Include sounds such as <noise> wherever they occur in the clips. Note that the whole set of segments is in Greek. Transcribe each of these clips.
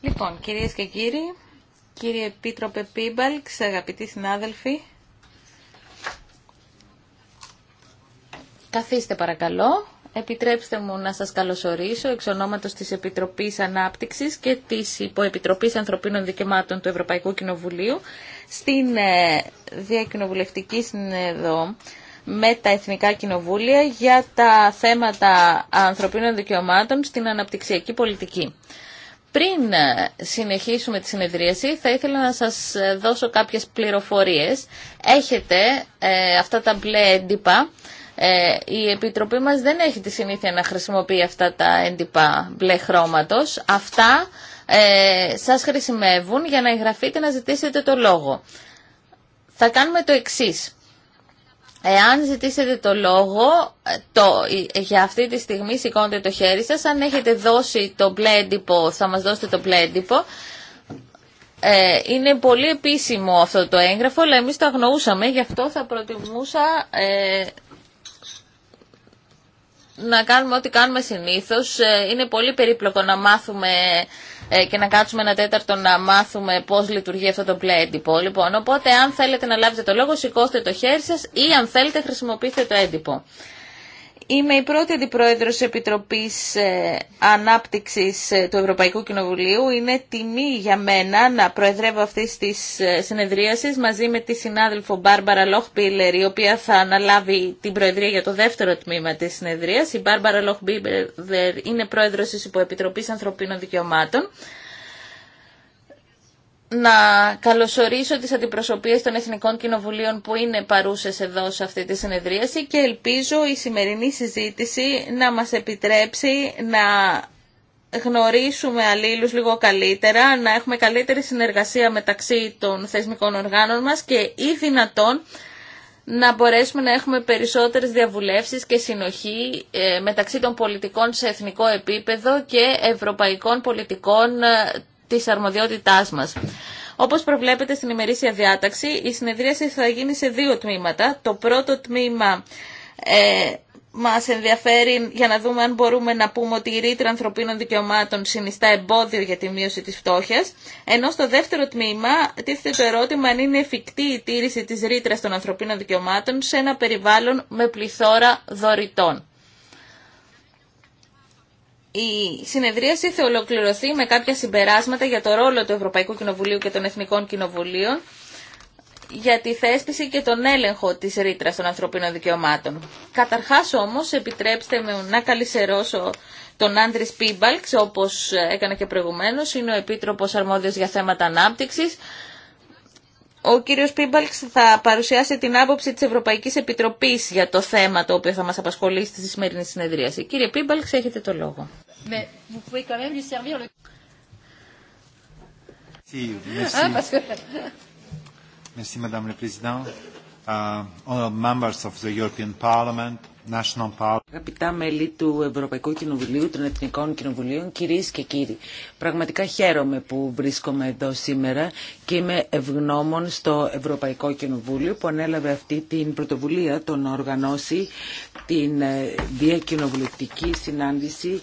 Λοιπόν, κυρίες και κύριοι, κύριε Επίτροπε Πίμπαλξ, αγαπητοί συνάδελφοι, καθίστε παρακαλώ. Επιτρέψτε μου να σας καλωσορίσω εξ ονόματος της Επιτροπής Ανάπτυξης και της Υποεπιτροπής Ανθρωπίνων Δικαιμάτων του Ευρωπαϊκού Κοινοβουλίου στην ε, Διακοινοβουλευτική συνέδρο με τα Εθνικά Κοινοβούλια για τα θέματα ανθρωπίνων δικαιωμάτων στην αναπτυξιακή πολιτική. Πριν ε, συνεχίσουμε τη συνεδρίαση, θα ήθελα να σας ε, δώσω κάποιες πληροφορίες. Έχετε ε, αυτά τα μπλε έντυπα. η Επιτροπή μας δεν έχει τη συνήθεια να χρησιμοποιεί αυτά τα έντυπα μπλε χρώματος. Αυτά ε, σας χρησιμεύουν για να εγγραφείτε να ζητήσετε το λόγο. Θα κάνουμε το εξής. Εάν ζητήσετε το λόγο, ε, το, ε, για αυτή τη στιγμή σηκώνετε το χέρι σας. Αν έχετε δώσει το μπλε θα μας δώσετε το μπλε είναι πολύ επίσημο αυτό το έγγραφο, αλλά εμείς το αγνοούσαμε, γι' αυτό θα προτιμούσα ε, να κάνουμε ό,τι κάνουμε συνήθως. Ε, είναι πολύ περίπλοκο να μάθουμε ε, και να κάτσουμε ένα τέταρτο να μάθουμε πώς λειτουργεί αυτό το play έντυπο. Λοιπόν, οπότε αν θέλετε να λάβετε το λόγο, σηκώστε το χέρι σας ή αν θέλετε χρησιμοποιήστε το έντυπο. Είμαι η πρώτη αντιπρόεδρος της Επιτροπής ε, Ανάπτυξης ε, του Ευρωπαϊκού Κοινοβουλίου. Είναι τιμή για μένα να προεδρεύω αυτή τη ε, συνεδρίαση μαζί με τη συνάδελφο Μπάρμπαρα Λοχμπίλερ, η οποία θα αναλάβει την προεδρία για το δεύτερο τμήμα της συνεδρίας. Η Μπάρμπαρα Λοχμπίλερ είναι πρόεδρος της Υποεπιτροπής Ανθρωπίνων Δικαιωμάτων να καλωσορίσω τις αντιπροσωπείες των Εθνικών Κοινοβουλίων που είναι παρούσες εδώ σε αυτή τη συνεδρίαση και ελπίζω η σημερινή συζήτηση να μας επιτρέψει να γνωρίσουμε αλλήλους λίγο καλύτερα, να έχουμε καλύτερη συνεργασία μεταξύ των θεσμικών οργάνων μας και ή δυνατόν να μπορέσουμε να έχουμε περισσότερες διαβουλεύσεις και συνοχή ε, μεταξύ των πολιτικών σε εθνικό επίπεδο και ευρωπαϊκών πολιτικών ε, της αρμοδιότητάς μας. Όπως προβλέπετε στην ημερήσια διάταξη, η συνεδρίαση θα γίνει σε δύο τμήματα. Το πρώτο τμήμα ε, μας ενδιαφέρει για να δούμε αν μπορούμε να πούμε ότι η ρήτρα ανθρωπίνων δικαιωμάτων συνιστά εμπόδιο για τη μείωση της φτώχειας, ενώ στο δεύτερο τμήμα τίθεται το ερώτημα αν είναι εφικτή η τήρηση της ρήτρα των ανθρωπίνων δικαιωμάτων σε ένα περιβάλλον με πληθώρα δωρητών. Η συνεδρίαση θα ολοκληρωθεί με κάποια συμπεράσματα για το ρόλο του Ευρωπαϊκού Κοινοβουλίου και των Εθνικών Κοινοβουλίων για τη θέσπιση και τον έλεγχο της ρήτρα των ανθρωπίνων δικαιωμάτων. Καταρχάς όμως επιτρέψτε με να καλυσερώσω τον Άντρης Πίμπαλξ, όπως έκανα και προηγουμένως, είναι ο Επίτροπος Αρμόδιος για θέματα ανάπτυξης. Ο κύριος Πίμπαλξ θα παρουσιάσει την άποψη της Ευρωπαϊκής Επιτροπής για το θέμα το οποίο θα μας απασχολήσει στη σημερινή συνεδρίαση. Κύριε Πίμπαλξ, έχετε το λόγο. Ah, merci, Madame la uh, Αγαπητά μέλη του Ευρωπαϊκού Κοινοβουλίου, των Εθνικών Κοινοβουλίων, κυρίε και κύριοι, πραγματικά χαίρομαι που βρίσκομαι εδώ σήμερα και είμαι ευγνώμων στο Ευρωπαϊκό Κοινοβούλιο που ανέλαβε αυτή την πρωτοβουλία το να οργανώσει την ε, διακοινοβουλευτική συνάντηση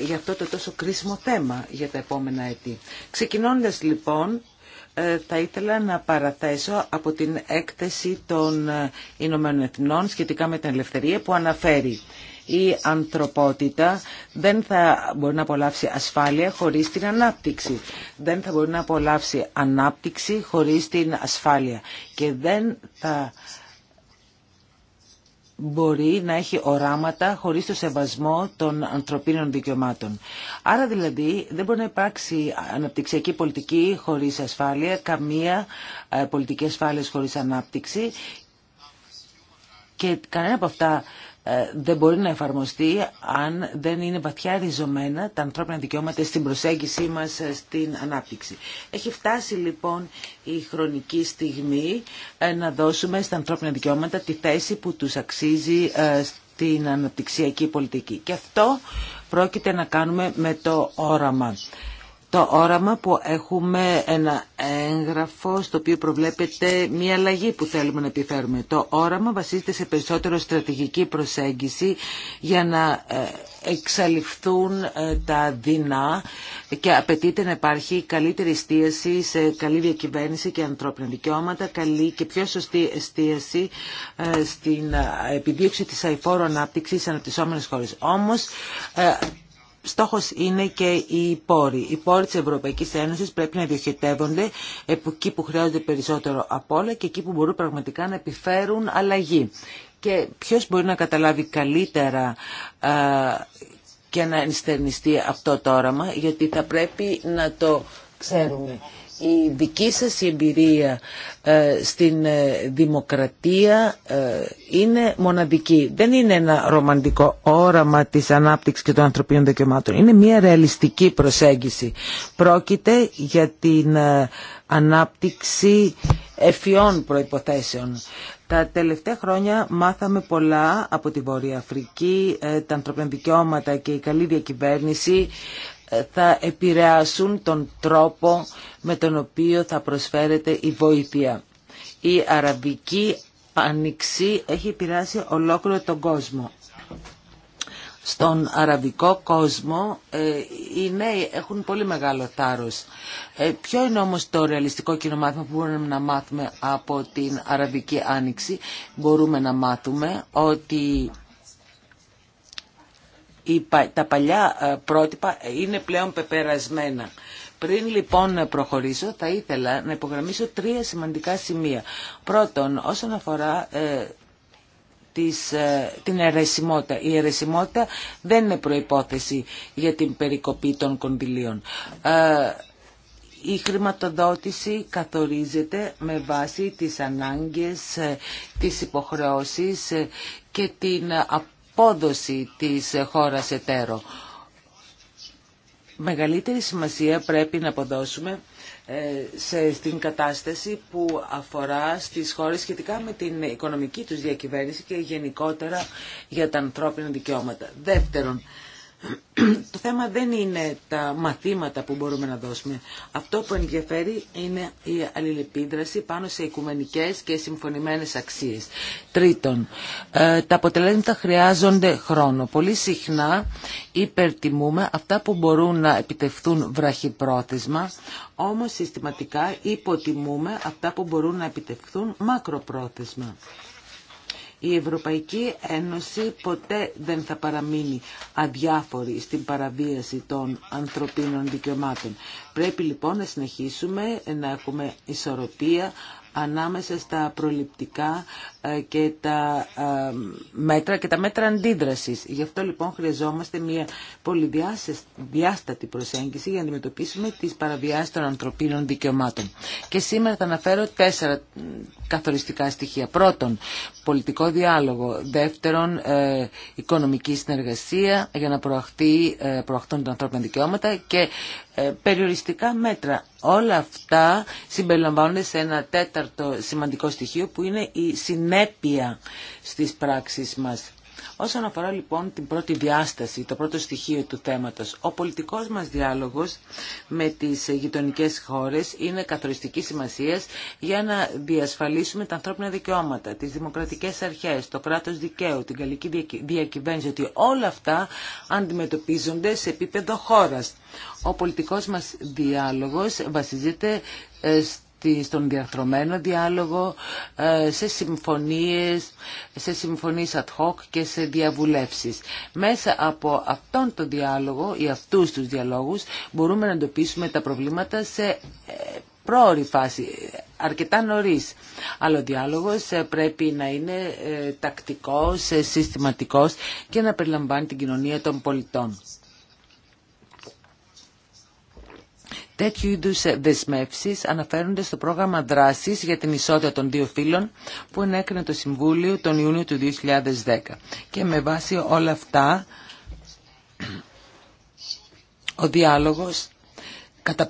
ε, για αυτό το τόσο κρίσιμο θέμα για τα επόμενα έτη. Ξεκινώντα λοιπόν ε, θα ήθελα να παραθέσω από την έκθεση των ε, Ηνωμένων Εθνών σχετικά με την ελευθερία που αναφέρει η ανθρωπότητα δεν θα μπορεί να απολαύσει ασφάλεια χωρίς την ανάπτυξη. Δεν θα μπορεί να απολαύσει ανάπτυξη χωρίς την ασφάλεια. Και δεν θα μπορεί να έχει οράματα χωρίς το σεβασμό των ανθρωπίνων δικαιωμάτων. Άρα δηλαδή δεν μπορεί να υπάρξει αναπτυξιακή πολιτική χωρίς ασφάλεια, καμία ε, πολιτική ασφάλεια χωρίς ανάπτυξη και κανένα από αυτά ε, δεν μπορεί να εφαρμοστεί αν δεν είναι βαθιά ριζωμένα τα ανθρώπινα δικαιώματα στην προσέγγιση μας ε, στην ανάπτυξη. Έχει φτάσει λοιπόν η χρονική στιγμή ε, να δώσουμε στα ανθρώπινα δικαιώματα τη θέση που τους αξίζει στην αναπτυξιακή πολιτική. Και αυτό πρόκειται να κάνουμε με το όραμα το όραμα που έχουμε ένα έγγραφο στο οποίο προβλέπεται μια αλλαγή που θέλουμε να επιφέρουμε. Το όραμα βασίζεται σε περισσότερο στρατηγική προσέγγιση για να ε, εξαλειφθούν ε, τα δεινά και απαιτείται να υπάρχει καλύτερη εστίαση σε καλή διακυβέρνηση και ανθρώπινα δικαιώματα, καλή και πιο σωστή εστίαση ε, στην επιδίωξη της αηφόρου ανάπτυξης σε αναπτυσσόμενες χώρες στόχος είναι και οι πόροι. Οι πόροι της Ευρωπαϊκής Ένωσης πρέπει να διοχετεύονται εκεί που χρειάζονται περισσότερο από όλα και εκεί που μπορούν πραγματικά να επιφέρουν αλλαγή. Και ποιος μπορεί να καταλάβει καλύτερα και να ενστερνιστεί αυτό το όραμα, γιατί θα πρέπει να το ξέρουμε η δική σας εμπειρία ε, στην ε, δημοκρατία ε, είναι μοναδική. Δεν είναι ένα ρομαντικό όραμα της ανάπτυξης και των ανθρωπίνων δικαιωμάτων. Είναι μια ρεαλιστική προσέγγιση. Πρόκειται για την ανάπτυξη ευφυών προϋποθέσεων. Τα τελευταία χρόνια μάθαμε πολλά από τη Βόρεια Αφρική, τα ανθρωπινά δικαιώματα και η καλή διακυβέρνηση θα επηρεάσουν τον τρόπο με τον οποίο θα προσφέρεται η βοήθεια. Η αραβική άνοιξη έχει επηρεάσει ολόκληρο τον κόσμο. Στον αραβικό κόσμο ε, οι νέοι έχουν πολύ μεγάλο θάρρος. Ε, ποιο είναι όμως το ρεαλιστικό κοινομάθημα που μπορούμε να μάθουμε από την αραβική άνοιξη. Μπορούμε να μάθουμε ότι τα παλιά ε, πρότυπα είναι πλέον πεπερασμένα. Πριν λοιπόν προχωρήσω θα ήθελα να υπογραμμίσω τρία σημαντικά σημεία. Πρώτον, όσον αφορά ε, της, ε, την αιρεσιμότητα. Η αιρεσιμότητα δεν είναι προϋπόθεση για την περικοπή των κονδυλίων. η χρηματοδότηση καθορίζεται με βάση τις ανάγκες, τις υποχρεώσεις και την απόδοση της χώρας εταίρο. Μεγαλύτερη σημασία πρέπει να αποδώσουμε ε, σε, στην κατάσταση που αφορά στις χώρες σχετικά με την οικονομική τους διακυβέρνηση και γενικότερα για τα ανθρώπινα δικαιώματα. Δεύτερον, το θέμα δεν είναι τα μαθήματα που μπορούμε να δώσουμε. Αυτό που ενδιαφέρει είναι η αλληλεπίδραση πάνω σε οικουμενικές και συμφωνημένες αξίες. Τρίτον, ε, τα αποτελέσματα χρειάζονται χρόνο. Πολύ συχνά υπερτιμούμε αυτά που μπορούν να επιτευχθούν βραχυπρόθεσμα, όμως συστηματικά υποτιμούμε αυτά που μπορούν να επιτευχθούν μακροπρόθεσμα. Η Ευρωπαϊκή Ένωση ποτέ δεν θα παραμείνει αδιάφορη στην παραβίαση των ανθρωπίνων δικαιωμάτων. Πρέπει λοιπόν να συνεχίσουμε να έχουμε ισορροπία ανάμεσα στα προληπτικά ε, και τα ε, μέτρα και τα μέτρα αντίδρασης. Γι' αυτό λοιπόν χρειαζόμαστε μια πολυδιάστατη προσέγγιση για να αντιμετωπίσουμε τις παραβιάσεις των ανθρωπίνων δικαιωμάτων. Και σήμερα θα αναφέρω τέσσερα καθοριστικά στοιχεία. Πρώτον, πολιτικό διάλογο. Δεύτερον, ε, οικονομική συνεργασία για να προαχθούν τα ανθρώπινα δικαιώματα και ε, περιοριστικά μέτρα. Όλα αυτά συμπεριλαμβάνονται σε ένα τέταρτο σημαντικό στοιχείο που είναι η συνέπεια στις πράξεις μας. Όσον αφορά λοιπόν την πρώτη διάσταση, το πρώτο στοιχείο του θέματος, ο πολιτικός μας διάλογος με τις γειτονικέ χώρες είναι καθοριστική σημασίας για να διασφαλίσουμε τα ανθρώπινα δικαιώματα, τις δημοκρατικές αρχές, το κράτος δικαίου, την καλλική διακυβέρνηση, ότι όλα αυτά αντιμετωπίζονται σε επίπεδο χώρας. Ο πολιτικός μας διάλογος βασίζεται ε, στον διαθρωμένο διάλογο, ε, σε συμφωνίες, σε συμφωνίες ad hoc και σε διαβουλεύσεις. Μέσα από αυτόν τον διάλογο ή αυτούς τους διαλόγους μπορούμε να εντοπίσουμε τα προβλήματα σε ε, πρόορη φάση, αρκετά νωρίς. Αλλά ο διάλογος ε, πρέπει να είναι τακτικός, συστηματικός και να περιλαμβάνει την κοινωνία των πολιτών. Τέτοιου είδου δεσμεύσει αναφέρονται στο πρόγραμμα δράση για την ισότητα των δύο φύλων που ενέκρινε το Συμβούλιο τον Ιούνιο του 2010. Και με βάση όλα αυτά ο διάλογο κατά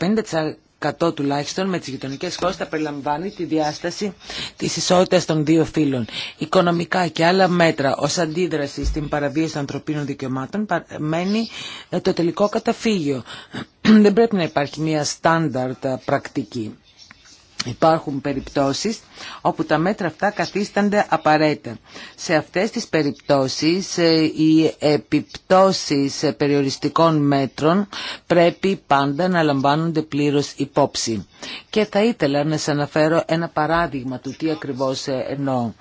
κατώ τουλάχιστον με τις γειτονικέ χώρε θα περιλαμβάνει τη διάσταση της ισότητας των δύο φύλων. Οικονομικά και άλλα μέτρα ως αντίδραση στην παραβίαση ανθρωπίνων δικαιωμάτων μένει το τελικό καταφύγιο. <clears throat> Δεν πρέπει να υπάρχει μια στάνταρτ πρακτική. Υπάρχουν περιπτώσεις όπου τα μέτρα αυτά καθίστανται απαραίτητα. Σε αυτές τις περιπτώσεις ε, οι επιπτώσεις ε, περιοριστικών μέτρων πρέπει πάντα να λαμβάνονται πλήρως υπόψη. Και θα ήθελα να σας αναφέρω ένα παράδειγμα του τι ακριβώς ε, εννοώ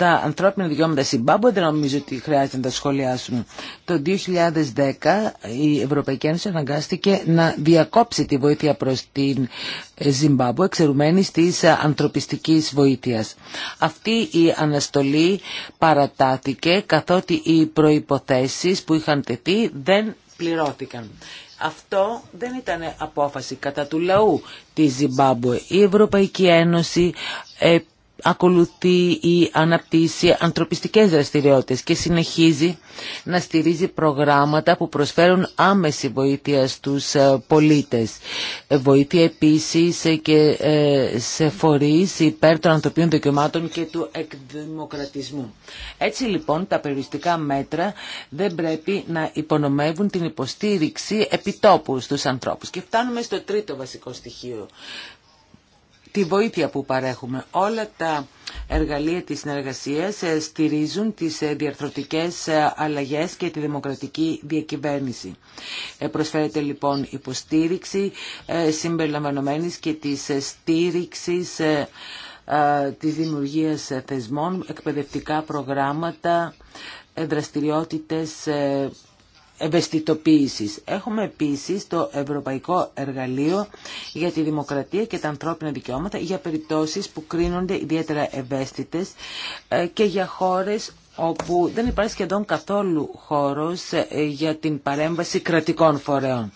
τα ανθρώπινα δικαιώματα Συμπάμπου δεν νομίζω ότι χρειάζεται να τα σχολιάσουμε. Το 2010 η Ευρωπαϊκή Ένωση αναγκάστηκε να διακόψει τη βοήθεια προς την ε, Ζιμπάμπου εξαιρουμένη της ε, ανθρωπιστικής βοήθειας. Αυτή η αναστολή παρατάθηκε καθότι οι προϋποθέσεις που είχαν τεθεί δεν πληρώθηκαν. Αυτό δεν ήταν απόφαση κατά του λαού της Ζιμπάμπου. Η Ευρωπαϊκή Ένωση ακολουθεί ή αναπτύσσει ανθρωπιστικές δραστηριότητες και συνεχίζει να στηρίζει προγράμματα που προσφέρουν άμεση βοήθεια στους ε, πολίτες. Ε, βοήθεια επίσης ε, και σε φορείς υπέρ των ανθρωπίνων δικαιωμάτων και του εκδημοκρατισμού. Έτσι λοιπόν τα περιοριστικά μέτρα δεν πρέπει να υπονομεύουν την υποστήριξη επιτόπου στους ανθρώπους. Και φτάνουμε στο τρίτο βασικό στοιχείο τη βοήθεια που παρέχουμε. Όλα τα εργαλεία της συνεργασίας ε, στηρίζουν τις ε, διαρθρωτικές ε, αλλαγές και τη δημοκρατική διακυβέρνηση. Προσφέρεται λοιπόν υποστήριξη συμπεριλαμβανομένης και της στήριξης της δημιουργίας θεσμών, εκπαιδευτικά προγράμματα, δραστηριότητες ευαισθητοποίησης. Έχουμε επίσης το Ευρωπαϊκό Εργαλείο για τη Δημοκρατία και τα Ανθρώπινα Δικαιώματα για περιπτώσεις που κρίνονται ιδιαίτερα ευαίσθητες ε, και για χώρες όπου δεν υπάρχει σχεδόν καθόλου χώρος ε, για την παρέμβαση κρατικών φορέων.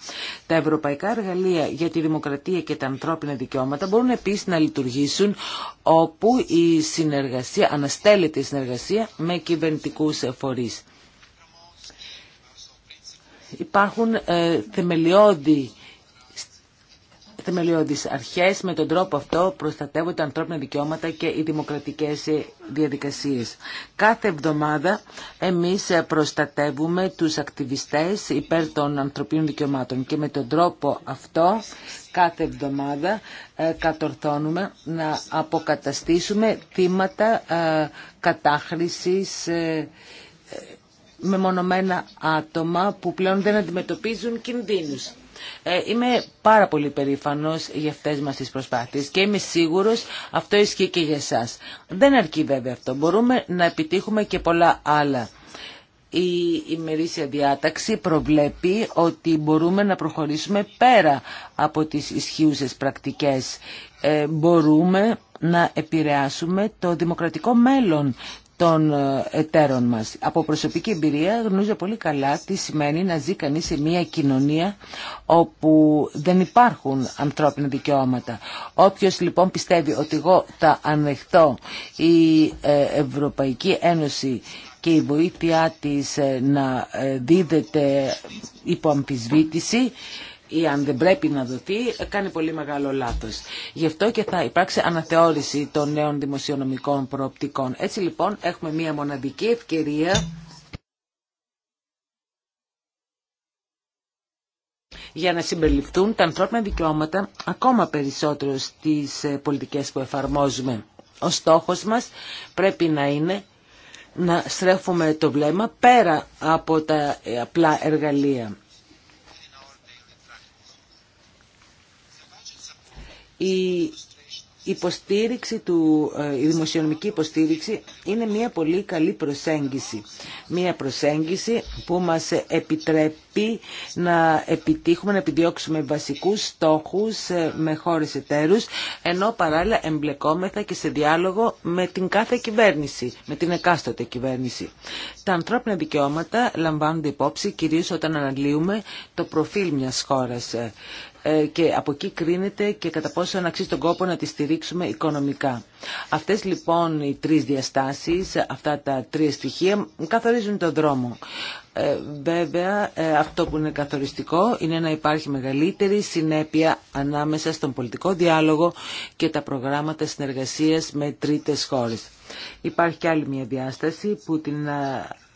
Τα ευρωπαϊκά εργαλεία για τη δημοκρατία και τα ανθρώπινα δικαιώματα μπορούν επίσης να λειτουργήσουν όπου η συνεργασία, αναστέλλεται η συνεργασία με κυβερνητικούς φορείς. Υπάρχουν ε, θεμελιώδη θεμελιώδεις αρχές, με τον τρόπο αυτό προστατεύονται τα ανθρώπινα δικαιώματα και οι δημοκρατικές ε, διαδικασίες. Κάθε εβδομάδα εμείς ε, προστατεύουμε τους ακτιβιστές υπέρ των ανθρωπίνων δικαιωμάτων και με τον τρόπο αυτό κάθε εβδομάδα ε, κατορθώνουμε να αποκαταστήσουμε θύματα κατάχρησης μεμονωμένα άτομα που πλέον δεν αντιμετωπίζουν κινδύνους. Ε, είμαι πάρα πολύ περήφανος για αυτές μας τις προσπάθειες και είμαι σίγουρος αυτό ισχύει και για εσάς. Δεν αρκεί βέβαια αυτό. Μπορούμε να επιτύχουμε και πολλά άλλα. Η ημερήσια διάταξη προβλέπει ότι μπορούμε να προχωρήσουμε πέρα από τις ισχύουσες πρακτικές. Ε, μπορούμε να επηρεάσουμε το δημοκρατικό μέλλον των ε, εταίρων μας. Από προσωπική εμπειρία γνωρίζω πολύ καλά τι σημαίνει να ζει κανείς σε μια κοινωνία όπου δεν υπάρχουν ανθρώπινα δικαιώματα. Όποιος λοιπόν πιστεύει ότι εγώ θα ανεχτώ η ε, Ευρωπαϊκή Ένωση και η βοήθειά της ε, να δίδεται υπό αμφισβήτηση ή αν δεν πρέπει να δοθεί, κάνει πολύ μεγάλο λάθος. Γι' αυτό και θα υπάρξει αναθεώρηση των νέων δημοσιονομικών προοπτικών. Έτσι λοιπόν έχουμε μία μοναδική ευκαιρία για να συμπεριληφθούν τα ανθρώπινα δικαιώματα ακόμα περισσότερο στις ε, πολιτικές που εφαρμόζουμε. Ο στόχος μας πρέπει να είναι να στρέφουμε το βλέμμα πέρα από τα ε, απλά εργαλεία. η υποστήριξη του, ε, η δημοσιονομική υποστήριξη είναι μια πολύ καλή προσέγγιση. Μια προσέγγιση που μας επιτρέπει να επιτύχουμε, να επιδιώξουμε βασικούς στόχους ε, με χώρες εταίρους, ενώ παράλληλα εμπλεκόμεθα και σε διάλογο με την κάθε κυβέρνηση, με την εκάστοτε κυβέρνηση. Τα ανθρώπινα δικαιώματα λαμβάνονται υπόψη κυρίως όταν αναλύουμε το προφίλ μιας χώρας. Ε, και από εκεί κρίνεται και κατά πόσο αξίζει τον κόπο να τη στηρίξουμε οικονομικά. Αυτές λοιπόν οι τρεις διαστάσεις, αυτά τα τρία στοιχεία καθορίζουν τον δρόμο. Ε, βέβαια ε, αυτό που είναι καθοριστικό είναι να υπάρχει μεγαλύτερη συνέπεια ανάμεσα στον πολιτικό διάλογο και τα προγράμματα συνεργασίας με τρίτες χώρες. Υπάρχει και άλλη μια διάσταση που την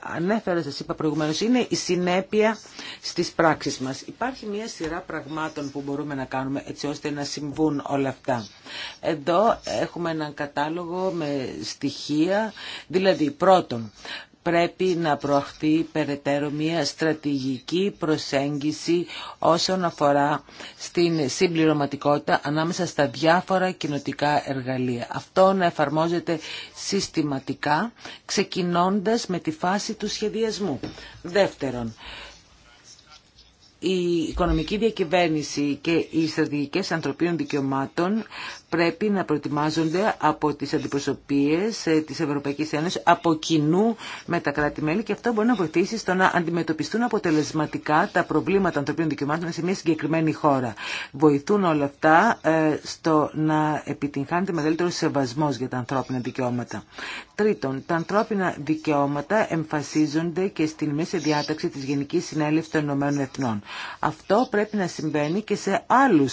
ανέφερα, σας είπα προηγουμένως, είναι η συνέπεια στις πράξεις μας. Υπάρχει μια σειρά πραγμάτων που μπορούμε να κάνουμε έτσι ώστε να συμβούν όλα αυτά. Εδώ έχουμε έναν κατάλογο με στοιχεία, δηλαδή πρώτον, πρέπει να προαχθεί περαιτέρω μια στρατηγική προσέγγιση όσον αφορά στην συμπληρωματικότητα ανάμεσα στα διάφορα κοινοτικά εργαλεία. Αυτό να εφαρμόζεται συστηματικά, ξεκινώντας με τη φάση του σχεδιασμού. Δεύτερον, η οικονομική διακυβέρνηση και οι στρατηγικές ανθρωπίνων δικαιωμάτων πρέπει να προετοιμάζονται από τις αντιπροσωπείες ε, της Ευρωπαϊκής Ένωσης από κοινού με τα κράτη-μέλη και αυτό μπορεί να βοηθήσει στο να αντιμετωπιστούν αποτελεσματικά τα προβλήματα ανθρωπίνων δικαιωμάτων σε μια συγκεκριμένη χώρα. Βοηθούν όλα αυτά ε, στο να επιτυγχάνεται μεγαλύτερο σεβασμός για τα ανθρώπινα δικαιώματα. Τρίτον, τα ανθρώπινα δικαιώματα εμφασίζονται και στην μέση διάταξη της Γενικής Συνέλευσης των Ηνωμένων Εθνών. Αυτό πρέπει να συμβαίνει και σε άλλου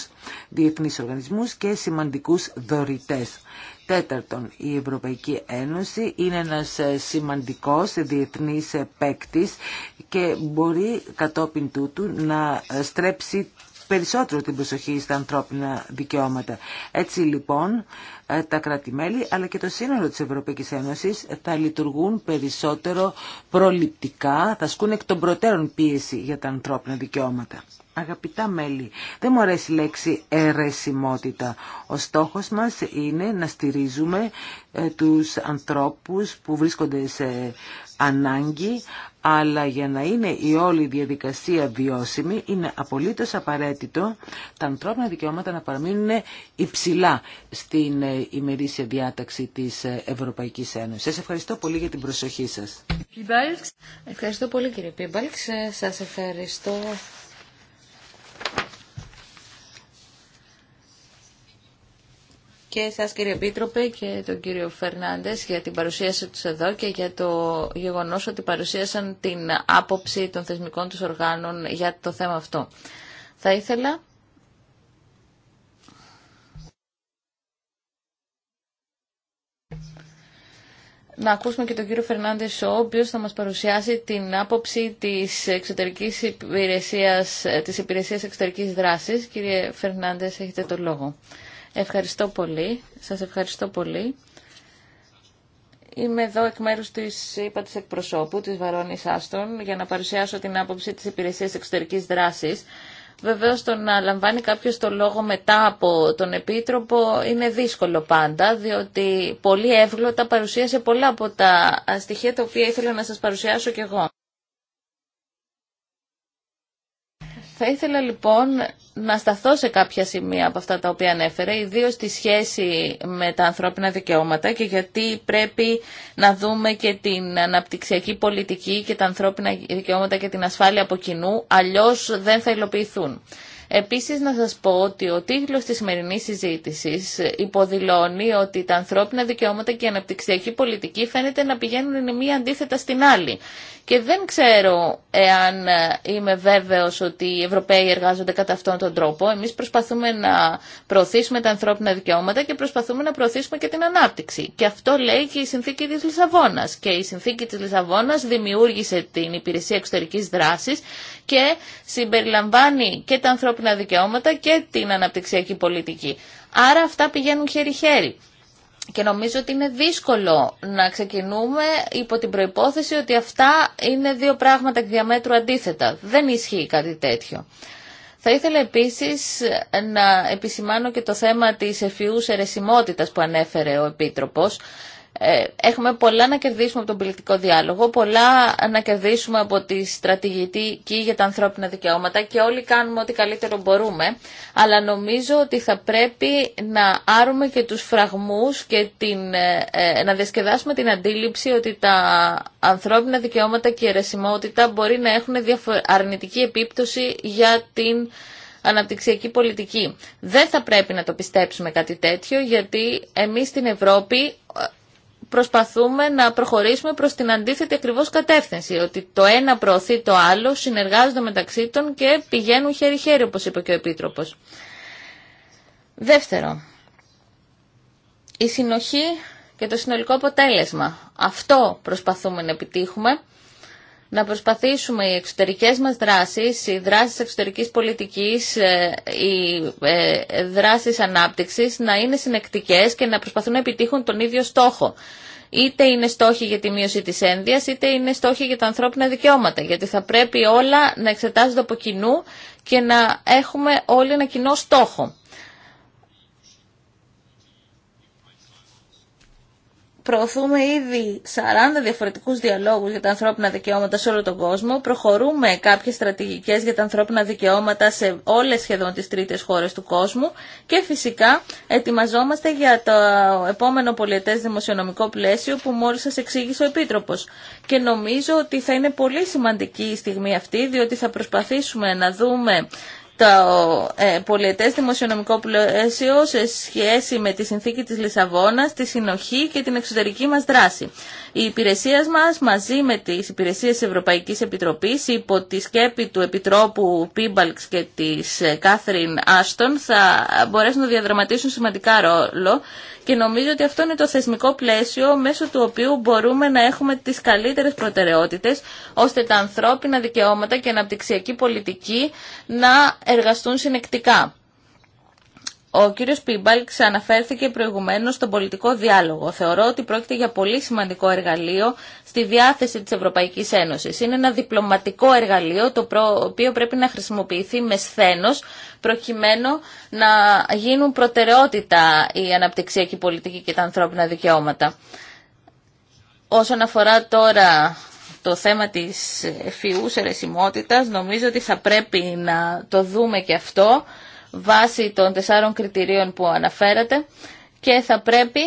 διεθνείς οργανισμούς και σημαντικά δωρητές. Τέταρτον, η Ευρωπαϊκή Ένωση είναι ένας ε, σημαντικός διεθνής παίκτη και μπορεί κατόπιν τούτου να ε, στρέψει περισσότερο την προσοχή στα ανθρώπινα δικαιώματα. Έτσι λοιπόν ε, τα κράτη-μέλη αλλά και το σύνολο της Ευρωπαϊκής Ένωσης θα λειτουργούν περισσότερο προληπτικά, θα σκούν εκ των προτέρων πίεση για τα ανθρώπινα δικαιώματα. Αγαπητά μέλη, δεν μου αρέσει η λέξη αιρεσιμότητα. Ο στόχος μας είναι να στηρίζουμε ε, τους ανθρώπους που βρίσκονται σε ανάγκη, αλλά για να είναι η όλη διαδικασία βιώσιμη είναι απολύτως απαραίτητο τα ανθρώπινα δικαιώματα να παραμείνουν υψηλά στην ε, ημερήσια διάταξη της ε, Ευρωπαϊκής Ένωσης. Σας ευχαριστώ πολύ για την προσοχή σας. Ευχαριστώ πολύ κύριε Πίμπαλξ. Σας ευχαριστώ και εσάς κύριε Επίτροπε και τον κύριο Φερνάντες για την παρουσίαση τους εδώ και για το γεγονός ότι παρουσίασαν την άποψη των θεσμικών τους οργάνων για το θέμα αυτό. Θα ήθελα να ακούσουμε και τον κύριο Φερνάντε ο οποίος θα μας παρουσιάσει την άποψη της, εξωτερικής υπηρεσίας, ε, της υπηρεσίας εξωτερική δράσης. Κύριε Φερνάντε, έχετε τον λόγο. Ευχαριστώ πολύ. Σας ευχαριστώ πολύ. Είμαι εδώ εκ μέρους της, είπα, της εκπροσώπου, της Βαρόνης Άστον, για να παρουσιάσω την άποψη της Υπηρεσίας Εξωτερικής Δράσης. Βεβαίως το να λαμβάνει κάποιος το λόγο μετά από τον Επίτροπο είναι δύσκολο πάντα, διότι πολύ εύγλωτα παρουσίασε πολλά από τα στοιχεία τα οποία ήθελα να σας παρουσιάσω κι εγώ. Θα ήθελα λοιπόν να σταθώ σε κάποια σημεία από αυτά τα οποία ανέφερε, ιδίω στη σχέση με τα ανθρώπινα δικαιώματα και γιατί πρέπει να δούμε και την αναπτυξιακή πολιτική και τα ανθρώπινα δικαιώματα και την ασφάλεια από κοινού, αλλιώς δεν θα υλοποιηθούν. Επίσης να σας πω ότι ο τίτλος της σημερινής συζήτησης υποδηλώνει ότι τα ανθρώπινα δικαιώματα και η αναπτυξιακή πολιτική φαίνεται να πηγαίνουν η μία αντίθετα στην άλλη και δεν ξέρω εάν ε, είμαι βέβαιος ότι οι Ευρωπαίοι εργάζονται κατά αυτόν τον τρόπο. Εμείς προσπαθούμε να προωθήσουμε τα ανθρώπινα δικαιώματα και προσπαθούμε να προωθήσουμε και την ανάπτυξη. Και αυτό λέει και η συνθήκη της Λισαβόνας. Και η συνθήκη της Λισαβόνας δημιούργησε την υπηρεσία εξωτερικής δράσης και συμπεριλαμβάνει και τα ανθρώπινα δικαιώματα και την αναπτυξιακή πολιτική. Άρα αυτά πηγαίνουν χέρι-χέρι. Και νομίζω ότι είναι δύσκολο να ξεκινούμε υπό την προϋπόθεση ότι αυτά είναι δύο πράγματα εκ διαμέτρου αντίθετα. Δεν ισχύει κάτι τέτοιο. Θα ήθελα επίσης να επισημάνω και το θέμα της εφιούς αιρεσιμότητας που ανέφερε ο Επίτροπος. Ε, έχουμε πολλά να κερδίσουμε από τον πολιτικό διάλογο, πολλά να κερδίσουμε από τη στρατηγική για τα ανθρώπινα δικαιώματα και όλοι κάνουμε ό,τι καλύτερο μπορούμε, αλλά νομίζω ότι θα πρέπει να άρουμε και τους φραγμούς και την, ε, ε, να διασκεδάσουμε την αντίληψη ότι τα ανθρώπινα δικαιώματα και η αιρεσιμότητα μπορεί να έχουν αρνητική επίπτωση για την αναπτυξιακή πολιτική. Δεν θα πρέπει να το πιστέψουμε κάτι τέτοιο, γιατί εμείς στην Ευρώπη προσπαθούμε να προχωρήσουμε προς την αντίθετη ακριβώς κατεύθυνση, ότι το ένα προωθεί το άλλο, συνεργάζονται μεταξύ των και πηγαίνουν χέρι-χέρι, όπως είπε και ο Επίτροπος. Δεύτερο, η συνοχή και το συνολικό αποτέλεσμα. Αυτό προσπαθούμε να επιτύχουμε να προσπαθήσουμε οι εξωτερικές μας δράσεις, οι δράσεις εξωτερικής πολιτικής, ε, οι ε, δράσεις ανάπτυξης να είναι συνεκτικές και να προσπαθούν να επιτύχουν τον ίδιο στόχο. Είτε είναι στόχοι για τη μείωση της ένδυας, είτε είναι στόχοι για τα ανθρώπινα δικαιώματα. Γιατί θα πρέπει όλα να εξετάζονται από κοινού και να έχουμε όλοι ένα κοινό στόχο. Προωθούμε ήδη 40 διαφορετικούς διαλόγους για τα ανθρώπινα δικαιώματα σε όλο τον κόσμο. Προχωρούμε κάποιες στρατηγικές για τα ανθρώπινα δικαιώματα σε όλες σχεδόν τις τρίτες χώρες του κόσμου. Και φυσικά ετοιμαζόμαστε για το επόμενο πολιετές δημοσιονομικό πλαίσιο που μόλις σας εξήγησε ο Επίτροπος. Και νομίζω ότι θα είναι πολύ σημαντική η στιγμή αυτή, διότι θα προσπαθήσουμε να δούμε το ε, πολιετές δημοσιονομικό πλαίσιο σε σχέση με τη συνθήκη της Λισαβόνας, τη συνοχή και την εξωτερική μας δράση. Η υπηρεσία μας μαζί με τις υπηρεσίες της Ευρωπαϊκής Επιτροπής υπό τη σκέπη του Επιτρόπου Πίμπαλξ και της ε, Κάθριν Άστον θα μπορέσουν να διαδραματίσουν σημαντικά ρόλο και νομίζω ότι αυτό είναι το θεσμικό πλαίσιο μέσω του οποίου μπορούμε να έχουμε τις καλύτερες προτεραιότητες ώστε τα ανθρώπινα δικαιώματα και αναπτυξιακή πολιτική να εργαστούν συνεκτικά. Ο κύριος Πιμπάλ ξαναφέρθηκε προηγουμένως στον πολιτικό διάλογο. Θεωρώ ότι πρόκειται για πολύ σημαντικό εργαλείο στη διάθεση της Ευρωπαϊκής Ένωσης. Είναι ένα διπλωματικό εργαλείο το οποίο πρέπει να χρησιμοποιηθεί με σθένος προκειμένου να γίνουν προτεραιότητα η αναπτυξιακή πολιτική και τα ανθρώπινα δικαιώματα. Όσον αφορά τώρα το θέμα της φιούς ερεσιμότητας, νομίζω ότι θα πρέπει να το δούμε και αυτό βάσει των τεσσάρων κριτηρίων που αναφέρατε και θα πρέπει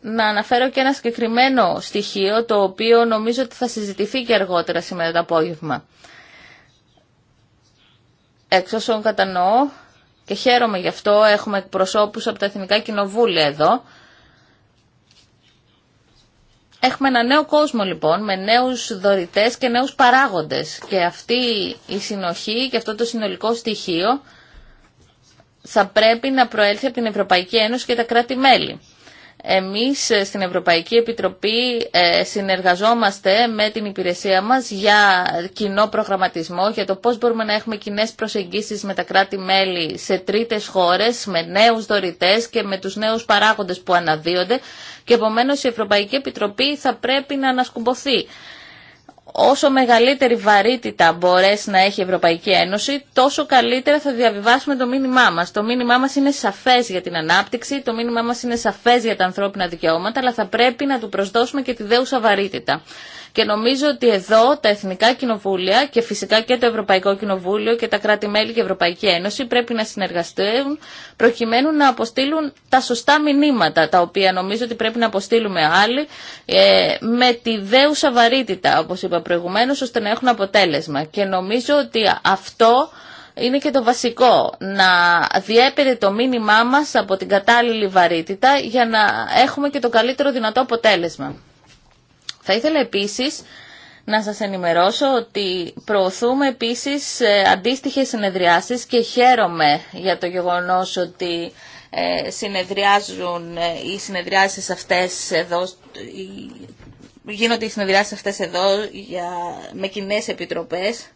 να αναφέρω και ένα συγκεκριμένο στοιχείο το οποίο νομίζω ότι θα συζητηθεί και αργότερα σήμερα το απόγευμα. Εξ όσων κατανοώ και χαίρομαι γι' αυτό έχουμε εκπροσώπους από τα Εθνικά Κοινοβούλια εδώ. Έχουμε ένα νέο κόσμο λοιπόν με νέους δωρητές και νέους παράγοντες και αυτή η συνοχή και αυτό το συνολικό στοιχείο θα πρέπει να προέλθει από την Ευρωπαϊκή Ένωση και τα κράτη-μέλη. Εμείς ε, στην Ευρωπαϊκή Επιτροπή ε, συνεργαζόμαστε με την υπηρεσία μας για κοινό προγραμματισμό, για το πώς μπορούμε να έχουμε κοινέ προσεγγίσεις με τα κράτη-μέλη σε τρίτες χώρες, με νέους δωρητές και με τους νέους παράγοντες που αναδύονται και επομένως η Ευρωπαϊκή Επιτροπή θα πρέπει να ανασκουμποθεί όσο μεγαλύτερη βαρύτητα μπορέσει να έχει η Ευρωπαϊκή Ένωση, τόσο καλύτερα θα διαβιβάσουμε το μήνυμά μα. Το μήνυμά μα είναι σαφέ για την ανάπτυξη, το μήνυμά μα είναι σαφέ για τα ανθρώπινα δικαιώματα, αλλά θα πρέπει να του προσδώσουμε και τη δέουσα βαρύτητα. Και νομίζω ότι εδώ τα Εθνικά Κοινοβούλια και φυσικά και το Ευρωπαϊκό Κοινοβούλιο και τα κράτη-μέλη και η Ευρωπαϊκή Ένωση πρέπει να συνεργαστούν προκειμένου να αποστείλουν τα σωστά μηνύματα, τα οποία νομίζω ότι πρέπει να αποστείλουμε άλλοι ε, με τη δέουσα βαρύτητα, όπως είπα προηγουμένως, ώστε να έχουν αποτέλεσμα. Και νομίζω ότι αυτό είναι και το βασικό, να διέπεται το μήνυμά μας από την κατάλληλη βαρύτητα για να έχουμε και το καλύτερο δυνατό αποτέλεσμα. Θα ήθελα επίσης να σας ενημερώσω ότι προωθούμε επίσης ε, αντίστοιχες συνεδριάσεις και χαίρομαι για το γεγονός ότι ε, συνεδριάζουν ε, οι συνεδριάσεις αυτές εδώ, γίνονται οι συνεδριάσεις αυτές εδώ για, με κοινέ επιτροπές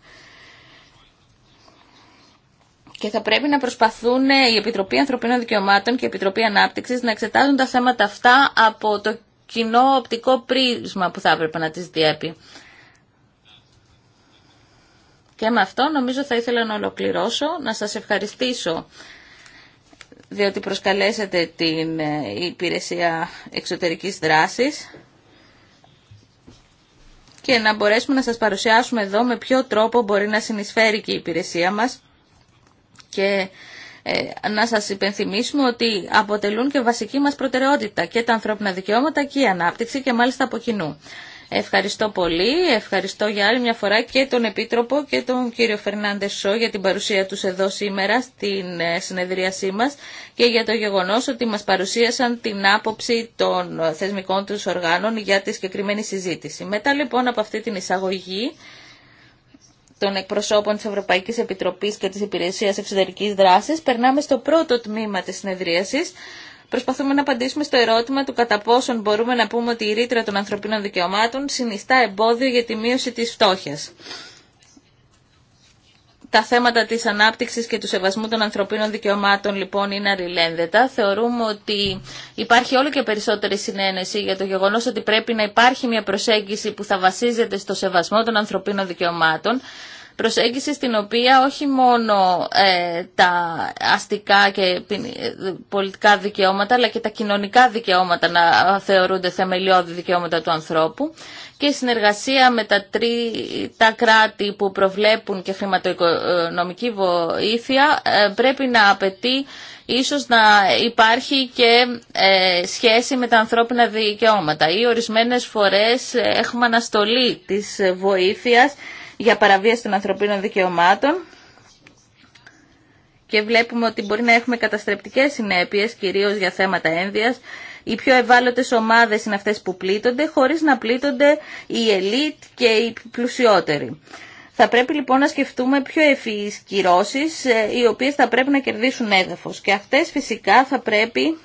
και θα πρέπει να προσπαθούν η Επιτροπή Ανθρωπίνων Δικαιωμάτων και η Επιτροπή Ανάπτυξης να εξετάζουν τα θέματα αυτά από το κοινό οπτικό πρίσμα που θα έπρεπε να τις διέπει. Και με αυτό νομίζω θα ήθελα να ολοκληρώσω, να σας ευχαριστήσω διότι προσκαλέσατε την ε, υπηρεσία εξωτερικής δράσης και να μπορέσουμε να σας παρουσιάσουμε εδώ με ποιο τρόπο μπορεί να συνεισφέρει και η υπηρεσία μας και ε, να σας υπενθυμίσουμε ότι αποτελούν και βασική μας προτεραιότητα και τα ανθρώπινα δικαιώματα και η ανάπτυξη και μάλιστα από κοινού. Ευχαριστώ πολύ. Ευχαριστώ για άλλη μια φορά και τον Επίτροπο και τον κύριο Φερνάντε Σό για την παρουσία τους εδώ σήμερα στην ε, συνεδρίασή μας και για το γεγονός ότι μας παρουσίασαν την άποψη των θεσμικών τους οργάνων για τη συγκεκριμένη συζήτηση. Μετά λοιπόν από αυτή την εισαγωγή των εκπροσώπων της Ευρωπαϊκής Επιτροπής και της Υπηρεσίας Εξωτερικής Δράσης. Περνάμε στο πρώτο τμήμα της συνεδρίασης. Προσπαθούμε να απαντήσουμε στο ερώτημα του κατά πόσον μπορούμε να πούμε ότι η ρήτρα των ανθρωπίνων δικαιωμάτων συνιστά εμπόδιο για τη μείωση της φτώχειας. Τα θέματα της ανάπτυξης και του σεβασμού των ανθρωπίνων δικαιωμάτων λοιπόν είναι αλληλένδετα. Θεωρούμε ότι υπάρχει όλο και περισσότερη συνένεση για το γεγονός ότι πρέπει να υπάρχει μια προσέγγιση που θα βασίζεται στο σεβασμό των ανθρωπίνων δικαιωμάτων προσέγγιση στην οποία όχι μόνο ε, τα αστικά και ε, πολιτικά δικαιώματα αλλά και τα κοινωνικά δικαιώματα να ε, θεωρούνται θεμελιώδη δικαιώματα του ανθρώπου και η συνεργασία με τα τρίτα κράτη που προβλέπουν και χρηματοοικονομική βοήθεια πρέπει να απαιτεί ίσως να υπάρχει και σχέση με τα ανθρώπινα δικαιώματα ή ορισμένες φορές έχουμε αναστολή της βοήθειας για παραβίαση των ανθρωπίνων δικαιωμάτων και βλέπουμε ότι μπορεί να έχουμε καταστρεπτικές συνέπειες, κυρίως για θέματα ένδυας. Οι πιο ευάλωτες ομάδες είναι αυτές που πλήττονται, χωρίς να πλήττονται οι ελίτ και οι πλουσιότεροι. Θα πρέπει λοιπόν να σκεφτούμε πιο ευφυείς κυρώσεις, ε, οι οποίες θα πρέπει να κερδίσουν έδαφος. Και αυτές φυσικά θα πρέπει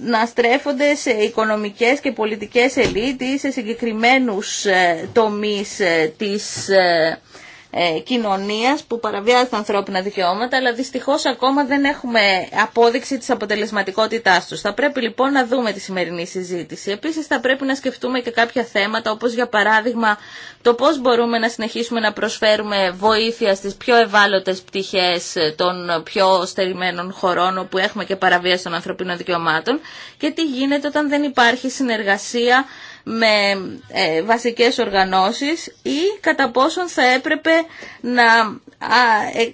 να στρέφονται σε οικονομικές και πολιτικές ελίτ ή σε συγκεκριμένους ε, τομείς ε, της ε, ε, κοινωνίας που παραβιάζει τα ανθρώπινα δικαιώματα, αλλά δυστυχώς ακόμα δεν έχουμε απόδειξη της αποτελεσματικότητάς τους. Θα πρέπει λοιπόν να δούμε τη σημερινή συζήτηση. Επίσης θα πρέπει να σκεφτούμε και κάποια θέματα, όπως για παράδειγμα το πώς μπορούμε να συνεχίσουμε να προσφέρουμε βοήθεια στις πιο ευάλωτες πτυχές των πιο στερημένων χωρών, όπου έχουμε και παραβίαση των ανθρωπίνων δικαιωμάτων, και τι γίνεται όταν δεν υπάρχει συνεργασία με ε, βασικές οργανώσεις ή κατά πόσον θα έπρεπε να ε,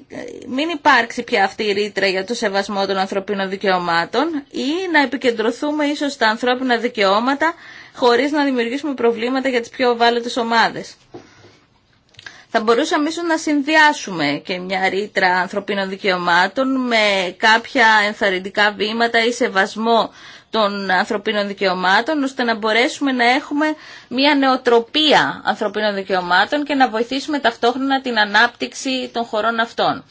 μην υπάρξει πια αυτή η ρήτρα για το σεβασμό των ανθρωπίνων δικαιωμάτων ή να επικεντρωθούμε ίσως στα ανθρώπινα δικαιώματα χωρίς να δημιουργήσουμε προβλήματα για τις πιο ευάλωτες ομάδες. Θα μπορούσαμε ίσως να συνδυάσουμε και μια ρήτρα ανθρωπίνων δικαιωμάτων με κάποια ενθαρρυντικά βήματα ή σεβασμό των ανθρωπίνων δικαιωμάτων, ώστε να μπορέσουμε να έχουμε μια νεοτροπία ανθρωπίνων δικαιωμάτων και να βοηθήσουμε ταυτόχρονα την ανάπτυξη των χωρών αυτών.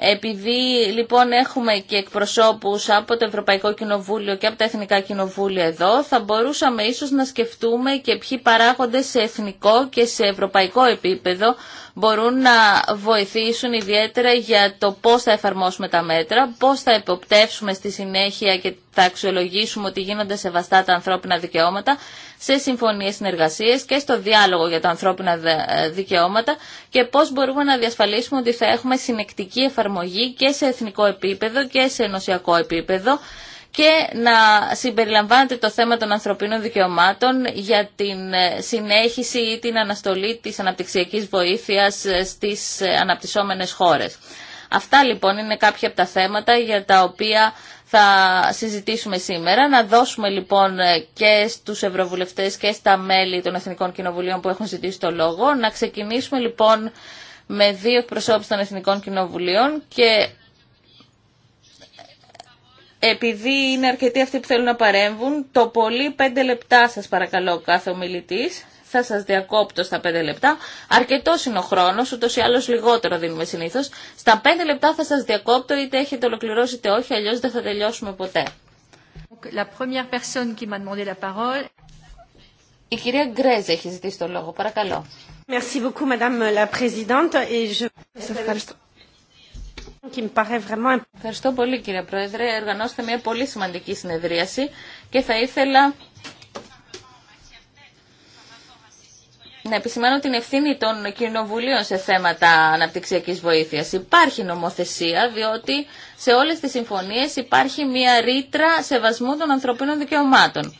Επειδή λοιπόν έχουμε και εκπροσώπους από το Ευρωπαϊκό Κοινοβούλιο και από τα Εθνικά Κοινοβούλια εδώ, θα μπορούσαμε ίσως να σκεφτούμε και ποιοι παράγοντες σε εθνικό και σε ευρωπαϊκό επίπεδο μπορούν να βοηθήσουν ιδιαίτερα για το πώς θα εφαρμόσουμε τα μέτρα, πώς θα υποπτεύσουμε στη συνέχεια και θα αξιολογήσουμε ότι γίνονται σεβαστά τα ανθρώπινα δικαιώματα σε συμφωνίες συνεργασίες και στο διάλογο για τα ανθρώπινα ε, δικαιώματα και πώς μπορούμε να διασφαλίσουμε ότι θα έχουμε συνεκτική εφαρμογή και σε εθνικό επίπεδο και σε ενωσιακό επίπεδο και να συμπεριλαμβάνεται το θέμα των ανθρωπίνων δικαιωμάτων για την ε, συνέχιση ή την αναστολή της αναπτυξιακής βοήθειας ε, στις αναπτυσσόμενες χώρες. Αυτά λοιπόν είναι κάποια από τα θέματα για τα οποία θα συζητήσουμε σήμερα. Να δώσουμε λοιπόν και στους ευρωβουλευτές και στα μέλη των Εθνικών Κοινοβουλίων που έχουν ζητήσει το λόγο. Να ξεκινήσουμε λοιπόν με δύο εκπροσώπους των Εθνικών Κοινοβουλίων και επειδή είναι αρκετοί αυτοί που θέλουν να παρέμβουν, το πολύ πέντε λεπτά σας παρακαλώ κάθε ομιλητής θα σας διακόπτω στα 5 λεπτά. Αρκετό είναι ο χρόνος, ούτως ή άλλως λιγότερο δίνουμε συνήθως. Στα 5 λεπτά θα σας διακόπτω είτε έχετε ολοκληρώσει είτε όχι, αλλιώς δεν θα τελειώσουμε ποτέ. Η κυρία Γκρέζ έχει ζητήσει το λόγο. Παρακαλώ. Merci beaucoup, Madame la Présidente. Et je... Ευχαριστώ. Ευχαριστώ πολύ κύριε Πρόεδρε. Εργανώστε μια πολύ σημαντική συνεδρίαση και θα ήθελα να επισημάνω την ευθύνη των κοινοβουλίων σε θέματα αναπτυξιακής βοήθειας. Υπάρχει νομοθεσία, διότι σε όλες τις συμφωνίες υπάρχει μια ρήτρα σεβασμού των ανθρωπίνων δικαιωμάτων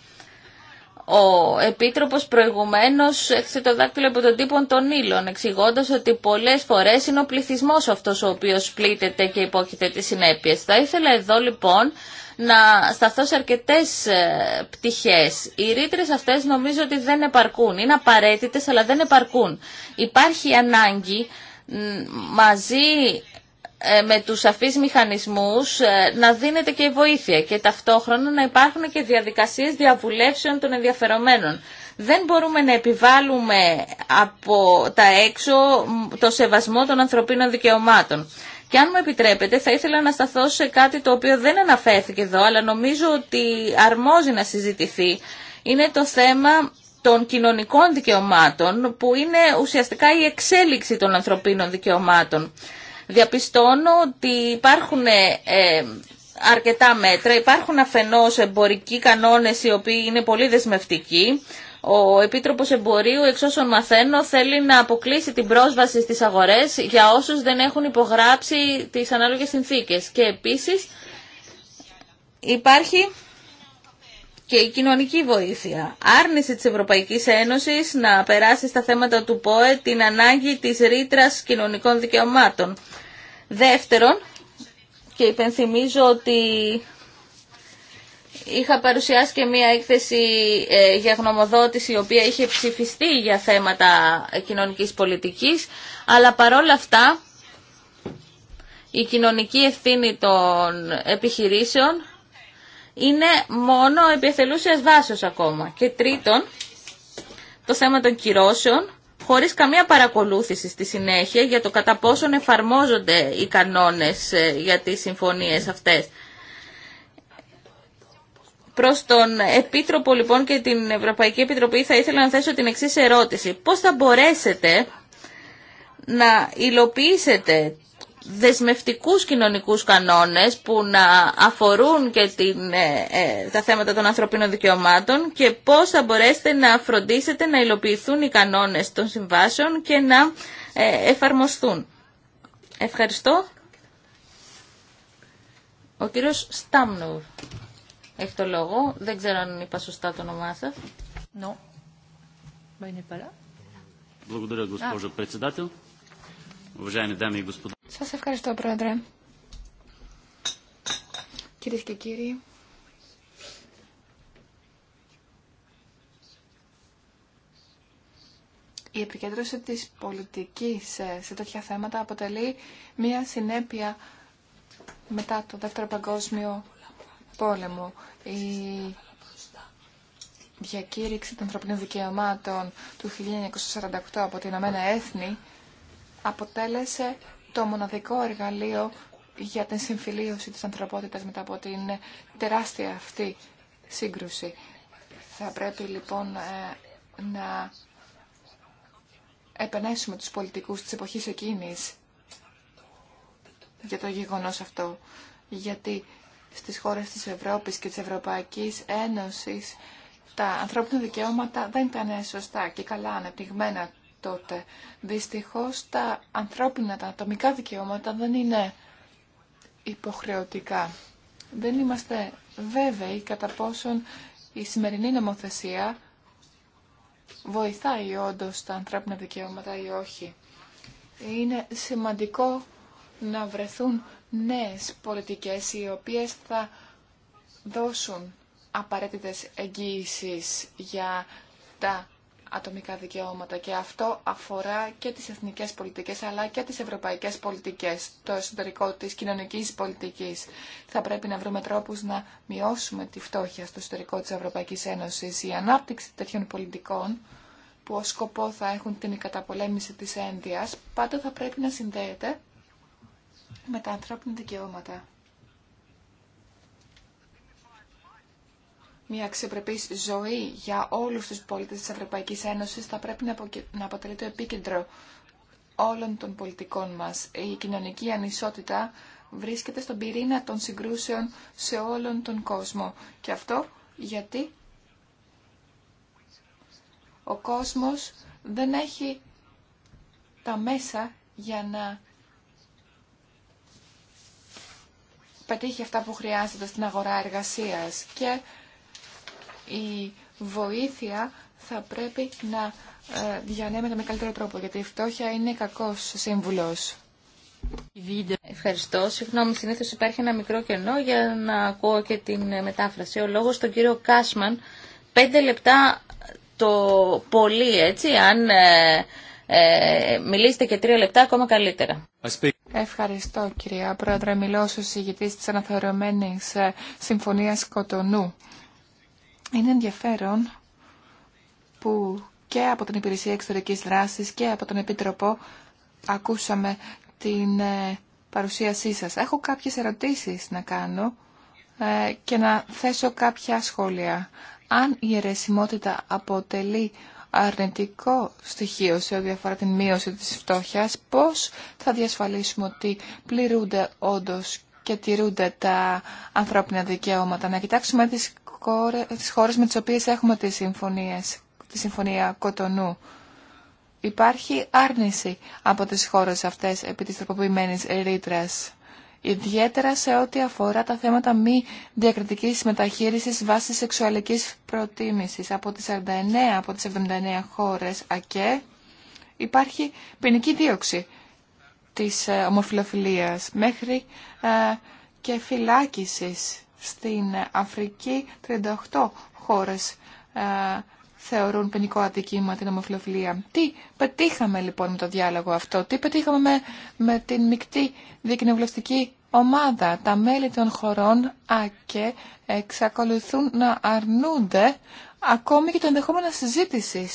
ο Επίτροπος προηγουμένως έχθε το δάκτυλο από τον τύπο των ήλων, εξηγώντα ότι πολλές φορές είναι ο πληθυσμό αυτός ο οποίος πλήττεται και υπόκειται τις συνέπειες. Θα ήθελα εδώ λοιπόν να σταθώ σε αρκετές ε, πτυχές. Οι ρήτρε αυτές νομίζω ότι δεν επαρκούν. Είναι απαραίτητες αλλά δεν επαρκούν. Υπάρχει ανάγκη μαζί ε, με τους σαφείς μηχανισμούς ε, να δίνεται και η βοήθεια και ταυτόχρονα να υπάρχουν και διαδικασίες διαβουλεύσεων των ενδιαφερομένων. Δεν μπορούμε να επιβάλλουμε από τα έξω το σεβασμό των ανθρωπίνων δικαιωμάτων. Και αν μου επιτρέπετε θα ήθελα να σταθώ σε κάτι το οποίο δεν αναφέρθηκε εδώ αλλά νομίζω ότι αρμόζει να συζητηθεί. Είναι το θέμα των κοινωνικών δικαιωμάτων που είναι ουσιαστικά η εξέλιξη των ανθρωπίνων δικαιωμάτων διαπιστώνω ότι υπάρχουν ε, αρκετά μέτρα. Υπάρχουν αφενός εμπορικοί κανόνες οι οποίοι είναι πολύ δεσμευτικοί. Ο Επίτροπος Εμπορίου, εξ όσων μαθαίνω, θέλει να αποκλείσει την πρόσβαση στις αγορές για όσους δεν έχουν υπογράψει τις ανάλογες συνθήκες. Και επίσης υπάρχει και η κοινωνική βοήθεια. Άρνηση της Ευρωπαϊκής Ένωσης να περάσει στα θέματα του ΠΟΕ την ανάγκη της ρήτρα κοινωνικών δικαιωμάτων. Δεύτερον, και υπενθυμίζω ότι είχα παρουσιάσει και μία έκθεση ε, για γνωμοδότηση η οποία είχε ψηφιστεί για θέματα κοινωνικής πολιτικής, αλλά παρόλα αυτά η κοινωνική ευθύνη των επιχειρήσεων είναι μόνο επιθελούσια βάσεω ακόμα. Και τρίτον, το θέμα των κυρώσεων, χωρίς καμία παρακολούθηση στη συνέχεια για το κατά πόσον εφαρμόζονται οι κανόνες ε, για τις συμφωνίες αυτές. Προς τον Επίτροπο λοιπόν και την Ευρωπαϊκή Επιτροπή θα ήθελα να θέσω την εξή ερώτηση. Πώς θα μπορέσετε να υλοποιήσετε δεσμευτικούς κοινωνικούς κανόνες που να αφορούν και την, ε, ε, τα θέματα των ανθρωπίνων δικαιωμάτων και πώς θα μπορέσετε να φροντίσετε να υλοποιηθούν οι κανόνες των συμβάσεων και να ε, εφαρμοστούν. Ευχαριστώ. Ο κύριος Στάμνουρ έχει το λόγο. Δεν ξέρω αν είπα σωστά το όνομά σας. Σας ευχαριστώ, Πρόεδρε. Κυρίες και κύριοι, η επικέντρωση της πολιτικής σε τέτοια θέματα αποτελεί μία συνέπεια μετά το Δεύτερο Παγκόσμιο Πόλεμο. Η διακήρυξη των ανθρωπίνων δικαιωμάτων του 1948 από την Ηνωμένα Έθνη αποτέλεσε το μοναδικό εργαλείο για την συμφιλίωση της ανθρωπότητας μετά από την τεράστια αυτή σύγκρουση. Θα πρέπει λοιπόν ε, να επενέσουμε τους πολιτικούς της εποχής εκείνης για το γεγονός αυτό. Γιατί στις χώρες της Ευρώπης και της Ευρωπαϊκής Ένωσης τα ανθρώπινα δικαιώματα δεν ήταν σωστά και καλά ανεπτυγμένα τότε. Δυστυχώς τα ανθρώπινα, τα ατομικά δικαιώματα δεν είναι υποχρεωτικά. Δεν είμαστε βέβαιοι κατά πόσον η σημερινή νομοθεσία βοηθάει όντω τα ανθρώπινα δικαιώματα ή όχι. Είναι σημαντικό να βρεθούν νέες πολιτικές οι οποίες θα δώσουν απαραίτητες εγγύησεις για τα ατομικά δικαιώματα και αυτό αφορά και τις εθνικές πολιτικές αλλά και τις ευρωπαϊκές πολιτικές, το εσωτερικό της κοινωνικής πολιτικής. Θα πρέπει να βρούμε τρόπους να μειώσουμε τη φτώχεια στο εσωτερικό της Ευρωπαϊκής Ένωσης. Η ανάπτυξη τέτοιων πολιτικών που ως σκοπό θα έχουν την καταπολέμηση της ένδυας πάντα θα πρέπει να συνδέεται με τα ανθρώπινα δικαιώματα. μια αξιοπρεπή ζωή για όλους τους πολίτες της Ευρωπαϊκής Ένωσης θα πρέπει να αποτελεί το επίκεντρο όλων των πολιτικών μας. Η κοινωνική ανισότητα βρίσκεται στον πυρήνα των συγκρούσεων σε όλον τον κόσμο. Και αυτό γιατί ο κόσμος δεν έχει τα μέσα για να πετύχει αυτά που χρειάζεται στην αγορά εργασίας και η βοήθεια θα πρέπει να ε, διανέμεται με καλύτερο τρόπο, γιατί η φτώχεια είναι κακός σύμβουλος. Ευχαριστώ. Συγγνώμη, συνήθω υπάρχει ένα μικρό κενό για να ακούω και την ε, μετάφραση. Ο λόγος στον κύριο Κάσμαν, πέντε λεπτά το πολύ, έτσι, αν... Ε, ε και τρία λεπτά ακόμα καλύτερα. Ευχαριστώ κυρία Πρόεδρε. Μιλώ ως ηγητής της αναθεωρημένης Συμφωνίας Κοτονού είναι ενδιαφέρον που και από την Υπηρεσία Εξωτερικής Δράσης και από τον Επίτροπο ακούσαμε την ε, παρουσίασή σας. Έχω κάποιες ερωτήσεις να κάνω ε, και να θέσω κάποια σχόλια. Αν η αιρεσιμότητα αποτελεί αρνητικό στοιχείο σε ό,τι αφορά την μείωση της φτώχειας, πώς θα διασφαλίσουμε ότι πληρούνται όντως και τηρούνται τα ανθρώπινα δικαιώματα. Να κοιτάξουμε τις, χώρες, με τις οποίες έχουμε τις συμφωνίες, τη Συμφωνία Κοτονού. Υπάρχει άρνηση από τις χώρες αυτές επί της τροποποιημένης ρήτρας. Ιδιαίτερα σε ό,τι αφορά τα θέματα μη διακριτικής μεταχείρισης βάσει σεξουαλικής προτίμησης από τις 49 από τις 79 χώρες ΑΚΕ υπάρχει ποινική δίωξη της ε, ομοφιλοφιλίας μέχρι ε, και φυλάκισης στην Αφρική 38 χώρες ε, θεωρούν ποινικό αδικήμα την ομοφιλοφιλία. Τι πετύχαμε λοιπόν με το διάλογο αυτό, τι πετύχαμε με, με την μεικτή διακοινοβουλευτική ομάδα. Τα μέλη των χωρών ΑΚΕ εξακολουθούν να αρνούνται ακόμη και το ενδεχόμενο συζήτηση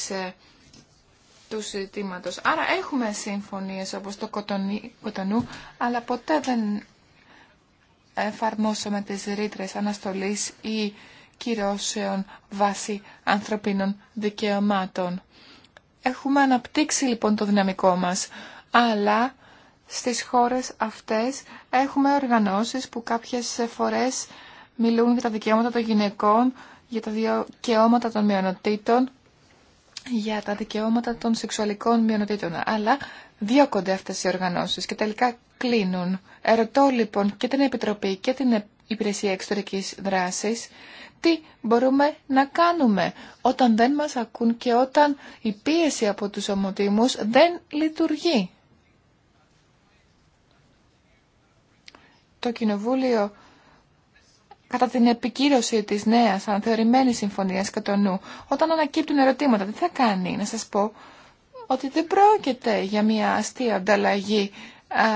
Άρα έχουμε συμφωνίες όπως το κοτονού, αλλά ποτέ δεν εφαρμόσαμε τις ρήτρε αναστολής ή κυρώσεων βάση ανθρωπίνων δικαιωμάτων. Έχουμε αναπτύξει λοιπόν το δυναμικό μας, αλλά στις χώρες αυτές έχουμε οργανώσεις που κάποιες φορές μιλούν για τα δικαιώματα των γυναικών, για τα δικαιώματα των μειονοτήτων για τα δικαιώματα των σεξουαλικών μειονοτήτων. Αλλά διώκονται αυτές οι οργανώσεις και τελικά κλείνουν. Ερωτώ λοιπόν και την Επιτροπή και την Υπηρεσία Εξωτερικής Δράσης τι μπορούμε να κάνουμε όταν δεν μας ακούν και όταν η πίεση από τους ομοτήμους δεν λειτουργεί. Το Κοινοβούλιο κατά την επικύρωση της νέας αναθεωρημένης συμφωνίας νου, όταν ανακύπτουν ερωτήματα, τι θα κάνει, να σας πω ότι δεν πρόκειται για μια αστεία ανταλλαγή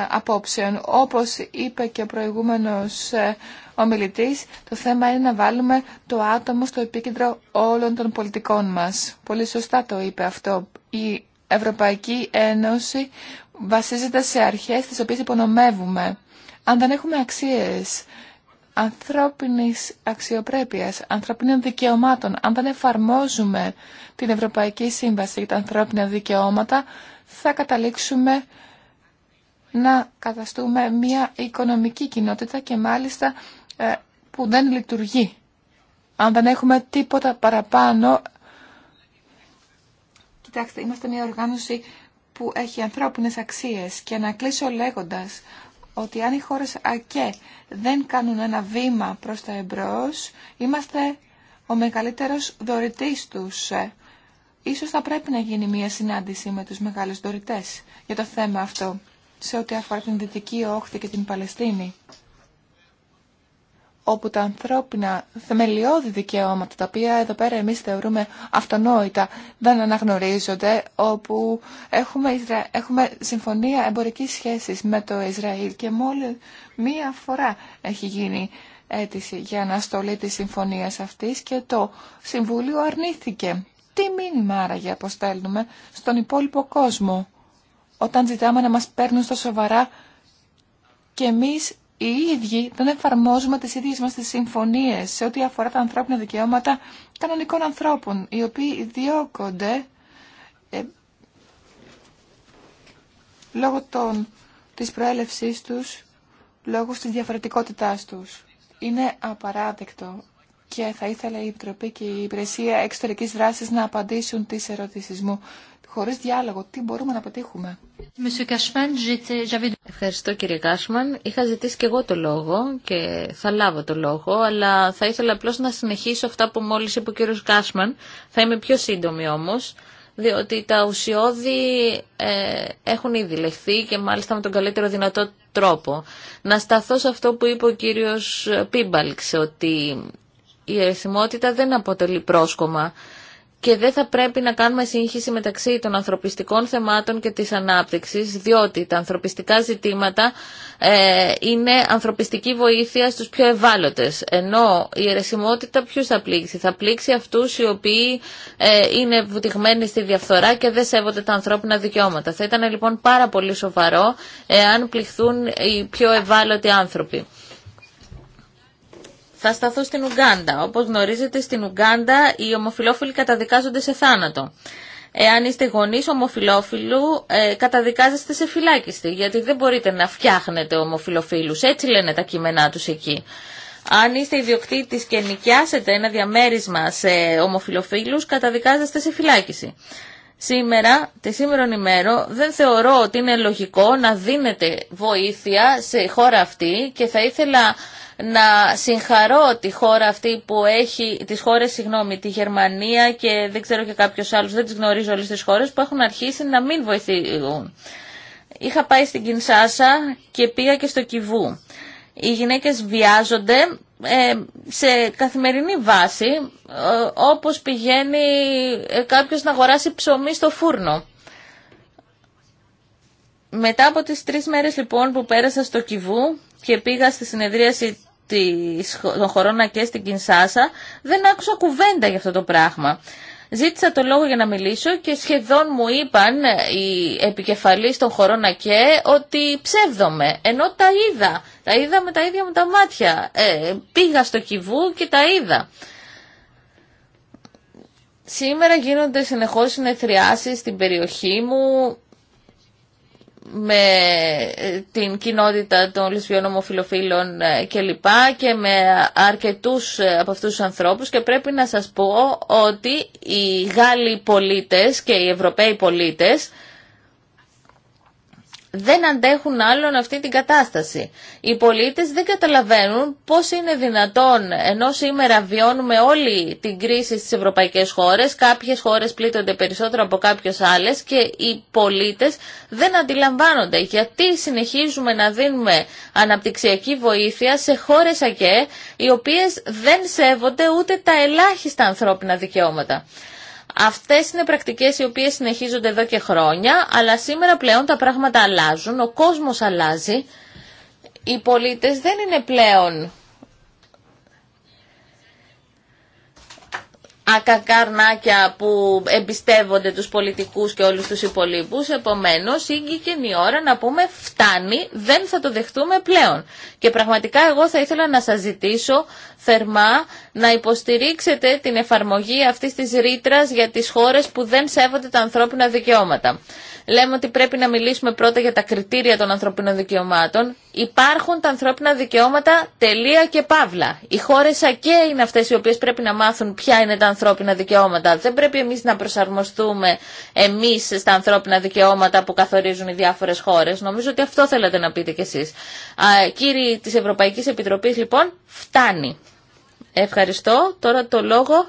απόψεων. Όπως είπε και ο προηγούμενος ε, ομιλητής, το θέμα είναι να βάλουμε το άτομο στο επίκεντρο όλων των πολιτικών μας. Πολύ σωστά το είπε αυτό. Η Ευρωπαϊκή Ένωση βασίζεται σε αρχές τις οποίες υπονομεύουμε. Αν δεν έχουμε αξίες ανθρώπινης αξιοπρέπειας, ανθρωπίνων δικαιωμάτων. Αν δεν εφαρμόζουμε την Ευρωπαϊκή Σύμβαση για τα ανθρώπινα δικαιώματα, θα καταλήξουμε να καταστούμε μια οικονομική κοινότητα και μάλιστα ε, που δεν λειτουργεί. Αν δεν έχουμε τίποτα παραπάνω... Κοιτάξτε, είμαστε μια οργάνωση που έχει ανθρώπινες αξίες και να κλείσω λέγοντας ότι αν οι χώρες ΑΚΕ δεν κάνουν ένα βήμα προς τα εμπρός, είμαστε ο μεγαλύτερος δωρητής τους. Ίσως θα πρέπει να γίνει μια συνάντηση με τους μεγάλους δωρητές για το θέμα αυτό, σε ό,τι αφορά την Δυτική Όχθη και την Παλαιστίνη όπου τα ανθρώπινα θεμελιώδη δικαιώματα, τα οποία εδώ πέρα εμείς θεωρούμε αυτονόητα, δεν αναγνωρίζονται, όπου έχουμε, Ισρα... έχουμε συμφωνία εμπορικής σχέσης με το Ισραήλ και μόλις μία φορά έχει γίνει αίτηση για αναστολή της συμφωνίας αυτής και το Συμβούλιο αρνήθηκε. Τι μήνυμα άραγε αποστέλνουμε στον υπόλοιπο κόσμο όταν ζητάμε να μας παίρνουν στο σοβαρά και εμείς οι ίδιοι δεν εφαρμόζουμε τις ίδιες μας τις συμφωνίες σε ό,τι αφορά τα ανθρώπινα δικαιώματα κανονικών ανθρώπων, οι οποίοι διώκονται ε, λόγω των, της προέλευσής τους, λόγω της διαφορετικότητάς τους. Είναι απαράδεκτο και θα ήθελα η Επιτροπή και η Υπηρεσία Εξωτερικής Δράσης να απαντήσουν τις ερωτήσεις μου χωρίς διάλογο. Τι μπορούμε να πετύχουμε. Ευχαριστώ κύριε Κάσμαν. Είχα ζητήσει και εγώ το λόγο και θα λάβω το λόγο, αλλά θα ήθελα απλώ να συνεχίσω αυτά που μόλις είπε ο κύριος Κάσμαν. Θα είμαι πιο σύντομη όμως, διότι τα ουσιώδη ε, έχουν ήδη λεχθεί και μάλιστα με τον καλύτερο δυνατό τρόπο. Να σταθώ σε αυτό που είπε ο κύριος Πίμπαλξ, ότι η αριθμότητα δεν αποτελεί πρόσκομα και δεν θα πρέπει να κάνουμε σύγχυση μεταξύ των ανθρωπιστικών θεμάτων και της ανάπτυξης, διότι τα ανθρωπιστικά ζητήματα ε, είναι ανθρωπιστική βοήθεια στους πιο ευάλωτες, ενώ η αιρεσιμότητα ποιου θα πλήξει. Θα πλήξει αυτούς οι οποίοι ε, είναι βουτυγμένοι στη διαφθορά και δεν σέβονται τα ανθρώπινα δικαιώματα. Θα ήταν λοιπόν πάρα πολύ σοβαρό εάν πληχθούν οι πιο ευάλωτοι άνθρωποι. Θα σταθώ στην Ουγκάντα. Όπως γνωρίζετε στην Ουγκάντα οι ομοφιλόφιλοι καταδικάζονται σε θάνατο. Εάν είστε γονείς ομοφιλόφιλου ε, καταδικάζεστε σε φυλάκιστη γιατί δεν μπορείτε να φτιάχνετε ομοφιλοφίλους. Έτσι λένε τα κείμενά τους εκεί. Αν είστε ιδιοκτήτης και νοικιάσετε ένα διαμέρισμα σε ομοφιλοφίλους καταδικάζεστε σε φυλάκιση σήμερα, τη σήμερον ημέρα, δεν θεωρώ ότι είναι λογικό να δίνεται βοήθεια σε χώρα αυτή και θα ήθελα να συγχαρώ τη χώρα αυτή που έχει, τις χώρες, συγγνώμη, τη Γερμανία και δεν ξέρω και κάποιος άλλος, δεν τις γνωρίζω όλες τις χώρες που έχουν αρχίσει να μην βοηθούν. Είχα πάει στην Κινσάσα και πήγα και στο Κιβού οι γυναίκες βιάζονται ε, σε καθημερινή βάση ε, όπως πηγαίνει ε, κάποιος να αγοράσει ψωμί στο φούρνο. Μετά από τις τρεις μέρες λοιπόν που πέρασα στο Κιβού και πήγα στη συνεδρίαση των χωρών και στην Κινσάσα δεν άκουσα κουβέντα για αυτό το πράγμα. Ζήτησα το λόγο για να μιλήσω και σχεδόν μου είπαν οι επικεφαλείς των χωρών ΑΚΕ ότι ψεύδομαι, ενώ τα είδα. Τα είδα με τα ίδια μου τα μάτια. Ε, πήγα στο κυβού και τα είδα. Σήμερα γίνονται συνεχώς συνεθριάσεις στην περιοχή μου με ε, την κοινότητα των λεσβιών ομοφιλοφίλων ε, κλπ. και με αρκετούς ε, από αυτούς τους ανθρώπους και πρέπει να σας πω ότι οι Γάλλοι πολίτες και οι Ευρωπαίοι πολίτες δεν αντέχουν άλλον αυτή την κατάσταση. Οι πολίτες δεν καταλαβαίνουν πώς είναι δυνατόν, ενώ σήμερα βιώνουμε όλη την κρίση στις ευρωπαϊκές χώρες, κάποιες χώρες πλήττονται περισσότερο από κάποιες άλλες και οι πολίτες δεν αντιλαμβάνονται γιατί συνεχίζουμε να δίνουμε αναπτυξιακή βοήθεια σε χώρες ΑΚΕ, οι οποίες δεν σέβονται ούτε τα ελάχιστα ανθρώπινα δικαιώματα. Αυτές είναι πρακτικές οι οποίες συνεχίζονται εδώ και χρόνια, αλλά σήμερα πλέον τα πράγματα αλλάζουν, ο κόσμος αλλάζει. Οι πολίτες δεν είναι πλέον ακακαρνάκια που εμπιστεύονται τους πολιτικούς και όλους τους υπολείπους. Επομένως, ήγηκε η ώρα να πούμε φτάνει, δεν θα το δεχτούμε πλέον. Και πραγματικά εγώ θα ήθελα να σας ζητήσω θερμά να υποστηρίξετε την εφαρμογή αυτής της ρήτρα για τις χώρες που δεν σέβονται τα ανθρώπινα δικαιώματα λέμε ότι πρέπει να μιλήσουμε πρώτα για τα κριτήρια των ανθρωπίνων δικαιωμάτων. Υπάρχουν τα ανθρώπινα δικαιώματα τελεία και παύλα. Οι χώρε ΑΚΕ είναι αυτέ οι οποίε πρέπει να μάθουν ποια είναι τα ανθρώπινα δικαιώματα. Δεν πρέπει εμεί να προσαρμοστούμε εμεί στα ανθρώπινα δικαιώματα που καθορίζουν οι διάφορε χώρε. Νομίζω ότι αυτό θέλετε να πείτε κι εσεί. Κύριοι τη Ευρωπαϊκή Επιτροπή, λοιπόν, φτάνει. Ευχαριστώ. Τώρα το λόγο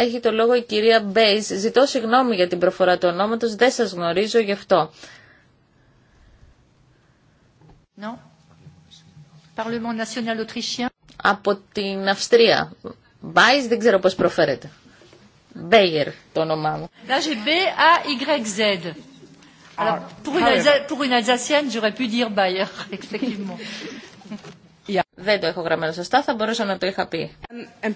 έχει το λόγο η κυρία Μπέις. Ζητώ συγγνώμη για την προφορά του ονόματος, δεν σας γνωρίζω γι' αυτό. Από την Αυστρία. Μπέις, δεν ξέρω πώς προφέρεται. Μπέιερ το όνομά μου. Ah, B-A-Y-Z. <laughs> <laughs> Δεν το έχω γραμμένο σωστά, θα μπορούσα να το είχα πει. Ε, ε,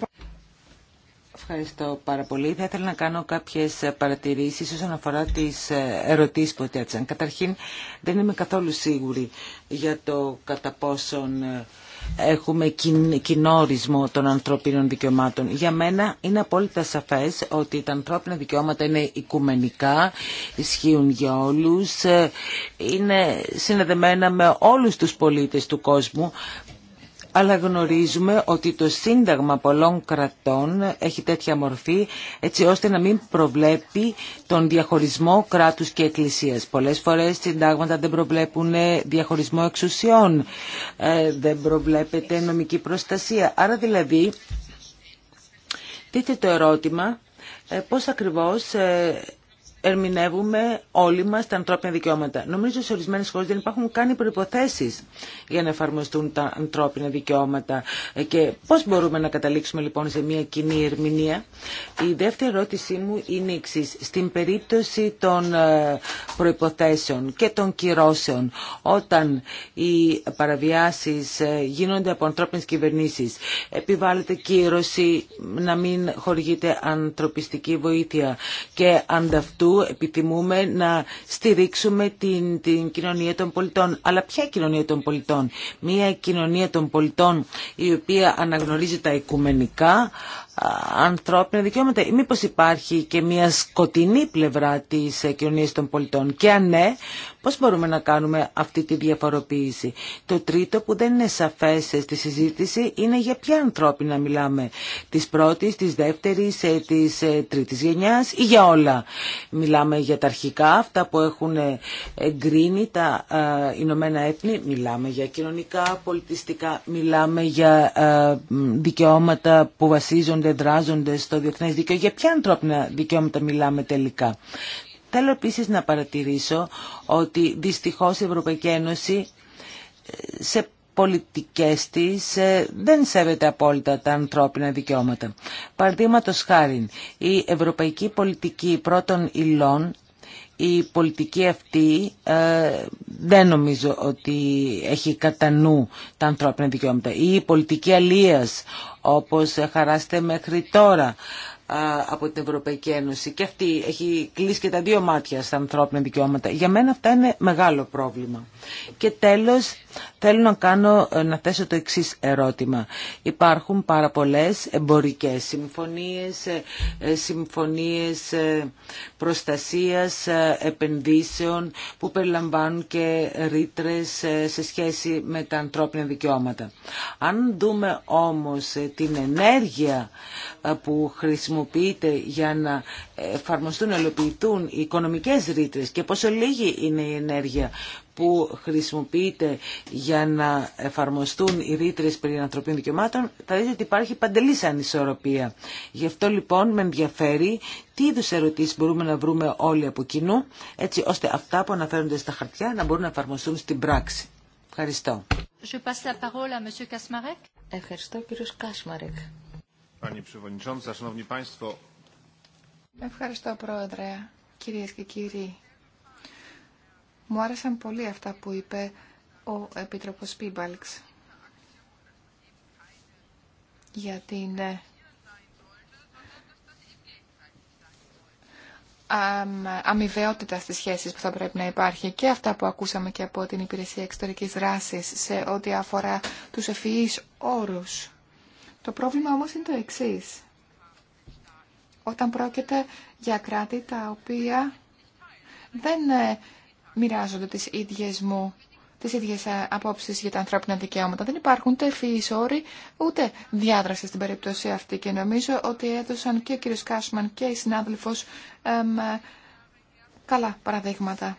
Ευχαριστώ πάρα πολύ. Θα ήθελα να κάνω κάποιες παρατηρήσεις όσον αφορά τις ερωτήσεις που έτιαξαν. Καταρχήν δεν είμαι καθόλου σίγουρη για το κατά πόσον ε, έχουμε κοινό ορισμό των ανθρωπίνων δικαιωμάτων. Για μένα είναι απόλυτα σαφές ότι τα ανθρώπινα δικαιώματα είναι οικουμενικά, ισχύουν για όλους, ε, είναι συνεδεμένα με όλους τους πολίτες του κόσμου αλλά γνωρίζουμε ότι το σύνταγμα πολλών κρατών έχει τέτοια μορφή έτσι ώστε να μην προβλέπει τον διαχωρισμό κράτους και εκκλησίας. Πολλές φορές συντάγματα δεν προβλέπουν διαχωρισμό εξουσιών, ε, δεν προβλέπεται νομική προστασία. Άρα δηλαδή, δείτε το ερώτημα, ε, πώς ακριβώς ε, ερμηνεύουμε όλοι μας τα ανθρώπινα δικαιώματα. Νομίζω σε ορισμένες χώρες δεν υπάρχουν καν οι προϋποθέσεις για να εφαρμοστούν τα ανθρώπινα δικαιώματα. Και πώς μπορούμε να καταλήξουμε λοιπόν σε μια κοινή ερμηνεία. Η δεύτερη ερώτησή μου είναι εξή. Στην περίπτωση των ε, προϋποθέσεων και των κυρώσεων, όταν οι παραβιάσεις ε, γίνονται από ανθρώπινες κυβερνήσεις, επιβάλλεται κύρωση να μην χορηγείται ανθρωπιστική βοήθεια και ανταυτού επιθυμούμε να στηρίξουμε την, την κοινωνία των πολιτών. Αλλά ποια κοινωνία των πολιτών. Μία κοινωνία των πολιτών η οποία αναγνωρίζει τα οικουμενικά, ανθρώπινα δικαιώματα ή μήπως υπάρχει και μια σκοτεινή πλευρά της ε, κοινωνίας των πολιτών και αν ναι Πώς μπορούμε να κάνουμε αυτή τη διαφοροποίηση. Το τρίτο που δεν είναι σαφές στη συζήτηση είναι για ποια ανθρώπινα μιλάμε. Της πρώτης, της δεύτερης, ε, της ε, τρίτης γενιάς ή για όλα. Μιλάμε για τα αρχικά, αυτά που έχουν ε, εγκρίνει τα Ηνωμένα Έθνη. Μιλάμε για κοινωνικά, πολιτιστικά, μιλάμε για δικαιώματα που βασίζονται, δράζονται στο διεθνές δίκαιο. Για ποια ανθρώπινα δικαιώματα μιλάμε τελικά. Θέλω επίσης να παρατηρήσω ότι δυστυχώς η Ευρωπαϊκή Ένωση ε, σε πολιτικές της ε, δεν σέβεται απόλυτα τα ανθρώπινα δικαιώματα. Παραδείγματο χάρη, η ευρωπαϊκή πολιτική πρώτων υλών, η πολιτική αυτή ε, δεν νομίζω ότι έχει κατά νου τα ανθρώπινα δικαιώματα. Ή η πολιτικη αλίας, όπως χαράστε μέχρι τώρα, από την Ευρωπαϊκή Ένωση και αυτή έχει κλείσει και τα δύο μάτια στα ανθρώπινα δικαιώματα. Για μένα αυτά είναι μεγάλο πρόβλημα. Και τέλος Θέλω να, κάνω, να θέσω το εξής ερώτημα. Υπάρχουν πάρα πολλές εμπορικές συμφωνίες, ε, ε, συμφωνίες ε, προστασίας επενδύσεων που περιλαμβάνουν και ρήτρε σε σχέση με τα ανθρώπινα δικαιώματα. Αν δούμε όμως την ενέργεια που χρησιμοποιείται για να εφαρμοστούν, ελοποιηθούν οι οικονομικές ρήτρες και πόσο λίγη είναι η ενέργεια που χρησιμοποιείται για να εφαρμοστούν οι ρήτρε περί ανθρωπίνων δικαιωμάτων, θα δείτε ότι υπάρχει παντελής ανισορροπία. Γι' αυτό λοιπόν με ενδιαφέρει τι είδου ερωτήσει μπορούμε να βρούμε όλοι από κοινού, έτσι ώστε αυτά που αναφέρονται στα χαρτιά να μπορούν να εφαρμοστούν στην πράξη. Ευχαριστώ. Ευχαριστώ κύριος Κάσμαρεκ. Ευχαριστώ πρόεδρε, κυρίες και κύριοι. Μου άρεσαν πολύ αυτά που είπε ο Επίτροπος Πίμπαλξ για την ε, αμοιβαιότητα στις σχέσεις που θα πρέπει να υπάρχει και αυτά που ακούσαμε και από την Υπηρεσία Εξωτερικής Ράσης σε ό,τι αφορά τους ευφυείς όρους. Το πρόβλημα όμως είναι το εξής. Όταν πρόκειται για κράτη τα οποία δεν ε, μοιράζονται τις ίδιες μου τις ίδιες ε, απόψεις για τα ανθρώπινα δικαιώματα. Δεν υπάρχουν ούτε ευφυείς όροι, ούτε διάδραση στην περίπτωση αυτή και νομίζω ότι έδωσαν και ο κύριος Κάσμαν και η συνάδελφος ε, καλά παραδείγματα.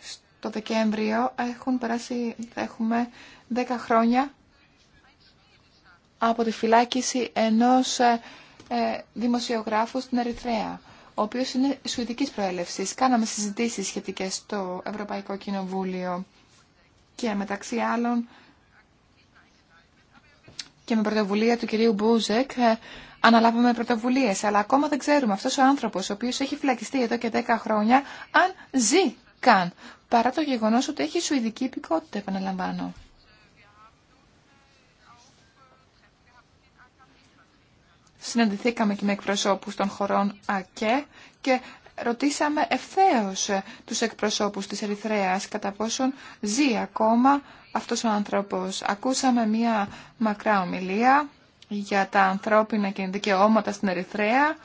Στο Δεκέμβριο έχουν περάσει, έχουμε 10 χρόνια από τη φυλάκιση ενός ε, δημοσιογράφου στην Ερυθρέα ο οποίος είναι σουηδικής προέλευσης. Κάναμε συζητήσεις σχετικές στο Ευρωπαϊκό Κοινοβούλιο και μεταξύ άλλων και με πρωτοβουλία του κυρίου Μπούζεκ ε, αναλάβαμε πρωτοβουλίες. Αλλά ακόμα δεν ξέρουμε αυτός ο άνθρωπος ο οποίος έχει φυλακιστεί εδώ και 10 χρόνια αν ζει καν. Παρά το γεγονός ότι έχει σουηδική υπηκότητα, επαναλαμβάνω. συναντηθήκαμε και με εκπροσώπους των χωρών ΑΚΕ και ρωτήσαμε ευθέως ε, τους εκπροσώπους της Ερυθρέας κατά πόσον ζει ακόμα αυτός ο άνθρωπος. Ακούσαμε μία μακρά ομιλία για τα ανθρώπινα και δικαιώματα στην Ερυθρέα.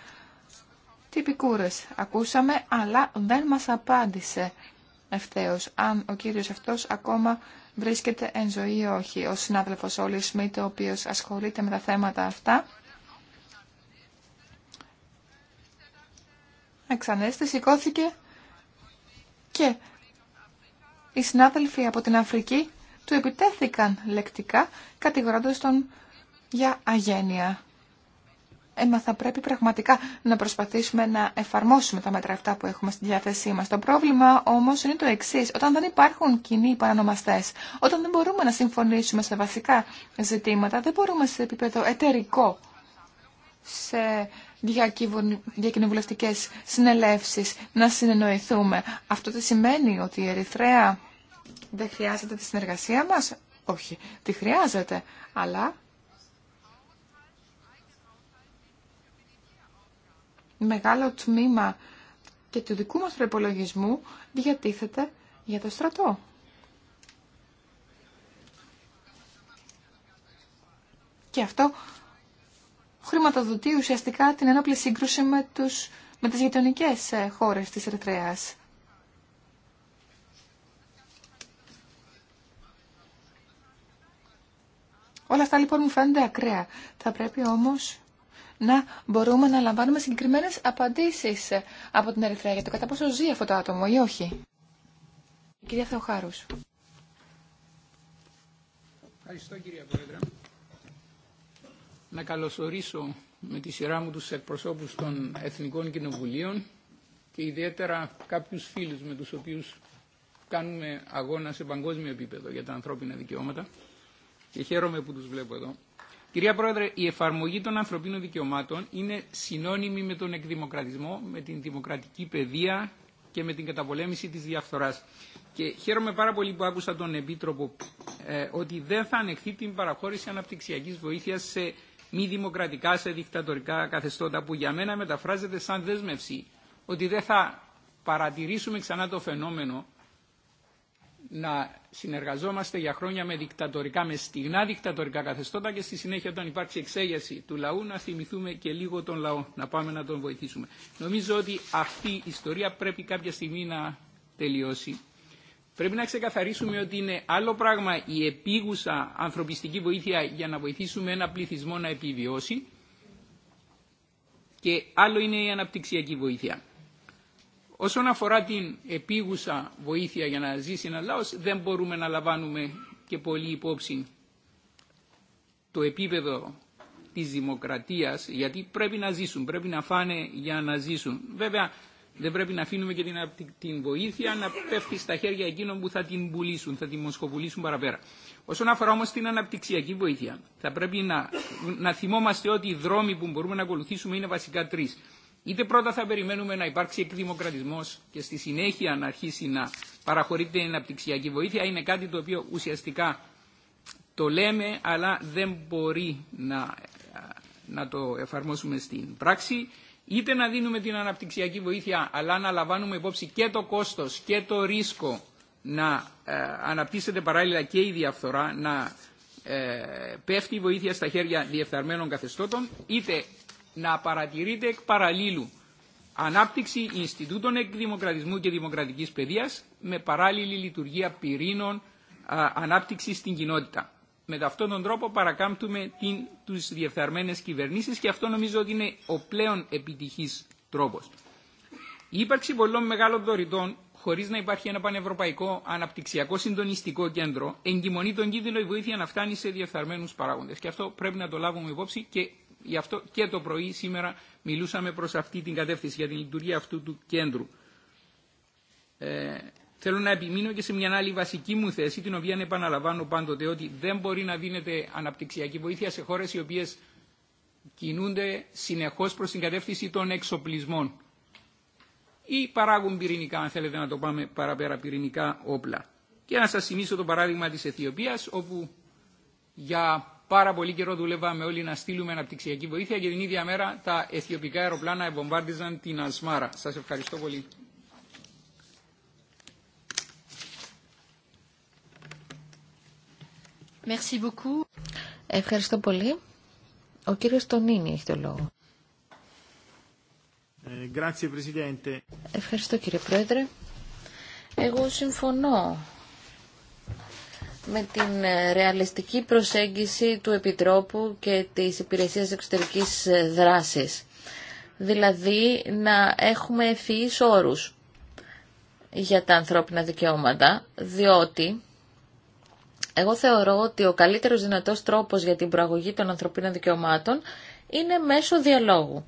Τυπικούρες ακούσαμε, αλλά δεν μας απάντησε ευθέως αν ο κύριος αυτός ακόμα βρίσκεται εν ζωή ή όχι. Ο συνάδελφος Όλης Σμίτ, ο οποίος ασχολείται με τα θέματα αυτά, εξανέστη, σηκώθηκε και οι συνάδελφοι από την Αφρική του επιτέθηκαν λεκτικά κατηγορώντας τον για αγένεια. Έμα ε, θα πρέπει πραγματικά να προσπαθήσουμε να εφαρμόσουμε τα μέτρα αυτά που έχουμε στη διάθεσή μας. Το πρόβλημα όμως είναι το εξής. Όταν δεν υπάρχουν κοινοί παρανομαστές, όταν δεν μπορούμε να συμφωνήσουμε σε βασικά ζητήματα, δεν μπορούμε σε επίπεδο εταιρικό, σε διακοινοβουλευτικές συνελεύσεις να συνεννοηθούμε. Αυτό τι σημαίνει ότι η Ερυθρέα δεν χρειάζεται τη συνεργασία μας. Όχι, τη χρειάζεται, αλλά μεγάλο τμήμα και του δικού μας προπολογισμού διατίθεται για το στρατό. Και αυτό χρηματοδοτεί ουσιαστικά την ενόπλη σύγκρουση με, τους, με τις γειτονικές ε, χώρες της Ερτρέας. Όλα αυτά λοιπόν μου φαίνονται ακραία. Θα πρέπει όμως να μπορούμε να λαμβάνουμε συγκεκριμένες απαντήσεις ε, από την Ερυθρέα για το κατά πόσο ζει αυτό το άτομο ή όχι. Η οχι Θεοχάρους. Ευχαριστώ κυρία Πρόεδρε να καλωσορίσω με τη σειρά μου τους εκπροσώπους των Εθνικών Κοινοβουλίων και ιδιαίτερα κάποιους φίλους με τους οποίους κάνουμε αγώνα σε παγκόσμιο επίπεδο για τα ανθρώπινα δικαιώματα και χαίρομαι που τους βλέπω εδώ. Κυρία Πρόεδρε, η εφαρμογή των ανθρωπίνων δικαιωμάτων είναι συνώνυμη με τον εκδημοκρατισμό, με την δημοκρατική παιδεία και με την καταπολέμηση της διαφθοράς. Και χαίρομαι πάρα πολύ που άκουσα τον Επίτροπο ε, ότι δεν θα ανεχθεί την παραχώρηση αναπτυξιακής βοήθειας σε μη δημοκρατικά σε δικτατορικά καθεστώτα που για μένα μεταφράζεται σαν δέσμευση ότι δεν θα παρατηρήσουμε ξανά το φαινόμενο να συνεργαζόμαστε για χρόνια με δικτατορικά, με στιγνά δικτατορικά καθεστώτα και στη συνέχεια όταν υπάρξει εξέγερση του λαού να θυμηθούμε και λίγο τον λαό, να πάμε να τον βοηθήσουμε. Νομίζω ότι αυτή η ιστορία πρέπει κάποια στιγμή να τελειώσει Πρέπει να ξεκαθαρίσουμε ότι είναι άλλο πράγμα η επίγουσα ανθρωπιστική βοήθεια για να βοηθήσουμε ένα πληθυσμό να επιβιώσει και άλλο είναι η αναπτυξιακή βοήθεια. Όσον αφορά την επίγουσα βοήθεια για να ζήσει ένα λαός, δεν μπορούμε να λαμβάνουμε και πολύ υπόψη το επίπεδο της δημοκρατίας, γιατί πρέπει να ζήσουν, πρέπει να φάνε για να ζήσουν δεν πρέπει να αφήνουμε και την, την βοήθεια να πέφτει στα χέρια εκείνων που θα την πουλήσουν, θα την μοσχοβουλήσουν παραπέρα. Όσον αφορά όμω την αναπτυξιακή βοήθεια, θα πρέπει να, να θυμόμαστε ότι οι δρόμοι που μπορούμε να ακολουθήσουμε είναι βασικά τρει. Είτε πρώτα θα περιμένουμε να υπάρξει εκδημοκρατισμό και στη συνέχεια να αρχίσει να παραχωρείται η αναπτυξιακή βοήθεια. Είναι κάτι το οποίο ουσιαστικά το λέμε, αλλά δεν μπορεί να, να το εφαρμόσουμε στην πράξη είτε να δίνουμε την αναπτυξιακή βοήθεια αλλά να λαμβάνουμε υπόψη και το κόστος και το ρίσκο να ε, αναπτύσσεται παράλληλα και η διαφθορά, να ε, πέφτει η βοήθεια στα χέρια διεφθαρμένων καθεστώτων, είτε να παρατηρείται εκ παραλλήλου ανάπτυξη Ινστιτούτων Εκδημοκρατισμού και Δημοκρατικής Παιδείας με παράλληλη λειτουργία πυρήνων ε, ανάπτυξης στην κοινότητα με αυτόν τον τρόπο παρακάμπτουμε την, τους διεφθαρμένες κυβερνήσεις και αυτό νομίζω ότι είναι ο πλέον επιτυχής τρόπος. Η ύπαρξη πολλών μεγάλων δωρητών, χωρί να υπάρχει ένα πανευρωπαϊκό αναπτυξιακό συντονιστικό κέντρο, εγκυμονεί τον κίνδυνο η βοήθεια να φτάνει σε διεφθαρμένου παράγοντε. Και αυτό πρέπει να το λάβουμε υπόψη και γι' αυτό και το πρωί σήμερα μιλούσαμε προ αυτή την κατεύθυνση, για την λειτουργία αυτού του κέντρου. Ε, Θέλω να επιμείνω και σε μια άλλη βασική μου θέση, την οποία επαναλαμβάνω πάντοτε, ότι δεν μπορεί να δίνεται αναπτυξιακή βοήθεια σε χώρε οι οποίε κινούνται συνεχώ προ την κατεύθυνση των εξοπλισμών ή παράγουν πυρηνικά, αν θέλετε να το πάμε παραπέρα, πυρηνικά όπλα. Και να σα θυμίσω το παράδειγμα τη Αιθιοπία, όπου για πάρα πολύ καιρό δουλεύαμε όλοι να στείλουμε αναπτυξιακή βοήθεια και την ίδια μέρα τα αιθιοπικά αεροπλάνα εμβομβάρδιζαν την Ασμάρα. Σα ευχαριστώ πολύ. Ευχαριστώ πολύ. Ο κύριος Τονίνη έχει το λόγο. Ε, Ευχαριστώ κύριε Πρόεδρε. Εγώ συμφωνώ με την ε, ρεαλιστική προσέγγιση του Επιτρόπου και της Υπηρεσίας Εξωτερικής Δράσης. Δηλαδή να έχουμε ευφυείς όρους για τα ανθρώπινα δικαιώματα, διότι εγώ θεωρώ ότι ο καλύτερος δυνατός τρόπος για την προαγωγή των ανθρωπίνων δικαιωμάτων είναι μέσω διαλόγου.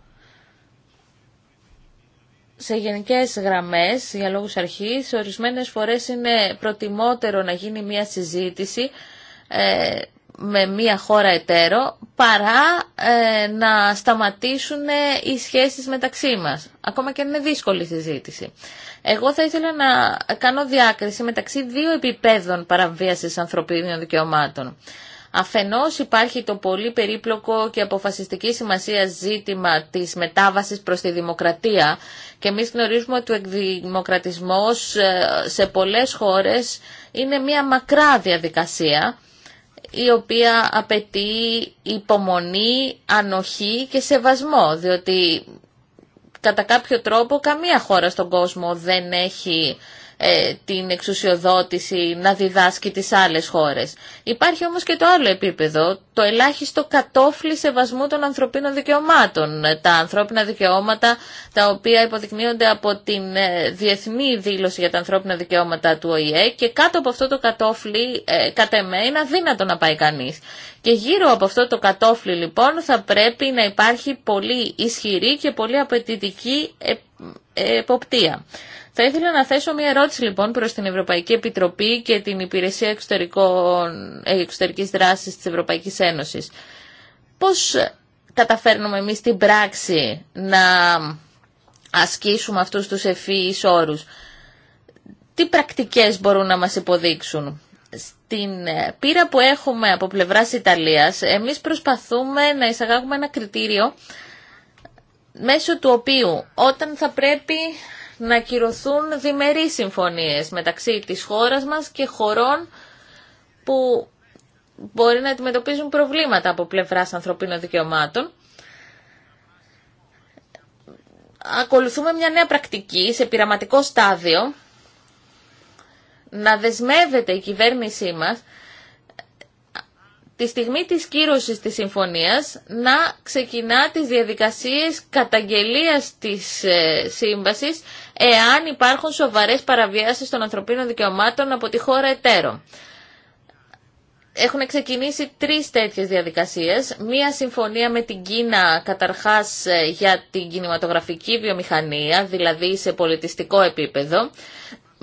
Σε γενικές γραμμές, για λόγους αρχής, ορισμένες φορές είναι προτιμότερο να γίνει μια συζήτηση ε, με μία χώρα εταίρο παρά ε, να σταματήσουν ε, οι σχέσεις μεταξύ μας. Ακόμα και αν είναι δύσκολη συζήτηση. Εγώ θα ήθελα να κάνω διάκριση μεταξύ δύο επιπέδων παραβίασης ανθρωπίνων δικαιωμάτων. Αφενός υπάρχει το πολύ περίπλοκο και αποφασιστική σημασία ζήτημα της μετάβασης προς τη δημοκρατία και εμείς γνωρίζουμε ότι ο εκδημοκρατισμός ε, σε πολλές χώρες είναι μια μακρά διαδικασία η οποία απαιτεί υπομονή, ανοχή και σεβασμό, διότι κατά κάποιο τρόπο καμία χώρα στον κόσμο δεν έχει ε, την εξουσιοδότηση να διδάσκει τις άλλες χώρες. Υπάρχει όμως και το άλλο επίπεδο, το ελάχιστο κατόφλι σεβασμού των ανθρωπίνων δικαιωμάτων. Ε, τα ανθρώπινα δικαιώματα τα οποία υποδεικνύονται από την ε, Διεθνή Δήλωση για τα Ανθρώπινα Δικαιώματα του ΟΗΕ και κάτω από αυτό το κατόφλι κατά εμέ είναι αδύνατο να πάει κανείς. Και γύρω από αυτό το κατόφλι λοιπόν θα πρέπει να υπάρχει πολύ ισχυρή και πολύ απαιτητική εποπτεία. Θα ήθελα να θέσω μια ερώτηση λοιπόν προς την Ευρωπαϊκή Επιτροπή και την Υπηρεσία Εξωτερικών, Εξωτερικής Δράσης της Ευρωπαϊκής Ένωσης. Πώς καταφέρνουμε εμείς την πράξη να ασκήσουμε αυτούς τους ευφύης όρους. Τι πρακτικές μπορούν να μας υποδείξουν. Στην ε, πείρα που έχουμε από πλευράς Ιταλίας, εμείς προσπαθούμε να εισαγάγουμε ένα κριτήριο μέσω του οποίου όταν θα πρέπει να κυρωθούν διμερείς συμφωνίες μεταξύ της χώρας μας και χωρών που μπορεί να αντιμετωπίζουν προβλήματα από πλευράς ανθρωπίνων δικαιωμάτων. Ακολουθούμε μια νέα πρακτική σε πειραματικό στάδιο να δεσμεύεται η κυβέρνησή μας τη στιγμή της κύρωσης της συμφωνίας να ξεκινά τις διαδικασίες καταγγελίας της ε, σύμβασης εάν υπάρχουν σοβαρές παραβιάσεις των ανθρωπίνων δικαιωμάτων από τη χώρα εταίρων. Έχουν ξεκινήσει τρεις τέτοιες διαδικασίες. Μία συμφωνία με την Κίνα καταρχάς ε, για την κινηματογραφική βιομηχανία, δηλαδή σε πολιτιστικό επίπεδο.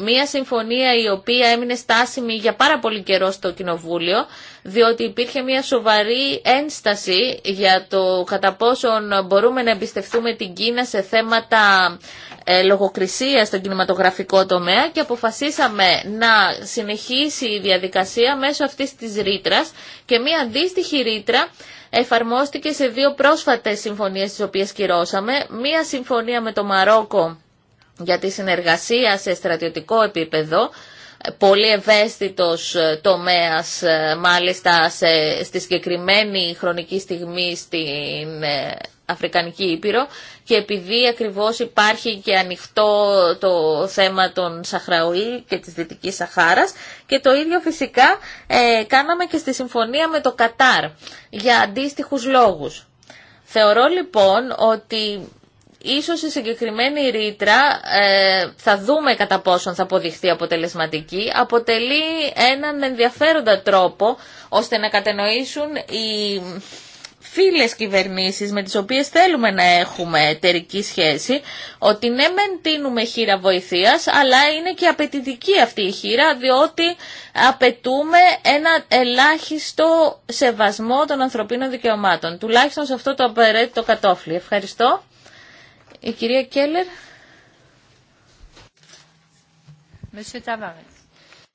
Μία συμφωνία η οποία έμεινε στάσιμη για πάρα πολύ καιρό στο Κοινοβούλιο, διότι υπήρχε μια σοβαρή ένσταση για το κατά πόσον μπορούμε να εμπιστευτούμε την Κίνα σε θέματα ε, λογοκρισία στον κινηματογραφικό τομέα και αποφασίσαμε να συνεχίσει η διαδικασία μέσω αυτής της ρήτρα και μια αντίστοιχη ρήτρα εφαρμόστηκε σε δύο πρόσφατες συμφωνίες τις οποίες κυρώσαμε, μία συμφωνία με το Μαρόκο για τη συνεργασία σε στρατιωτικό επίπεδο, πολύ ευαίσθητος ε, τομέας ε, μάλιστα σε, στη συγκεκριμένη χρονική στιγμή στην ε, Αφρικανική Ήπειρο και επειδή ακριβώς υπάρχει και ανοιχτό το θέμα των Σαχραουή και της Δυτικής Σαχάρας και το ίδιο φυσικά κάναμε και στη συμφωνία με το Κατάρ για αντίστοιχους λόγους. Θεωρώ λοιπόν ότι Ίσως η συγκεκριμένη ρήτρα, ε, θα δούμε κατά πόσον θα αποδειχθεί αποτελεσματική, αποτελεί έναν ενδιαφέροντα τρόπο ώστε να κατανοήσουν οι φίλες κυβερνήσεις με τις οποίες θέλουμε να έχουμε εταιρική σχέση, ότι ναι μεν τίνουμε χείρα βοηθείας, αλλά είναι και απαιτητική αυτή η χείρα, διότι απαιτούμε ένα ελάχιστο σεβασμό των ανθρωπίνων δικαιωμάτων, τουλάχιστον σε αυτό το απαραίτητο κατόφλι. Ευχαριστώ. Η κυρία Κέλλερ.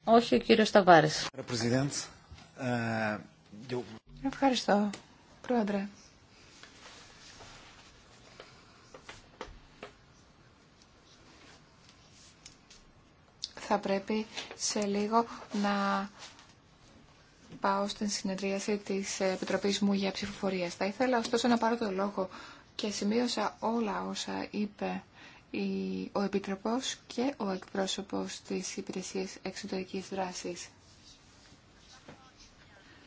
Όχι, ο κύριος Ταβάρης. Ε, Ευχαριστώ, πρόεδρε. Θα πρέπει σε λίγο να πάω στην συνεδρίαση της Επιτροπής μου για ψηφοφορία. Θα ήθελα ωστόσο να πάρω το λόγο και σημείωσα όλα όσα είπε ο Επιτροπός και ο εκπρόσωπος της Υπηρεσίας Εξωτερικής Δράσης.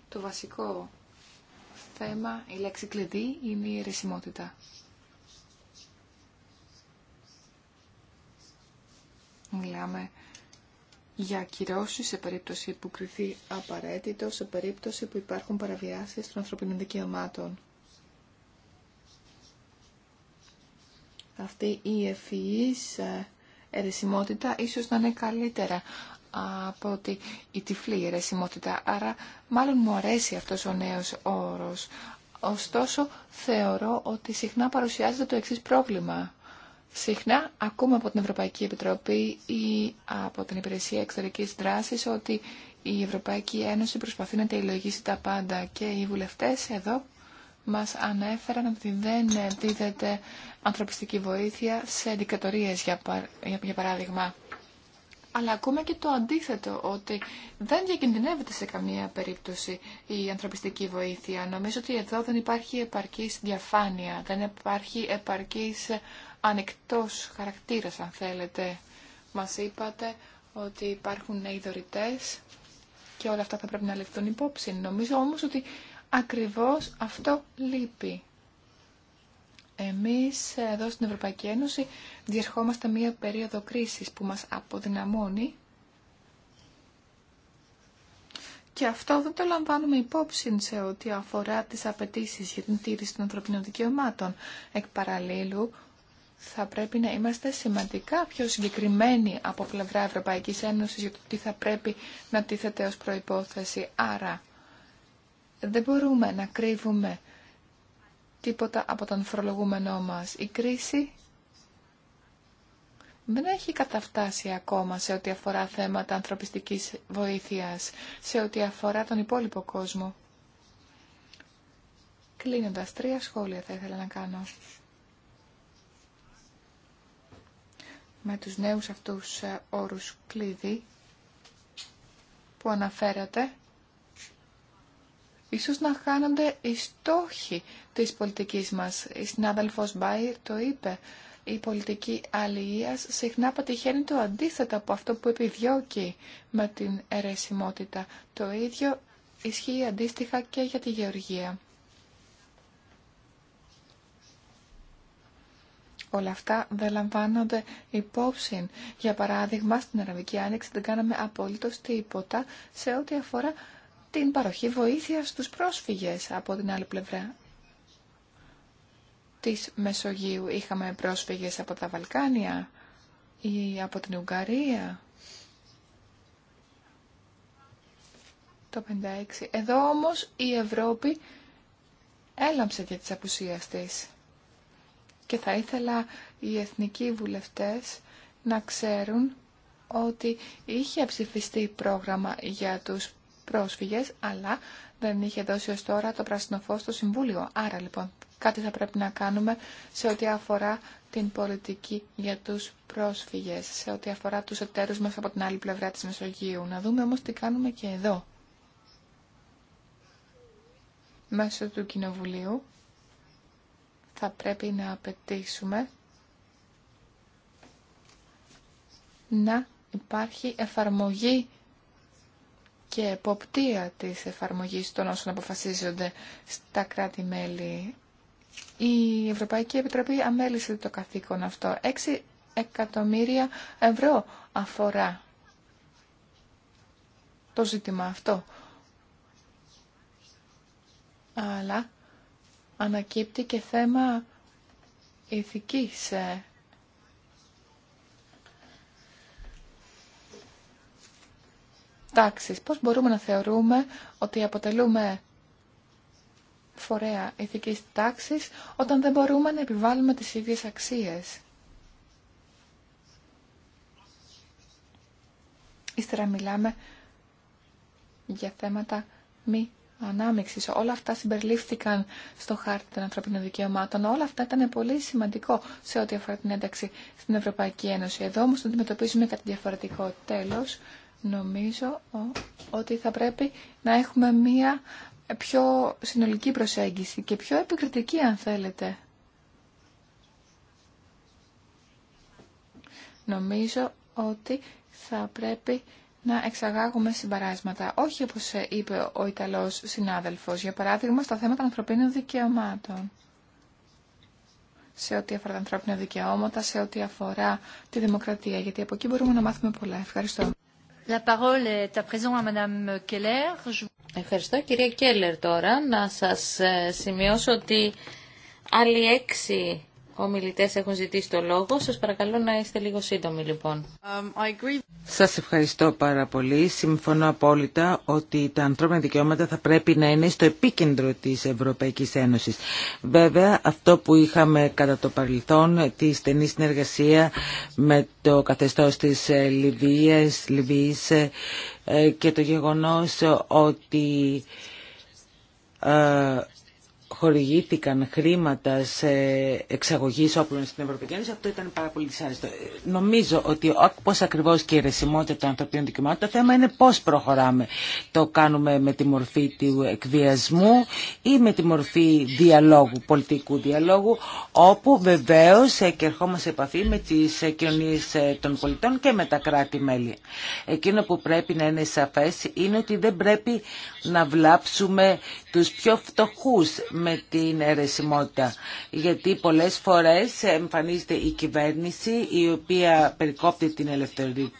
Το βασικό θέμα, η λέξη κλειδί, είναι η ρεσιμότητα. Μιλάμε για κυρώσει σε περίπτωση που κρυθεί απαραίτητο, σε περίπτωση που υπάρχουν παραβιάσεις των ανθρωπίνων δικαιωμάτων. αυτή η ευφυής ε, ερεσιμότητα ίσως να είναι καλύτερα από ότι η τυφλή ερεσιμότητα. Άρα μάλλον μου αρέσει αυτός ο νέος όρος. Ωστόσο θεωρώ ότι συχνά παρουσιάζεται το εξής πρόβλημα. Συχνά ακούμε από την Ευρωπαϊκή Επιτροπή ή από την Υπηρεσία Εξωτερικής Δράσης ότι η Ευρωπαϊκή Ένωση προσπαθεί να τελειογήσει τα πάντα και οι βουλευτές εδώ μας ανέφεραν ότι δεν δίδεται ανθρωπιστική βοήθεια σε δικατορίες, για, για παράδειγμα. Αλλά ακούμε και το αντίθετο, ότι δεν διακινδυνεύεται σε καμία περίπτωση η ανθρωπιστική βοήθεια. Νομίζω ότι εδώ δεν υπάρχει επαρκής διαφάνεια, δεν υπάρχει επαρκής ανεκτός χαρακτήρας, αν θέλετε. Μας είπατε ότι υπάρχουν νέοι και όλα αυτά θα πρέπει να λεφτούν υπόψη. Νομίζω όμως ότι Ακριβώς αυτό λείπει. Εμείς εδώ στην Ευρωπαϊκή Ένωση διερχόμαστε μία περίοδο κρίσης που μας αποδυναμώνει και αυτό δεν το λαμβάνουμε υπόψη σε ό,τι αφορά τις απαιτήσει για την τήρηση των ανθρωπινών δικαιωμάτων. Εκ παραλλήλου, θα πρέπει να είμαστε σημαντικά πιο συγκεκριμένοι από πλευρά Ευρωπαϊκής Ένωση για το τι θα πρέπει να τίθεται ως προϋπόθεση. Άρα, δεν μπορούμε να κρύβουμε τίποτα από τον φορολογούμενό μας. Η κρίση δεν έχει καταφτάσει ακόμα σε ό,τι αφορά θέματα ανθρωπιστικής βοήθειας, σε ό,τι αφορά τον υπόλοιπο κόσμο. Κλείνοντας, τρία σχόλια θα ήθελα να κάνω. Με τους νέους αυτούς ε, όρους κλειδί που αναφέρατε, Ίσως να χάνονται οι στόχοι της πολιτικής μας. Η συνάδελφος Μπάιρ το είπε. Η πολιτική αλληλείας συχνά πατυχαίνει το αντίθετο από αυτό που επιδιώκει με την αιρεσιμότητα. Το ίδιο ισχύει αντίστοιχα και για τη γεωργία. Όλα αυτά δεν λαμβάνονται υπόψη. Για παράδειγμα, στην Αραβική Άνοιξη δεν κάναμε απολύτως τίποτα σε ό,τι αφορά την παροχή βοήθειας στους πρόσφυγες από την άλλη πλευρά της Μεσογείου. Είχαμε πρόσφυγες από τα Βαλκάνια ή από την Ουγγαρία. Το 56. Εδώ όμως η Ευρώπη έλαμψε για τις απουσίες της. Και θα ήθελα οι εθνικοί βουλευτές να ξέρουν ότι είχε ψηφιστεί πρόγραμμα για τους πρόσφυγες, αλλά δεν είχε δώσει ως τώρα το πράσινο φως στο Συμβούλιο. Άρα λοιπόν κάτι θα πρέπει να κάνουμε σε ό,τι αφορά την πολιτική για τους πρόσφυγες, σε ό,τι αφορά τους εταίρους μας από την άλλη πλευρά της Μεσογείου. Να δούμε όμως τι κάνουμε και εδώ. Μέσω του Κοινοβουλίου θα πρέπει να απαιτήσουμε να υπάρχει εφαρμογή και εποπτεία της εφαρμογής των όσων αποφασίζονται στα κράτη-μέλη. Η Ευρωπαϊκή Επιτροπή αμέλησε το καθήκον αυτό. 6 εκατομμύρια ευρώ αφορά το ζήτημα αυτό. Αλλά ανακύπτει και θέμα ηθικής ε, τάξης. Πώς μπορούμε να θεωρούμε ότι αποτελούμε φορέα ηθικής τάξης όταν δεν μπορούμε να επιβάλλουμε τις ίδιες αξίες. Ύστερα μιλάμε για θέματα μη ανάμειξης. Όλα αυτά συμπεριλήφθηκαν στο χάρτη των ανθρωπίνων δικαιωμάτων. Όλα αυτά ήταν πολύ σημαντικό σε ό,τι αφορά την ένταξη στην Ευρωπαϊκή Ένωση. Εδώ όμω το αντιμετωπίζουμε κατά διαφορετικό τέλος. Νομίζω ότι θα πρέπει να έχουμε μία πιο συνολική προσέγγιση και πιο επικριτική αν θέλετε. Νομίζω ότι θα πρέπει να εξαγάγουμε συμπαράσματα, όχι όπως είπε ο Ιταλός συνάδελφος, για παράδειγμα στα θέματα ανθρωπίνων δικαιωμάτων. Σε ό,τι αφορά τα ανθρώπινα δικαιώματα, σε ό,τι αφορά τη δημοκρατία, γιατί από εκεί μπορούμε να μάθουμε πολλά. Ευχαριστώ. Ευχαριστώ κυρία Κέλλερ τώρα. Να σας ε, σημειώσω ότι άλλοι έξι ομιλητές έχουν ζητήσει το λόγο. Σας παρακαλώ να είστε λίγο σύντομοι λοιπόν. Um, Σας ευχαριστώ πάρα πολύ. Συμφωνώ απόλυτα ότι τα ανθρώπινα δικαιώματα θα πρέπει να είναι στο επίκεντρο της Ευρωπαϊκής Ένωσης. Βέβαια αυτό που είχαμε κατά το παρελθόν, τη στενή συνεργασία με το καθεστώς της Λιβύης, Λιβύης ε, και το γεγονός ότι ε, χορηγήθηκαν χρήματα σε εξαγωγής όπλων στην Ευρωπαϊκή Ένωση, αυτό ήταν πάρα πολύ δυσάρεστο. Νομίζω ότι όπω ακριβώς και η ρεσιμότητα των ανθρωπίνων δικαιωμάτων, το θέμα είναι πώ προχωράμε. Το κάνουμε με τη μορφή του εκβιασμού ή με τη μορφή διαλόγου, πολιτικού διαλόγου, όπου βεβαίω ε, και ερχόμαστε σε επαφή με τι κοινωνίε ε, των πολιτών και με τα κράτη-μέλη. Εκείνο που πρέπει να είναι σαφέ είναι ότι δεν πρέπει να βλάψουμε του πιο φτωχού με την αιρεσιμότητα. Γιατί πολλές φορές εμφανίζεται η κυβέρνηση η οποία περικόπτει την ελευθερωτική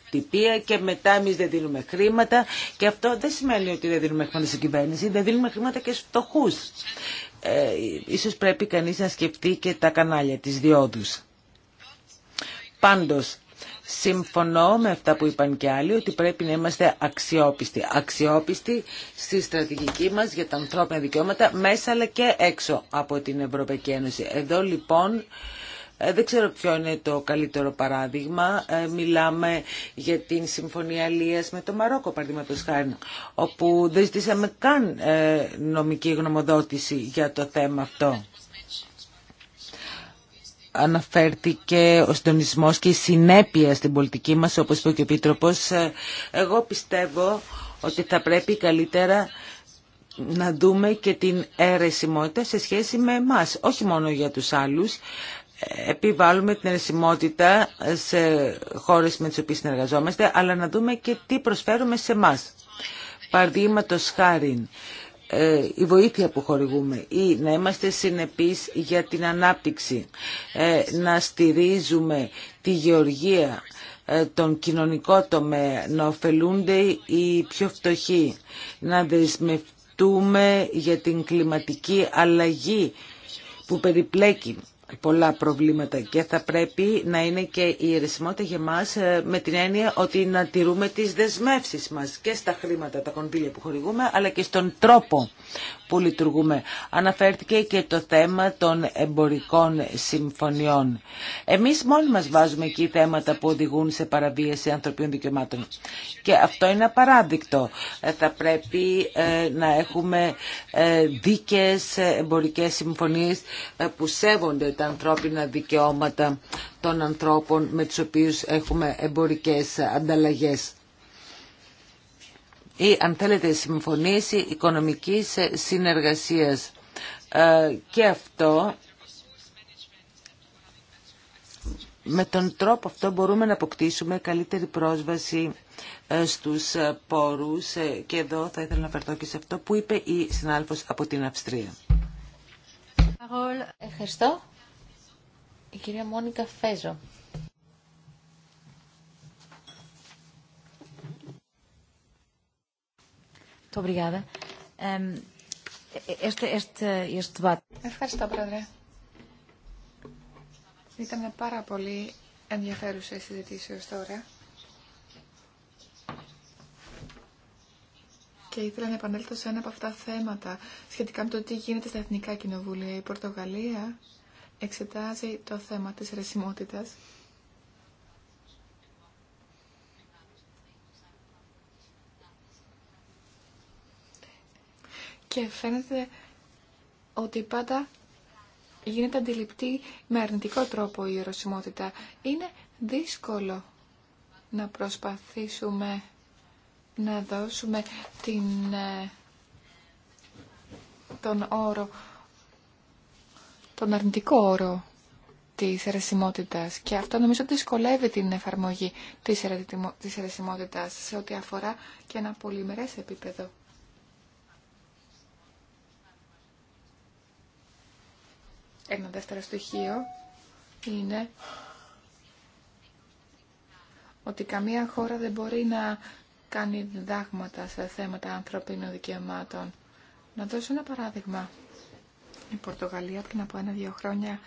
και μετά εμεί δεν δίνουμε χρήματα και αυτό δεν σημαίνει ότι δεν δίνουμε χρήματα στην κυβέρνηση, δεν δίνουμε χρήματα και στους φτωχούς. Ε, ίσως πρέπει κανείς να σκεφτεί και τα κανάλια της διόδους. Πάντως, Συμφωνώ με αυτά που είπαν και άλλοι ότι πρέπει να είμαστε αξιόπιστοι. Αξιόπιστοι στη στρατηγική μας για τα ανθρώπινα δικαιώματα μέσα αλλά και έξω από την Ευρωπαϊκή Ένωση. Εδώ λοιπόν ε, δεν ξέρω ποιο είναι το καλύτερο παράδειγμα. Ε, μιλάμε για την Συμφωνία Αλίας με το Μαρόκο, παραδείγματο χάρη, όπου δεν ζητήσαμε καν ε, νομική γνωμοδότηση για το θέμα αυτό αναφέρθηκε ο συντονισμός και η συνέπεια στην πολιτική μας, όπως είπε και ο επίτροπο, ε, Εγώ πιστεύω ότι θα πρέπει καλύτερα να δούμε και την αιρεσιμότητα σε σχέση με εμάς, όχι μόνο για τους άλλους. Ε, επιβάλλουμε την αιρεσιμότητα σε χώρες με τις οποίες συνεργαζόμαστε, αλλά να δούμε και τι προσφέρουμε σε εμά. Παραδείγματο χάρη, ε, η βοήθεια που χορηγούμε ή να είμαστε συνεπείς για την ανάπτυξη, ε, να στηρίζουμε τη γεωργία, ε, τον κοινωνικό τομέα, να ωφελούνται οι πιο φτωχοί, να δεσμευτούμε για την κλιματική αλλαγή που περιπλέκει πολλά προβλήματα και θα πρέπει να είναι και η ερεσιμότητα για μας ε, με την έννοια ότι να τηρούμε τις δεσμεύσεις μας και στα χρήματα, τα κονδύλια που χορηγούμε αλλά και στον τρόπο που λειτουργούμε. Αναφέρθηκε και το θέμα των εμπορικών συμφωνιών. Εμείς μόνοι μας βάζουμε εκεί θέματα που οδηγούν σε παραβίαση ανθρωπίνων δικαιωμάτων. Και αυτό είναι απαράδεικτο. Ε, θα πρέπει ε, να έχουμε ε, δίκες εμπορικές συμφωνίες που σέβονται τα ανθρώπινα δικαιώματα των ανθρώπων με τους οποίους έχουμε εμπορικές ανταλλαγές ή αν θέλετε συμφωνήσει οικονομικής ε, συνεργασίας. Ε, και αυτό με τον τρόπο αυτό μπορούμε να αποκτήσουμε καλύτερη πρόσβαση ε, στους πόρους και εδώ θα ήθελα να φερθώ και σε αυτό που είπε η συνάλφος από την Αυστρία. Ευχαριστώ. Η κυρία Μόνικα Φέζο. Obrigada. Ehm, Ευχαριστώ, Πρόεδρε. Ήταν πάρα πολύ ενδιαφέρουσα η συζήτηση ως τώρα. Και ήθελα να επανέλθω σε ένα από αυτά τα θέματα σχετικά με το τι γίνεται στα Εθνικά Κοινοβούλια. Η Πορτογαλία εξετάζει το θέμα της ρεσιμότητας και φαίνεται ότι πάντα γίνεται αντιληπτή με αρνητικό τρόπο η ερωσιμότητα. Είναι δύσκολο να προσπαθήσουμε να δώσουμε την, ε, τον όρο, τον αρνητικό όρο της αιρεσιμότητας και αυτό νομίζω δυσκολεύει την εφαρμογή της αιρεσιμότητας σε ό,τι αφορά και ένα πολυμερές επίπεδο. Ένα δεύτερο στοιχείο είναι ότι καμία χώρα δεν μπορεί να κάνει διδάγματα σε θέματα ανθρωπίνων δικαιωμάτων. Να δώσω ένα παράδειγμα. Η Πορτογαλία πριν από ένα-δύο χρόνια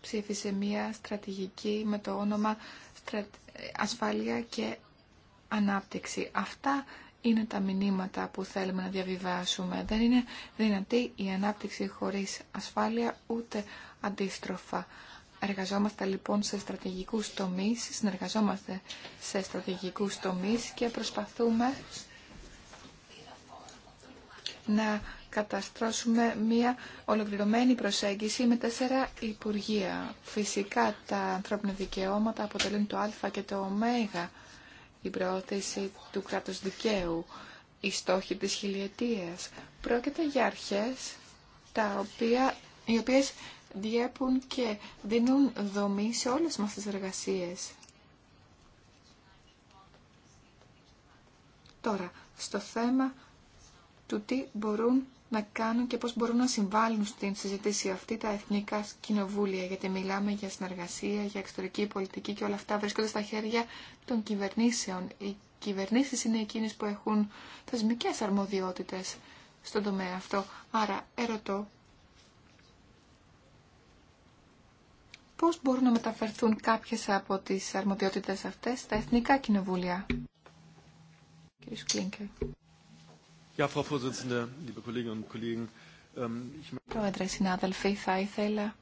ψήφισε μία στρατηγική με το όνομα Ασφάλεια και Ανάπτυξη. Αυτά είναι τα μηνύματα που θέλουμε να διαβιβάσουμε. Δεν είναι δυνατή η ανάπτυξη χωρίς ασφάλεια ούτε αντίστροφα. Εργαζόμαστε λοιπόν σε στρατηγικούς τομείς, συνεργαζόμαστε σε στρατηγικούς τομείς και προσπαθούμε να καταστρώσουμε μια ολοκληρωμένη προσέγγιση με τέσσερα υπουργεία. Φυσικά τα ανθρώπινα δικαιώματα αποτελούν το α και το ω η προώθηση του κράτους δικαίου, οι στόχοι της χιλιετίας. Πρόκειται για αρχές τα οποία, οι οποίες διέπουν και δίνουν δομή σε όλες μας τις εργασίες. Τώρα, στο θέμα του τι μπορούν να κάνουν και πώς μπορούν να συμβάλλουν στην συζήτηση αυτή τα εθνικά κοινοβούλια, γιατί μιλάμε για συνεργασία, για εξωτερική πολιτική και όλα αυτά βρίσκονται στα χέρια των κυβερνήσεων. Οι κυβερνήσεις είναι εκείνες που έχουν θεσμικές αρμοδιότητες στον τομέα αυτό. Άρα ερωτώ πώς μπορούν να μεταφερθούν κάποιες από τις αρμοδιότητες αυτές στα εθνικά κοινοβούλια. Κύριε Πρόεδρε, συνάδελφοι, θα ήθελα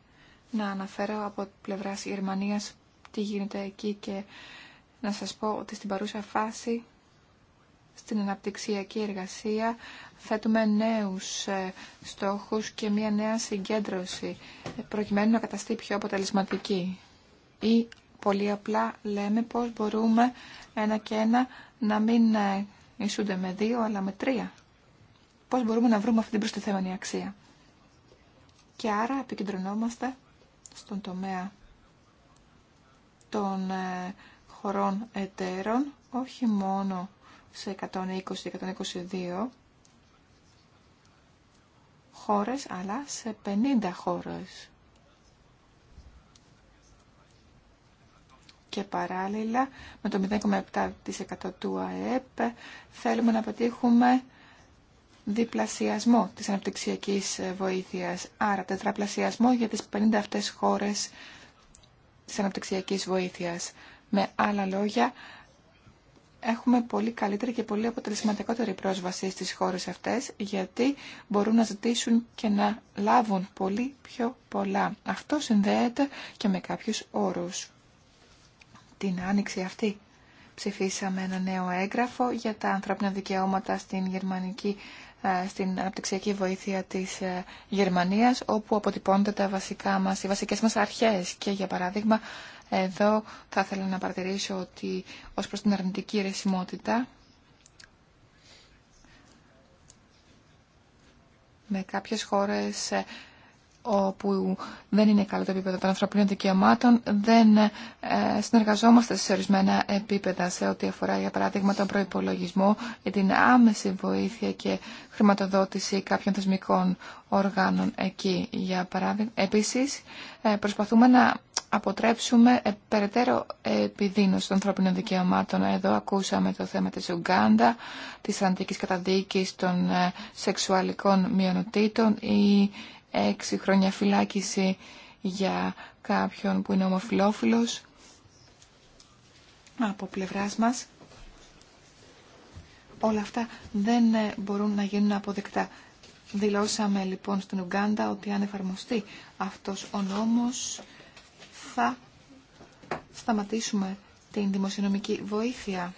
να αναφέρω από πλευρά Γερμανία τι γίνεται εκεί και να σας πω ότι στην παρούσα φάση στην αναπτυξιακή εργασία θέτουμε νέους ε, στόχους και μια νέα συγκέντρωση ε, προκειμένου να καταστεί πιο αποτελεσματική. Ή πολύ απλά λέμε πώς μπορούμε ένα και ένα να μην ε, ισούνται με δύο αλλά με τρία πώς μπορούμε να βρούμε αυτή την προστιθέμενη αξία. Και άρα επικεντρωνόμαστε στον τομέα των ε, χωρών εταίρων, όχι μόνο σε 120 122 χώρες, αλλά σε 50 χώρες. Και παράλληλα, με το 0,7% του ΑΕΠ θέλουμε να πετύχουμε διπλασιασμό της αναπτυξιακής βοήθειας, άρα τετραπλασιασμό για τις 50 αυτές χώρες της αναπτυξιακής βοήθειας. Με άλλα λόγια, έχουμε πολύ καλύτερη και πολύ αποτελεσματικότερη πρόσβαση στις χώρες αυτές, γιατί μπορούν να ζητήσουν και να λάβουν πολύ πιο πολλά. Αυτό συνδέεται και με κάποιους όρους. Την άνοιξη αυτή ψηφίσαμε ένα νέο έγγραφο για τα ανθρώπινα δικαιώματα στην γερμανική ε, στην αναπτυξιακή βοήθεια της ε, Γερμανίας, όπου αποτυπώνται τα βασικά μας, οι βασικές μας αρχές. Και για παράδειγμα, εδώ θα ήθελα να παρατηρήσω ότι ως προς την αρνητική ρεσιμότητα, με κάποιες χώρες ε, όπου δεν είναι καλό το επίπεδο των ανθρωπίνων δικαιωμάτων, δεν ε, συνεργαζόμαστε σε ορισμένα επίπεδα σε ό,τι αφορά, για παράδειγμα, τον προϋπολογισμό για την άμεση βοήθεια και χρηματοδότηση κάποιων θεσμικών οργάνων εκεί. Για παράδειγμα, επίσης, ε, προσπαθούμε να αποτρέψουμε ε, περαιτέρω επιδείνωση των ανθρώπινων δικαιωμάτων. Εδώ ακούσαμε το θέμα της Ουγκάντα, της αντικής καταδίκης των σεξουαλικών μειονοτήτων ή έξι χρόνια φυλάκιση για κάποιον που είναι ομοφιλόφιλος από πλευράς μας. Όλα αυτά δεν ε, μπορούν να γίνουν αποδεκτά. Δηλώσαμε λοιπόν στην Ουγκάντα ότι αν εφαρμοστεί αυτός ο νόμος θα σταματήσουμε την δημοσιονομική βοήθεια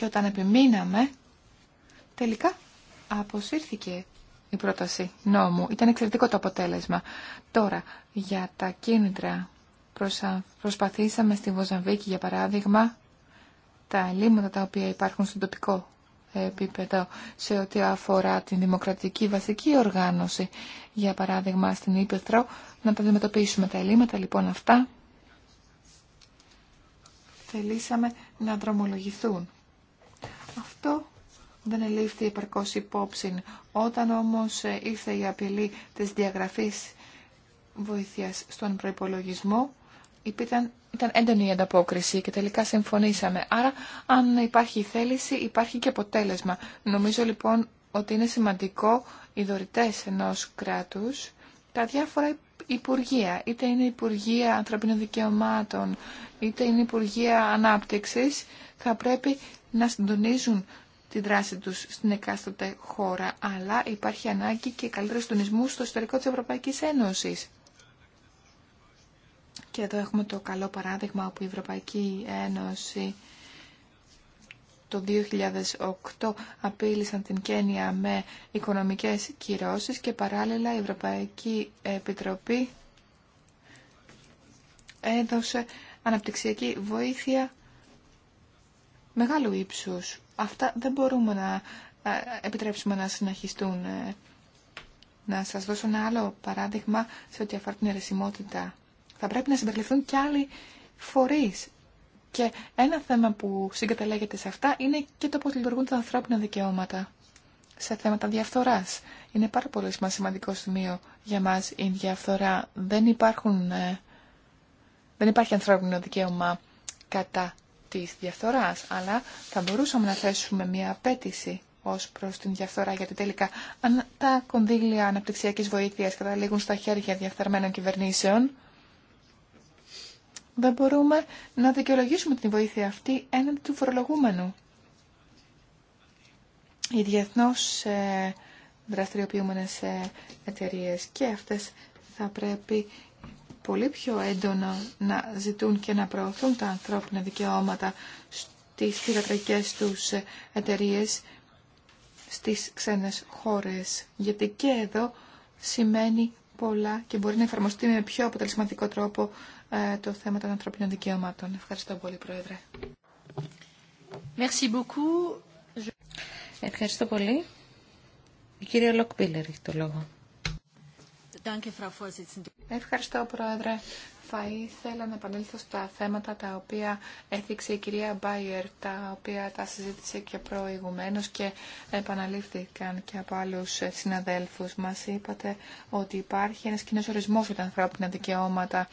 Και όταν επιμείναμε, τελικά αποσύρθηκε η πρόταση νόμου. Ήταν εξαιρετικό το αποτέλεσμα. Τώρα, για τα κίνητρα προσπαθήσαμε στη Βοζαμβίκη, για παράδειγμα, τα ελλείμματα τα οποία υπάρχουν στον τοπικό επίπεδο σε ό,τι αφορά την δημοκρατική βασική οργάνωση, για παράδειγμα στην Ήπεθρο, να τα αντιμετωπίσουμε τα ελλείμματα λοιπόν αυτά. Θελήσαμε να δρομολογηθούν αυτό δεν ελήφθη επαρκώς υπόψη. Όταν όμως ε, ήρθε η απειλή της διαγραφής βοήθειας στον προϋπολογισμό, ήταν, ήταν έντονη η ανταπόκριση και τελικά συμφωνήσαμε. Άρα, αν υπάρχει θέληση, υπάρχει και αποτέλεσμα. Νομίζω λοιπόν ότι είναι σημαντικό οι δωρητές ενός κράτους τα διάφορα υπουργεία. Είτε είναι υπουργεία ανθρωπίνων δικαιωμάτων, είτε είναι υπουργεία ανάπτυξης, θα πρέπει να συντονίζουν τη δράση τους στην εκάστοτε χώρα. Αλλά υπάρχει ανάγκη και καλύτερου συντονισμού στο ιστορικό της Ευρωπαϊκής Ένωσης. Και εδώ έχουμε το καλό παράδειγμα όπου η Ευρωπαϊκή Ένωση το 2008 απείλησαν την Κένια με οικονομικές κυρώσεις και παράλληλα η Ευρωπαϊκή Επιτροπή έδωσε αναπτυξιακή βοήθεια μεγάλου ύψους. Αυτά δεν μπορούμε να ε, επιτρέψουμε να συνεχιστούν. Ε, να σας δώσω ένα άλλο παράδειγμα σε ό,τι αφορά την αιρεσιμότητα. Θα πρέπει να συμπεριληφθούν και άλλοι φορείς και ένα θέμα που συγκαταλέγεται σε αυτά είναι και το πώς λειτουργούν τα ανθρώπινα δικαιώματα σε θέματα διαφθοράς. Είναι πάρα πολύ σημαντικό σημείο για μας η διαφθορά. Δεν, υπάρχουν, ε, δεν υπάρχει ανθρώπινο δικαίωμα κατά της διαφθοράς, αλλά θα μπορούσαμε να θέσουμε μια απέτηση ως προς την διαφθορά, γιατί τελικά αν τα κονδύλια αναπτυξιακής βοήθειας καταλήγουν στα χέρια διαφθαρμένων κυβερνήσεων, δεν μπορούμε να δικαιολογήσουμε την βοήθεια αυτή έναντι του φορολογούμενου. Οι διεθνώς ε, δραστηριοποιούμενες ε, εταιρείε και αυτές θα πρέπει πολύ πιο έντονα να ζητούν και να προωθούν τα ανθρώπινα δικαιώματα στις θηγατρικές τους ε, εταιρείες στις ξένες χώρες. Γιατί και εδώ σημαίνει πολλά και μπορεί να εφαρμοστεί με πιο αποτελεσματικό τρόπο ε, το θέμα των ανθρωπίνων δικαιωμάτων. Ευχαριστώ πολύ, Πρόεδρε. Merci beaucoup. Ευχαριστώ πολύ. Η κυρία Λοκπίλερ έχει το λόγο. Ευχαριστώ, Πρόεδρε. Θα ήθελα να επανέλθω στα θέματα τα οποία έθιξε η κυρία Μπάιερ, τα οποία τα συζήτησε και προηγουμένως και επαναλήφθηκαν και από άλλους συναδέλφους μας. Είπατε ότι υπάρχει ένας κοινός ορισμός για τα ανθρώπινα δικαιώματα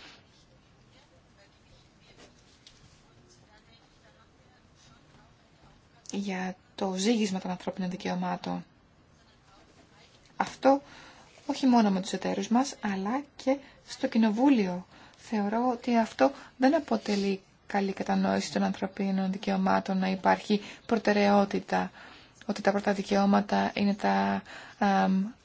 για το ζήγισμα των ανθρώπινων δικαιωμάτων. Αυτό όχι μόνο με τους εταίρους μας, αλλά και στο Κοινοβούλιο. Θεωρώ ότι αυτό δεν αποτελεί καλή κατανόηση των ανθρωπίνων δικαιωμάτων να υπάρχει προτεραιότητα ότι τα πρώτα δικαιώματα είναι τα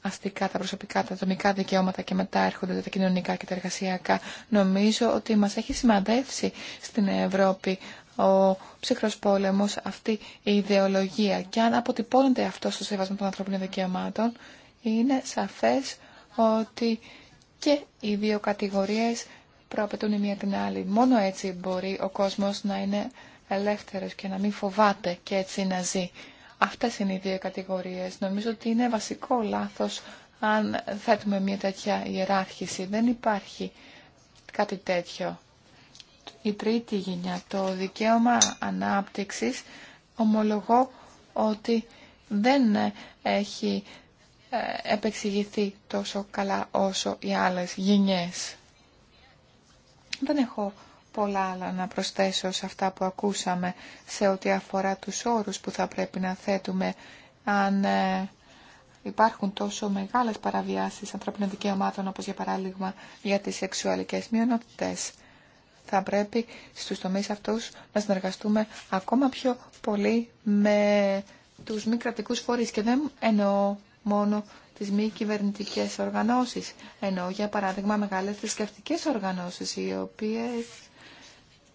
αστικά, τα προσωπικά, τα ατομικά δικαιώματα και μετά έρχονται τα κοινωνικά και τα εργασιακά. Νομίζω ότι μας έχει σημαντεύσει στην Ευρώπη ο ψυχρός πόλεμος, αυτή η ιδεολογία. Και αν αποτυπώνεται αυτό στο σεβασμό των ανθρώπινων δικαιωμάτων, είναι σαφές ότι και οι δύο κατηγορίες προαπαιτούν η μία την άλλη. Μόνο έτσι μπορεί ο κόσμος να είναι ελεύθερος και να μην φοβάται και έτσι να ζει. Αυτές είναι οι δύο κατηγορίες. Νομίζω ότι είναι βασικό λάθος αν θέτουμε μια τέτοια ιεράρχηση. Δεν υπάρχει κάτι τέτοιο η τρίτη γενιά, το δικαίωμα ανάπτυξης, ομολογώ ότι δεν έχει ε, επεξηγηθεί τόσο καλά όσο οι άλλες γενιές. Δεν έχω πολλά άλλα να προσθέσω σε αυτά που ακούσαμε σε ό,τι αφορά τους όρους που θα πρέπει να θέτουμε αν ε, υπάρχουν τόσο μεγάλες παραβιάσεις ανθρωπίνων δικαιωμάτων όπως για παράδειγμα για τις σεξουαλικές μειονότητες θα πρέπει στους τομείς αυτούς να συνεργαστούμε ακόμα πιο πολύ με τους μη κρατικούς φορείς και δεν εννοώ μόνο τις μη κυβερνητικέ οργανώσεις. Εννοώ για παράδειγμα μεγάλες θρησκευτικέ οργανώσεις οι οποίες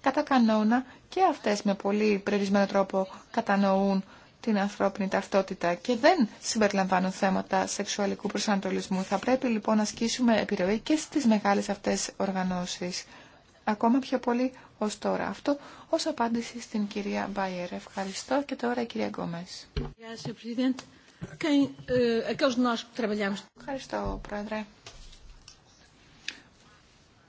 κατά κανόνα και αυτές με πολύ περιορισμένο τρόπο κατανοούν την ανθρώπινη ταυτότητα και δεν συμπεριλαμβάνουν θέματα σεξουαλικού προσανατολισμού. Θα πρέπει λοιπόν να ασκήσουμε επιρροή και στις μεγάλες αυτές οργανώσεις ακόμα πιο πολύ ως τώρα. Αυτό ως απάντηση στην κυρία Μπάιερ. Ευχαριστώ και τώρα η κυρία Γκόμες. Eh, Ευχαριστώ, Πρόεδρε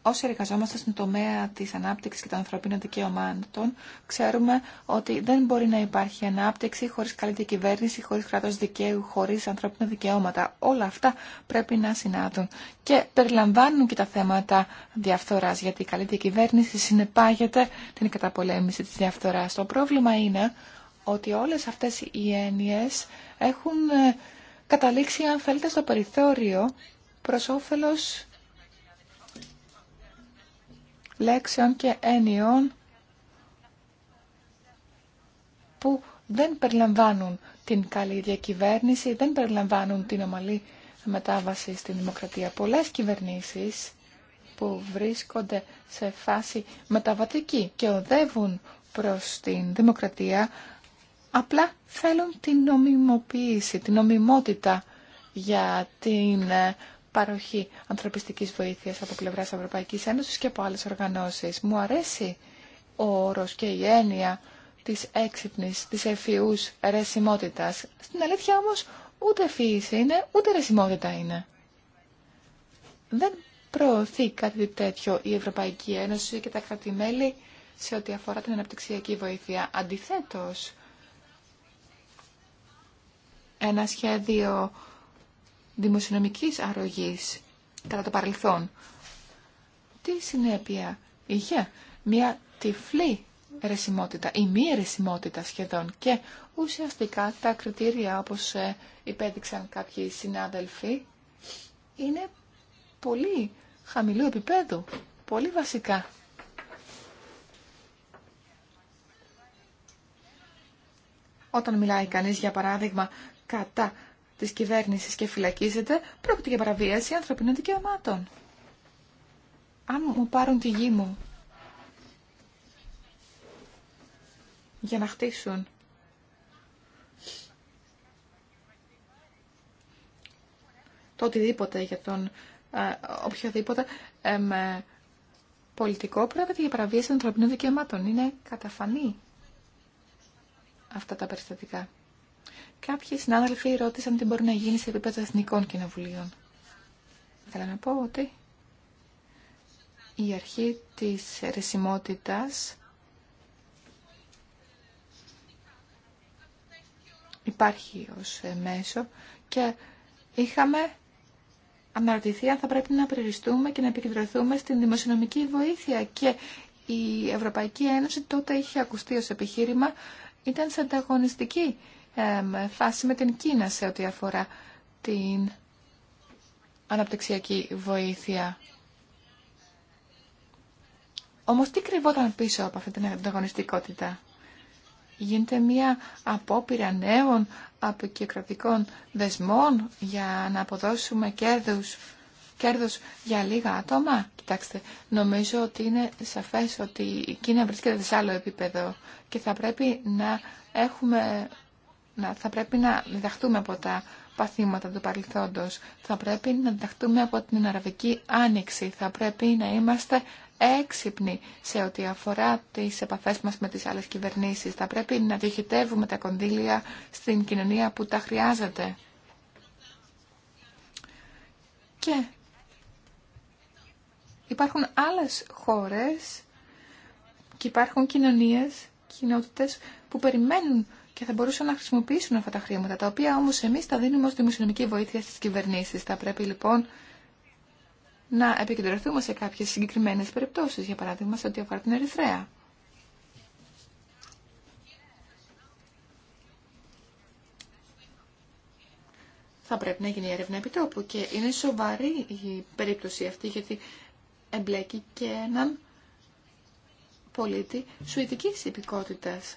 όσοι εργαζόμαστε στον τομέα τη ανάπτυξη και των ανθρωπίνων δικαιωμάτων, ξέρουμε ότι δεν μπορεί να υπάρχει ανάπτυξη χωρί καλή κυβέρνηση, χωρί κράτος δικαίου, χωρί ανθρώπινα δικαιώματα. Όλα αυτά πρέπει να συνάδουν. Και περιλαμβάνουν και τα θέματα διαφθορά, γιατί η καλή κυβέρνηση συνεπάγεται την καταπολέμηση τη διαφθοράς. Το πρόβλημα είναι ότι όλε αυτέ οι έννοιε έχουν ε, καταλήξει, αν θέλετε, στο περιθώριο προ όφελο λέξεων και έννοιων που δεν περιλαμβάνουν την καλή διακυβέρνηση, δεν περιλαμβάνουν την ομαλή μετάβαση στην δημοκρατία. Πολλές κυβερνήσεις που βρίσκονται σε φάση μεταβατική και οδεύουν προς την δημοκρατία απλά θέλουν την νομιμοποίηση, την νομιμότητα για την ε, παροχή ανθρωπιστικής βοήθειας από πλευράς Ευρωπαϊκής Ένωσης και από άλλες οργανώσεις. Μου αρέσει ο όρος και η έννοια της έξυπνης, της ευφυούς ρεσιμότητας. Στην αλήθεια όμως ούτε ευφυής είναι, ούτε ρεσιμότητα είναι. Δεν προωθεί κάτι τέτοιο η Ευρωπαϊκή Ένωση και τα κρατημέλη σε ό,τι αφορά την αναπτυξιακή βοήθεια. Αντιθέτως, ένα σχέδιο δημοσιονομικής αρρωγής κατά το παρελθόν. Τι συνέπεια είχε μια τυφλή ρεσιμότητα. ή μη ερεσιμότητα σχεδόν και ουσιαστικά τα κριτήρια όπως ε, υπέδειξαν κάποιοι συνάδελφοι είναι πολύ χαμηλού επίπεδου, πολύ βασικά. Όταν μιλάει κανείς για παράδειγμα κατά της κυβέρνησης και φυλακίζεται, πρόκειται για παραβίαση ανθρωπινών δικαιωμάτων. Αν μου πάρουν τη γη μου για να χτίσουν το οτιδήποτε για τον ε, οποιοδήποτε ε, πολιτικό πρόκειται για παραβίαση ανθρωπινών δικαιωμάτων. Είναι καταφανή αυτά τα περιστατικά. Κάποιοι συνάδελφοι ρώτησαν τι μπορεί να γίνει σε επίπεδο εθνικών κοινοβουλίων. Θέλω να πω ότι η αρχή της ρεσιμότητας υπάρχει ως μέσο και είχαμε αναρωτηθεί αν θα πρέπει να περιοριστούμε και να επικεντρωθούμε στην δημοσιονομική βοήθεια και η Ευρωπαϊκή Ένωση τότε είχε ακουστεί ως επιχείρημα ήταν σε ανταγωνιστική φάση με την Κίνα σε ό,τι αφορά την αναπτυξιακή βοήθεια. Όμως τι κρυβόταν πίσω από αυτή την ανταγωνιστικότητα. Γίνεται μια απόπειρα νέων αποκαικρατικών δεσμών για να αποδώσουμε κέρδους, κέρδους για λίγα άτομα. Κοιτάξτε, νομίζω ότι είναι σαφές ότι η Κίνα βρίσκεται σε άλλο επίπεδο και θα πρέπει να έχουμε θα πρέπει να διδαχτούμε από τα παθήματα του παρελθόντος. Θα πρέπει να διδαχτούμε από την Αραβική Άνοιξη. Θα πρέπει να είμαστε έξυπνοι σε ό,τι αφορά τις επαφές μας με τις άλλες κυβερνήσεις. Θα πρέπει να διοχετεύουμε τα κονδύλια στην κοινωνία που τα χρειάζεται. Και υπάρχουν άλλες χώρες και υπάρχουν κοινωνίες, κοινότητες που περιμένουν και θα μπορούσαν να χρησιμοποιήσουν αυτά τα χρήματα, τα οποία όμως εμείς τα δίνουμε ως δημοσιονομική βοήθεια στις κυβερνήσεις. Θα πρέπει λοιπόν να επικεντρωθούμε σε κάποιες συγκεκριμένες περιπτώσεις, για παράδειγμα σε ό,τι αφορά την Ερυθρέα. Θα πρέπει να γίνει έρευνα επιτόπου και είναι σοβαρή η περίπτωση αυτή γιατί εμπλέκει και έναν πολίτη σουητικής υπηκότητας.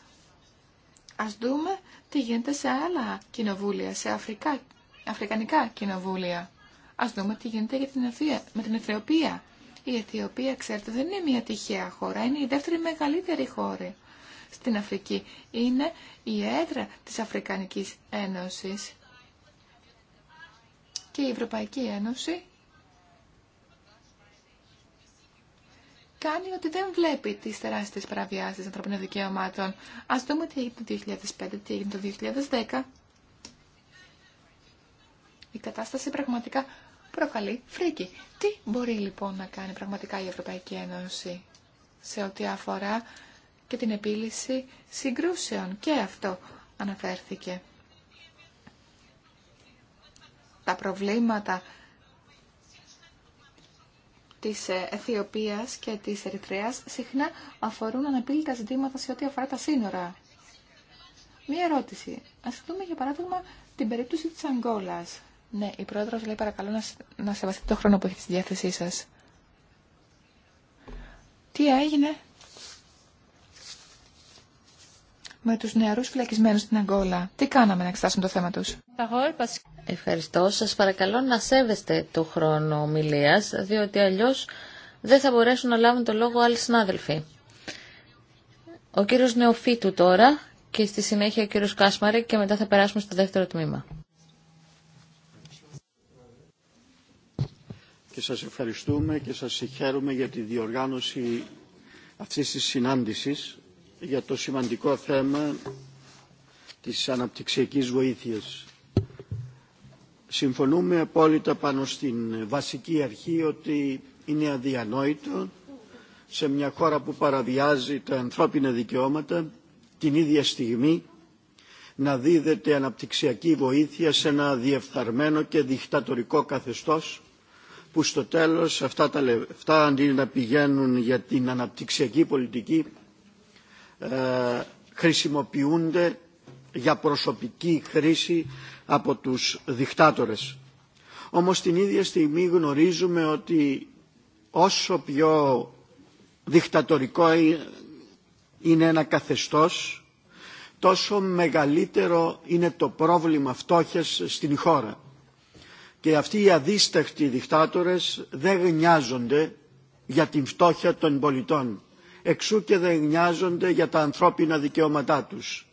Ας δούμε τι γίνεται σε άλλα κοινοβούλια, σε αφρικά, αφρικανικά κοινοβούλια. Ας δούμε τι γίνεται για την με την Αιθιοπία. Η Αιθιοπία, ξέρετε, δεν είναι μια τυχαία χώρα, είναι η δεύτερη μεγαλύτερη χώρα στην Αφρική. Είναι η έδρα της Αφρικανικής Ένωσης. Και η Ευρωπαϊκή Ένωση κάνει ότι δεν βλέπει τις τεράστιες παραβιάσεις ανθρωπίνων δικαιωμάτων. Ας δούμε τι έγινε το 2005, τι έγινε το 2010. Η κατάσταση πραγματικά προκαλεί φρίκη. Τι μπορεί λοιπόν να κάνει πραγματικά η Ευρωπαϊκή Ένωση σε ό,τι αφορά και την επίλυση συγκρούσεων. Και αυτό αναφέρθηκε. Τα προβλήματα της ε, Αιθιοπίας και της Ερυθρέας συχνά αφορούν αναπήλυτα ζητήματα σε ό,τι αφορά τα σύνορα. Μία ερώτηση. Ας δούμε για παράδειγμα την περίπτωση της Αγγόλας. Ναι, η πρόεδρος λέει παρακαλώ να, να σεβαστείτε το χρόνο που έχει στη διάθεσή σας. Τι έγινε με τους νεαρούς φυλακισμένους στην Αγγόλα. Τι κάναμε να εξετάσουμε το θέμα τους. Ευχαριστώ. Σας παρακαλώ να σέβεστε το χρόνο ομιλίας, διότι αλλιώς δεν θα μπορέσουν να λάβουν το λόγο άλλοι συνάδελφοι. Ο κύριος Νεοφίτου τώρα και στη συνέχεια ο κύριος Κάσμαρη και μετά θα περάσουμε στο δεύτερο τμήμα. Και σας ευχαριστούμε και σας συγχαίρουμε για τη διοργάνωση αυτής της συνάντησης για το σημαντικό θέμα της αναπτυξιακής βοήθειας συμφωνούμε απόλυτα πάνω στην βασική αρχή ότι είναι αδιανόητο σε μια χώρα που παραβιάζει τα ανθρώπινα δικαιώματα την ίδια στιγμή να δίδεται αναπτυξιακή βοήθεια σε ένα διεφθαρμένο και δικτατορικό καθεστώς που στο τέλος αυτά τα λεφτά αντί να πηγαίνουν για την αναπτυξιακή πολιτική ε, χρησιμοποιούνται για προσωπική χρήση από τους δικτάτορες. Όμως την ίδια στιγμή γνωρίζουμε ότι όσο πιο δικτατορικό είναι ένα καθεστώς, τόσο μεγαλύτερο είναι το πρόβλημα φτώχειας στην χώρα. Και αυτοί οι αδίστακτοι δικτάτορες δεν γνιάζονται για την φτώχεια των πολιτών. Εξού και δεν γνιάζονται για τα ανθρώπινα δικαιώματά τους.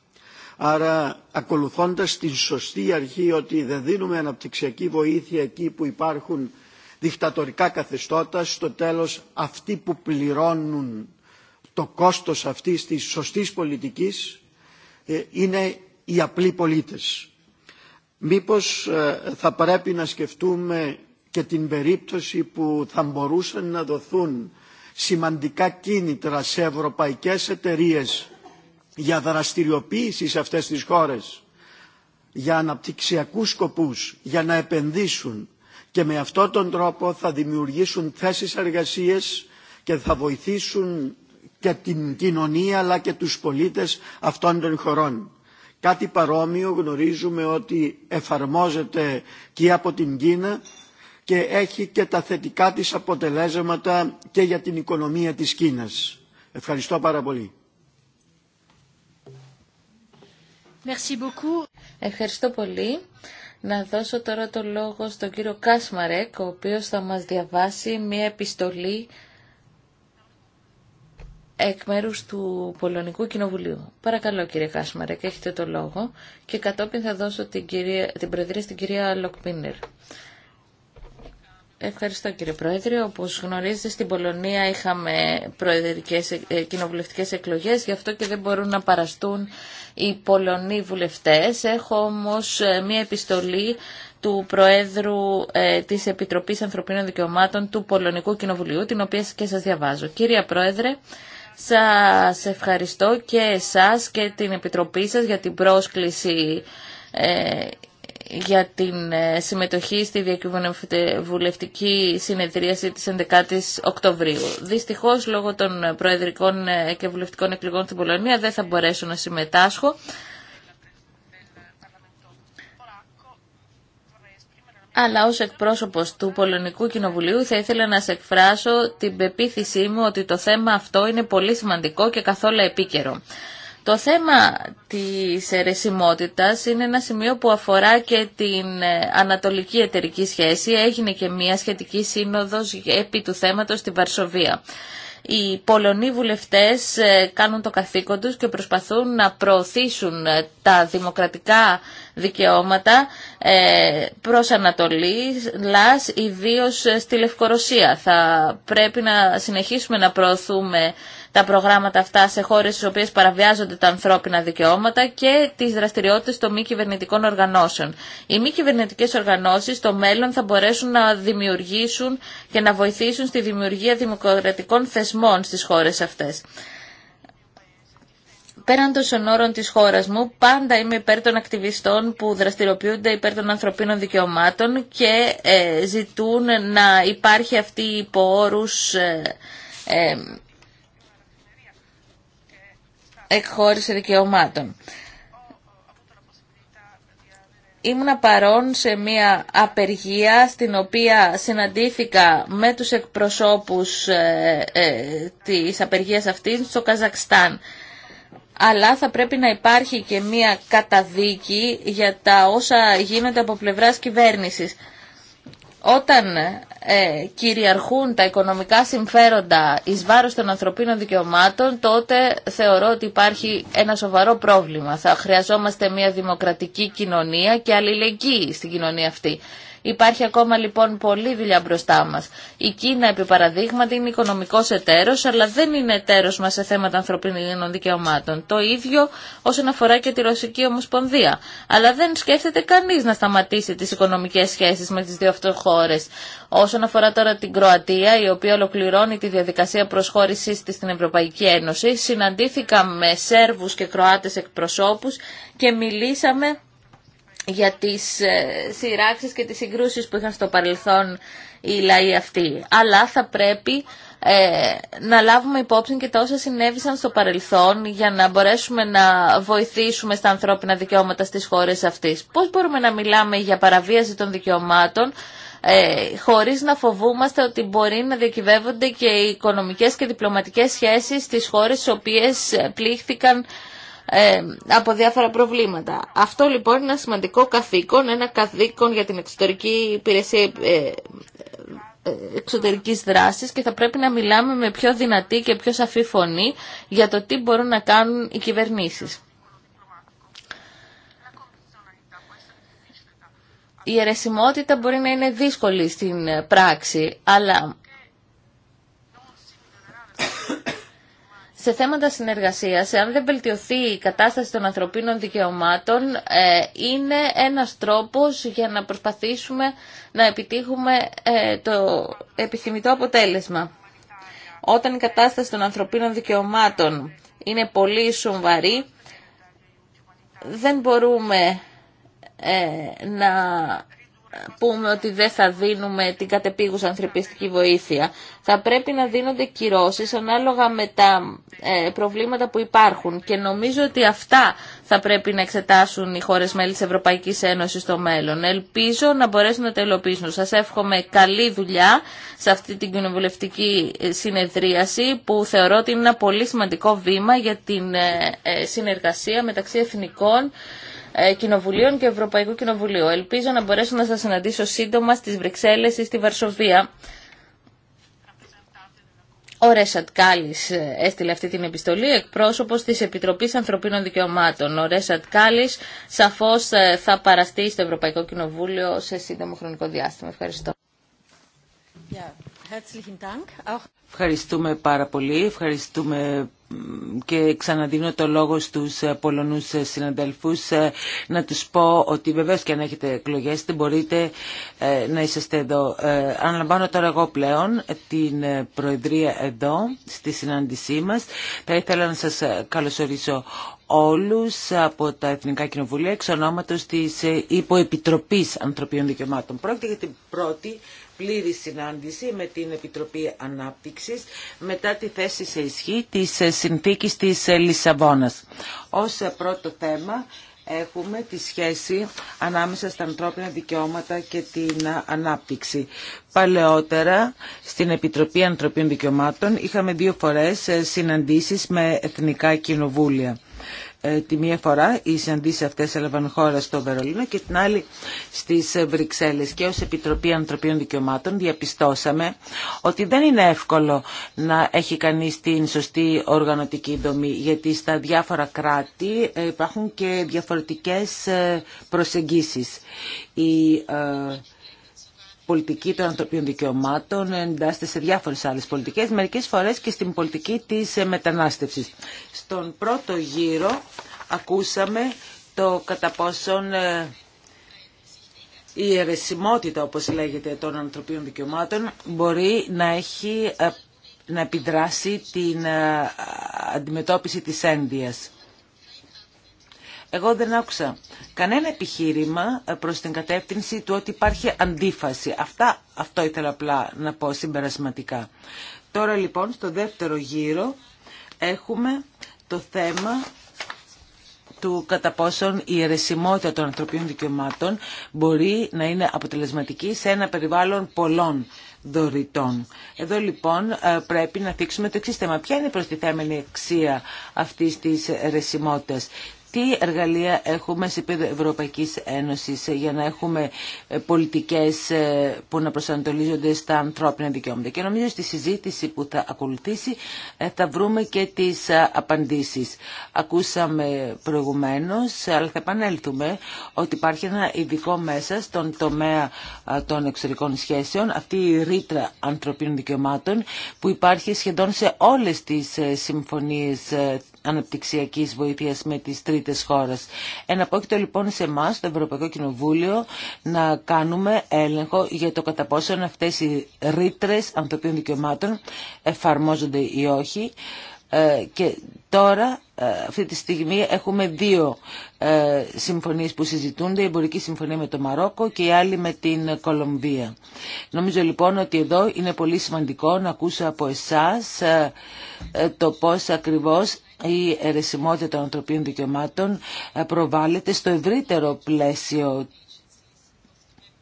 Άρα ακολουθώντας την σωστή αρχή ότι δεν δίνουμε αναπτυξιακή βοήθεια εκεί που υπάρχουν δικτατορικά καθεστώτα, στο τέλος αυτοί που πληρώνουν το κόστος αυτής της σωστής πολιτικής ε, είναι οι απλοί πολίτες. Μήπως ε, θα πρέπει να σκεφτούμε και την περίπτωση που θα μπορούσαν να δοθούν σημαντικά κίνητρα σε ευρωπαϊκές εταιρείες για δραστηριοποίηση σε αυτές τις χώρες, για αναπτυξιακούς σκοπούς, για να επενδύσουν και με αυτόν τον τρόπο θα δημιουργήσουν θέσεις εργασίες και θα βοηθήσουν και την κοινωνία αλλά και τους πολίτες αυτών των χωρών. Κάτι παρόμοιο γνωρίζουμε ότι εφαρμόζεται και από την Κίνα και έχει και τα θετικά της αποτελέσματα και για την οικονομία της Κίνας. Ευχαριστώ πάρα πολύ. Merci beaucoup. Ευχαριστώ πολύ. Να δώσω τώρα το λόγο στον κύριο Κάσμαρεκ, ο οποίος θα μας διαβάσει μια επιστολή εκ του Πολωνικού Κοινοβουλίου. Παρακαλώ κύριε Κάσμαρεκ, έχετε το λόγο και κατόπιν θα δώσω την, κυρία, την προεδρία στην κυρία Λοκπίνερ. Ευχαριστώ κύριε Πρόεδρε. Όπως γνωρίζετε στην Πολωνία είχαμε προεδρικές ε, κοινοβουλευτικές εκλογές, γι' αυτό και δεν μπορούν να παραστούν οι Πολωνοί βουλευτές. Έχω όμως ε, μία επιστολή του Προέδρου ε, της Επιτροπής Ανθρωπίνων Δικαιωμάτων του Πολωνικού Κοινοβουλίου, την οποία και σας διαβάζω. Κύριε Πρόεδρε, σας ευχαριστώ και εσάς και την Επιτροπή σας για την πρόσκληση ε, για την ε, συμμετοχή στη διακυβερνητική συνεδρίαση της 11ης Οκτωβρίου. Δυστυχώς, λόγω των προεδρικών ε, και βουλευτικών εκλογών στην Πολωνία, δεν θα μπορέσω να συμμετάσχω. αλλά ως εκπρόσωπος του Πολωνικού Κοινοβουλίου θα ήθελα να σε εκφράσω την πεποίθησή μου ότι το θέμα αυτό είναι πολύ σημαντικό και καθόλου επίκαιρο. Το θέμα της αιρεσιμότητας είναι ένα σημείο που αφορά και την ε, ανατολική εταιρική σχέση. Έγινε και μια σχετική σύνοδος επί του θέματος στη Βαρσοβία. Οι Πολωνοί βουλευτές ε, κάνουν το καθήκον τους και προσπαθούν να προωθήσουν ε, τα δημοκρατικά δικαιώματα προς Ανατολή, Λάς, ιδίως στη Λευκορωσία. Θα πρέπει να συνεχίσουμε να προωθούμε τα προγράμματα αυτά σε χώρες στις οποίες παραβιάζονται τα ανθρώπινα δικαιώματα και τις δραστηριότητες των μη κυβερνητικών οργανώσεων. Οι μη κυβερνητικέ οργανώσεις στο μέλλον θα μπορέσουν να δημιουργήσουν και να βοηθήσουν στη δημιουργία δημοκρατικών θεσμών στις χώρες αυτές πέραν των σωνόρων της χώρας μου, πάντα είμαι υπέρ των ακτιβιστών που δραστηριοποιούνται υπέρ των ανθρωπίνων δικαιωμάτων και ε, ζητούν να υπάρχει αυτή υπό όρους ε, ε, εκχώρηση δικαιωμάτων. Ήμουνα παρόν σε μια απεργία στην οποία συναντήθηκα με τους εκπροσώπους ε, ε, της απεργίας αυτής στο Καζακστάν. Αλλά θα πρέπει να υπάρχει και μια καταδίκη για τα όσα γίνονται από πλευράς κυβέρνησης όταν ε, κυριαρχούν τα οικονομικά συμφέροντα εις βάρος των ανθρωπίνων δικαιωμάτων, τότε θεωρώ ότι υπάρχει ένα σοβαρό πρόβλημα. Θα χρειαζόμαστε μια δημοκρατική κοινωνία και αλληλεγγύη στην κοινωνία αυτή. Υπάρχει ακόμα λοιπόν πολλή δουλειά μπροστά μας. Η Κίνα επί παραδείγματι είναι οικονομικός εταίρος αλλά δεν είναι εταίρος μας σε θέματα ανθρωπίνων δικαιωμάτων. Το ίδιο όσον αφορά και τη Ρωσική Ομοσπονδία. Αλλά δεν σκέφτεται κανείς να σταματήσει τις οικονομικές σχέσεις με τις δύο αυτές χώρες. Όσον αφορά τώρα την Κροατία, η οποία ολοκληρώνει τη διαδικασία προσχώρησή τη στην Ευρωπαϊκή Ένωση, συναντήθηκα με Σέρβους και Κροάτες εκπροσώπους και μιλήσαμε για τις ε, σειράξεις και τις συγκρούσεις που είχαν στο παρελθόν οι λαοί αυτοί. Αλλά θα πρέπει ε, να λάβουμε υπόψη και τα όσα συνέβησαν στο παρελθόν για να μπορέσουμε να βοηθήσουμε στα ανθρώπινα δικαιώματα στις χώρες αυτές. Πώς μπορούμε να μιλάμε για παραβίαση των δικαιωμάτων ε, χωρίς να φοβούμαστε ότι μπορεί να διακυβεύονται και οι οικονομικές και διπλωματικές σχέσεις στις χώρες στις οποίες πλήχθηκαν ε, από διάφορα προβλήματα. Αυτό λοιπόν είναι ένα σημαντικό καθήκον, ένα καθήκον για την εξωτερική υπηρεσία ε, ε, εξωτερικής δράσης και θα πρέπει να μιλάμε με πιο δυνατή και πιο σαφή φωνή για το τι μπορούν να κάνουν οι κυβερνήσεις. Η αιρεσιμότητα μπορεί να είναι δύσκολη στην πράξη, αλλά σε θέματα συνεργασίας, αν δεν βελτιωθεί η κατάσταση των ανθρωπίνων δικαιωμάτων, ε, είναι ένας τρόπος για να προσπαθήσουμε να επιτύχουμε ε, το επιθυμητό αποτέλεσμα. Όταν η κατάσταση των ανθρωπίνων δικαιωμάτων είναι πολύ σοβαρή, δεν μπορούμε ε, να πούμε ότι δεν θα δίνουμε την κατεπίγουσα ανθρωπιστική βοήθεια. Θα πρέπει να δίνονται κυρώσεις ανάλογα με τα ε, προβλήματα που υπάρχουν και νομίζω ότι αυτά θα πρέπει να εξετάσουν οι χώρες μέλη της Ευρωπαϊκής Ένωσης στο μέλλον. Ελπίζω να μπορέσουν να τα Σας εύχομαι καλή δουλειά σε αυτή την κοινοβουλευτική συνεδρίαση που θεωρώ ότι είναι ένα πολύ σημαντικό βήμα για την ε, ε, συνεργασία μεταξύ εθνικών ε, κοινοβουλίων και Ευρωπαϊκού Κοινοβουλίου. Ελπίζω να μπορέσω να σας συναντήσω σύντομα στις Βρυξέλλες ή στη Βαρσοβία. Ο Ρέσατ Κάλλη ε, έστειλε αυτή την επιστολή, εκπρόσωπο τη Επιτροπή Ανθρωπίνων Δικαιωμάτων. Ο Ρέσατ Κάλλη σαφώ ε, θα παραστεί στο Ευρωπαϊκό Κοινοβούλιο σε σύντομο χρονικό διάστημα. Ευχαριστώ. Ευχαριστούμε πάρα πολύ. Ευχαριστούμε και ξαναδίνω το λόγο στους ε, Πολωνούς ε, συναντελφούς ε, να τους πω ότι βεβαίως και αν έχετε εκλογές δεν μπορείτε να είσαστε εδώ. Αναλαμβάνω τώρα εγώ πλέον την Προεδρία εδώ στη συνάντησή μας. Θα ήθελα να σας καλωσορίσω όλους από τα Εθνικά Κοινοβουλία εξ ονόματος της Υποεπιτροπής Ανθρωπίων Δικαιωμάτων. Πρόκειται για την πρώτη πλήρη συνάντηση με την Επιτροπή Ανάπτυξης μετά τη θέση σε ισχύ της ε, συνθήκης της ε, Λισαβόνας. Ως ε, πρώτο θέμα έχουμε τη σχέση ανάμεσα στα ανθρώπινα δικαιώματα και την ανάπτυξη. Παλαιότερα στην Επιτροπή Ανθρωπίνων Δικαιωμάτων είχαμε δύο φορές συναντήσεις με εθνικά κοινοβούλια. Ε, τη μία φορά οι συναντήσει αυτέ έλαβαν χώρα στο Βερολίνο και την άλλη στις Βρυξέλλες και ω Επιτροπή Ανθρωπίνων Δικαιωμάτων διαπιστώσαμε ότι δεν είναι εύκολο να έχει κανείς την σωστή οργανωτική δομή γιατί στα διάφορα κράτη ε, υπάρχουν και διαφορετικές ε, προσεγγίσεις. Η πολιτική των ανθρωπίνων δικαιωμάτων εντάσσεται σε διάφορες άλλες πολιτικές, μερικές φορές και στην πολιτική της μετανάστευση. Στον πρώτο γύρο ακούσαμε το κατά πόσον ε, η αιρεσιμότητα, όπως λέγεται, των ανθρωπίνων δικαιωμάτων μπορεί να έχει ε, να επιδράσει την ε, αντιμετώπιση της ένδυας. Εγώ δεν άκουσα κανένα επιχείρημα ε, προς την κατεύθυνση του ότι υπάρχει αντίφαση. Αυτά, αυτό ήθελα απλά να πω συμπερασματικά. Τώρα λοιπόν στο δεύτερο γύρο έχουμε το θέμα του κατά πόσον η αιρεσιμότητα των ανθρωπίνων δικαιωμάτων μπορεί να είναι αποτελεσματική σε ένα περιβάλλον πολλών δωρητών. Εδώ λοιπόν ε, πρέπει να θίξουμε το εξή θέμα. Ποια είναι η προστιθέμενη αξία αυτής της αιρεσιμότητας τι εργαλεία έχουμε σε επίπεδο Ευρωπαϊκής Ένωσης ε, για να έχουμε ε, πολιτικές ε, που να προσανατολίζονται στα ανθρώπινα δικαιώματα. Και νομίζω στη συζήτηση που θα ακολουθήσει θα βρούμε και τις απαντήσεις. Ακούσαμε προηγουμένως, αλλά θα επανέλθουμε, ότι υπάρχει ένα ειδικό μέσα στον τομέα των εξωτερικών σχέσεων, αυτή η ρήτρα ανθρωπίνων δικαιωμάτων που υπάρχει σχεδόν σε όλες τις συμφωνίες αναπτυξιακής βοήθειας με τις τρίτες χώρες. Εναπόκειτο λοιπόν σε εμά, το Ευρωπαϊκό Κοινοβούλιο, να κάνουμε έλεγχο για το κατά πόσο αυτές οι ρήτρε ανθρωπίνων δικαιωμάτων εφαρμόζονται ή όχι. Ε, και τώρα ε, αυτή τη στιγμή έχουμε δύο ε, συμφωνίες που συζητούνται, η εμπορική συμφωνία με το Μαρόκο και η άλλη με την Κολομβία. Νομίζω λοιπόν ότι εδώ είναι πολύ σημαντικό να ακούσω από εσάς ε, το πώς ακριβώς η αιρεσιμότητα των ανθρωπίνων δικαιωμάτων ε, προβάλλεται στο ευρύτερο πλαίσιο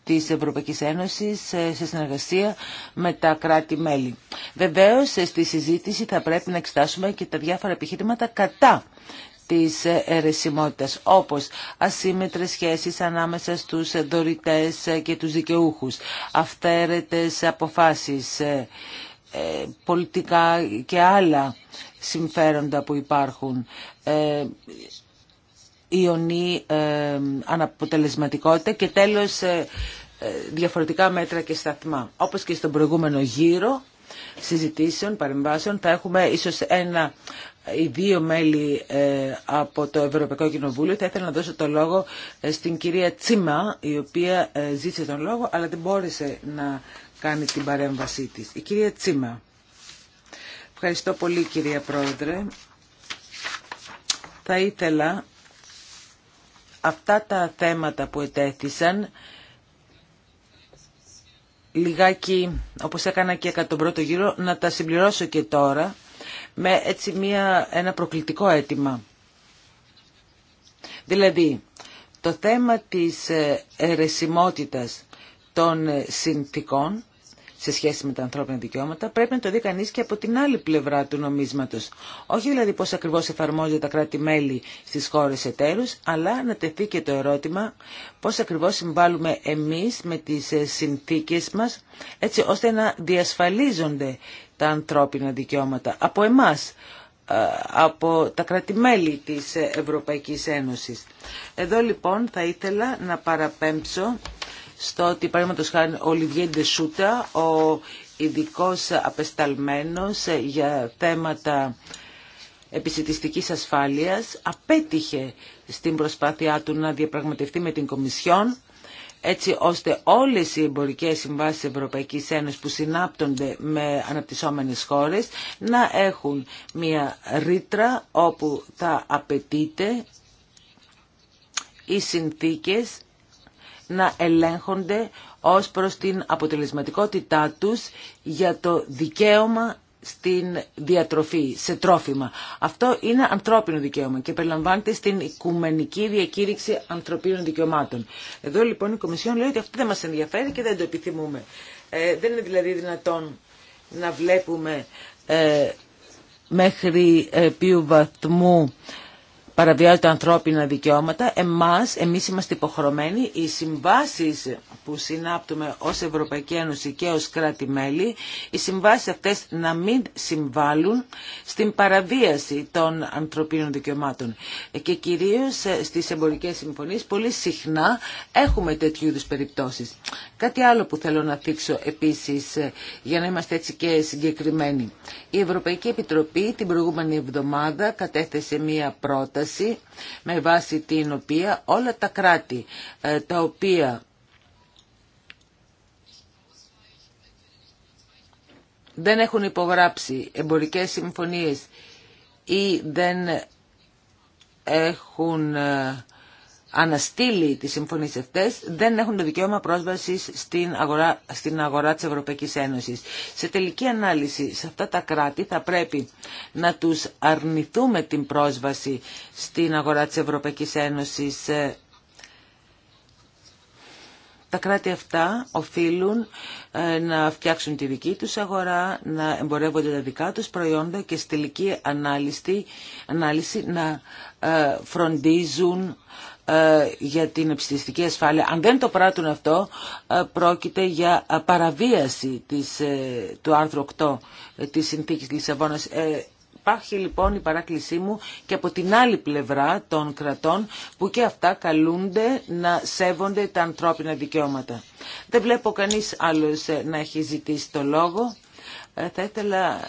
της Ευρωπαϊκής Ένωσης ε, σε συνεργασία με τα κράτη-μέλη. Βεβαίως, ε, στη συζήτηση θα πρέπει να εξετάσουμε και τα διάφορα επιχείρηματα κατά της αιρεσιμότητας, όπως ασύμμετρες σχέσεις ανάμεσα στους δωρητές και τους δικαιούχους, αυθαίρετες αποφάσεις, πολιτικά και άλλα συμφέροντα που υπάρχουν. Ε, ιονή ε, αναποτελεσματικότητα και τέλος ε, ε, διαφορετικά μέτρα και σταθμά. Όπως και στον προηγούμενο γύρο συζητήσεων, παρεμβάσεων, θα έχουμε ίσως ένα ή δύο μέλη από το Ευρωπαϊκό Κοινοβούλιο. Θα ήθελα να δώσω το λόγο στην κυρία Τσίμα, η οποία ζήτησε τον λόγο, αλλά δεν μπόρεσε να κάνει την παρέμβασή της. Η κυρία Τσίμα. Ευχαριστώ πολύ κυρία Πρόεδρε. Θα ήθελα αυτά τα θέματα που ετέθησαν λιγάκι όπως έκανα και κατά τον πρώτο γύρο να τα συμπληρώσω και τώρα με έτσι μια, ένα προκλητικό αίτημα. Δηλαδή το θέμα της ερεσιμότητας των ε, συνθήκων σε σχέση με τα ανθρώπινα δικαιώματα, πρέπει να το δει κανεί και από την άλλη πλευρά του νομίσματο. Όχι δηλαδή πώ ακριβώ εφαρμόζονται τα κράτη-μέλη στι χώρε εταίρου, αλλά να τεθεί και το ερώτημα πώ ακριβώ συμβάλλουμε εμεί με τι ε, συνθήκε μα, έτσι ώστε να διασφαλίζονται τα ανθρώπινα δικαιώματα από εμά ε, από τα κρατημέλη της Ευρωπαϊκής Ένωσης. Εδώ λοιπόν θα ήθελα να παραπέμψω στο ότι παραδείγματο χάρη ο Λιβιέντε Σούτα, ο ειδικό απεσταλμένος για θέματα επισητιστική ασφάλειας, απέτυχε στην προσπάθειά του να διαπραγματευτεί με την Κομισιόν έτσι ώστε όλες οι εμπορικές συμβάσεις Ευρωπαϊκής Ένωσης που συνάπτονται με αναπτυσσόμενες χώρες να έχουν μια ρήτρα όπου θα απαιτείται οι συνθήκες να ελέγχονται ως προς την αποτελεσματικότητά τους για το δικαίωμα στην διατροφή, σε τρόφιμα. Αυτό είναι ανθρώπινο δικαίωμα και περιλαμβάνεται στην Οικουμενική Διακήρυξη Ανθρωπίνων Δικαιωμάτων. Εδώ λοιπόν η Κομισιόν λέει ότι αυτό δεν μας ενδιαφέρει και δεν το επιθυμούμε. Ε, δεν είναι δηλαδή δυνατόν να βλέπουμε ε, μέχρι ε, ποιου βαθμού παραβιάζει τα ανθρώπινα δικαιώματα, εμάς, εμείς είμαστε υποχρεωμένοι, οι συμβάσεις που συνάπτουμε ως Ευρωπαϊκή Ένωση και ως κράτη-μέλη, οι συμβάσεις αυτές να μην συμβάλλουν στην παραβίαση των ανθρωπίνων δικαιωμάτων. Και κυρίως ε, στις εμπορικές συμφωνίες πολύ συχνά έχουμε τέτοιου είδους περιπτώσεις. Κάτι άλλο που θέλω να θίξω επίσης ε, για να είμαστε έτσι και συγκεκριμένοι. Η Ευρωπαϊκή Επιτροπή την προηγούμενη εβδομάδα κατέθεσε μία πρόταση με βάση την οποία όλα τα κράτη ε, τα οποία δεν έχουν υπογράψει εμπορικές συμφωνίες ή δεν έχουν ε, αναστείλει τις συμφωνίες αυτές δεν έχουν το δικαίωμα πρόσβασης στην αγορά, στην αγορά της Ευρωπαϊκής Ένωσης. Σε τελική ανάλυση σε αυτά τα κράτη θα πρέπει να τους αρνηθούμε την πρόσβαση στην αγορά της Ευρωπαϊκής Ένωσης. Ε, τα κράτη αυτά οφείλουν ε, να φτιάξουν τη δική τους αγορά, να εμπορεύονται τα δικά τους προϊόντα και στη τελική ανάλυση, ανάλυση να ε, φροντίζουν ε, για την ψηφιστική ασφάλεια. Αν δεν το πράττουν αυτό, ε, πρόκειται για ε, παραβίαση της, του άρθρου 8 της Συνθήκης Λισαβόνας. Υπάρχει λοιπόν η παράκλησή μου και από την άλλη πλευρά των κρατών που και αυτά καλούνται να σέβονται τα ανθρώπινα δικαιώματα. Δεν βλέπω κανείς άλλος να έχει ζητήσει το λόγο. Θα ήθελα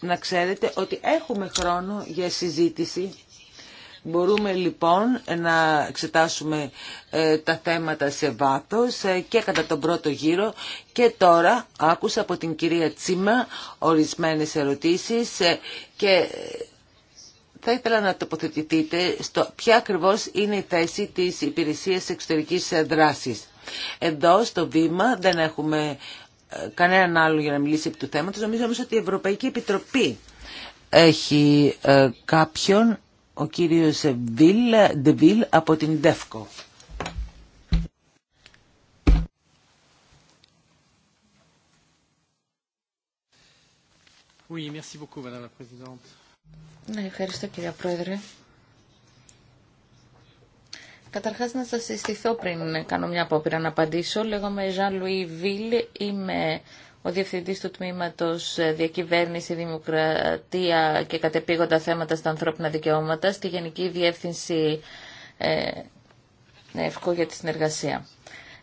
να ξέρετε ότι έχουμε χρόνο για συζήτηση Μπορούμε λοιπόν να εξετάσουμε ε, τα θέματα σε βάθος ε, και κατά τον πρώτο γύρο και τώρα άκουσα από την κυρία Τσίμα ορισμένες ερωτήσεις ε, και θα ήθελα να τοποθετηθείτε στο ποια ακριβώς είναι η θέση της υπηρεσίας εξωτερικής δράσης. Εδώ στο βήμα δεν έχουμε κανέναν άλλο για να μιλήσει επί του θέματος. Νομίζω όμως ότι η Ευρωπαϊκή Επιτροπή έχει κάποιον ο κύριος Βιλ Ντεβίλ από την ΔΕΦΚΟ. Oui, merci beaucoup, Madame la Présidente. Ναι, ευχαριστώ κυρία Πρόεδρε. Καταρχάς να σας συστηθώ πριν κάνω μια απόπειρα να απαντήσω. Λέγομαι Jean-Louis Ville, είμαι ο Διευθυντής του Τμήματος ε, Διακυβέρνηση, Δημοκρατία και Κατεπήγοντα Θέματα στα Ανθρώπινα Δικαιώματα στη Γενική Διεύθυνση ε, για τη Συνεργασία.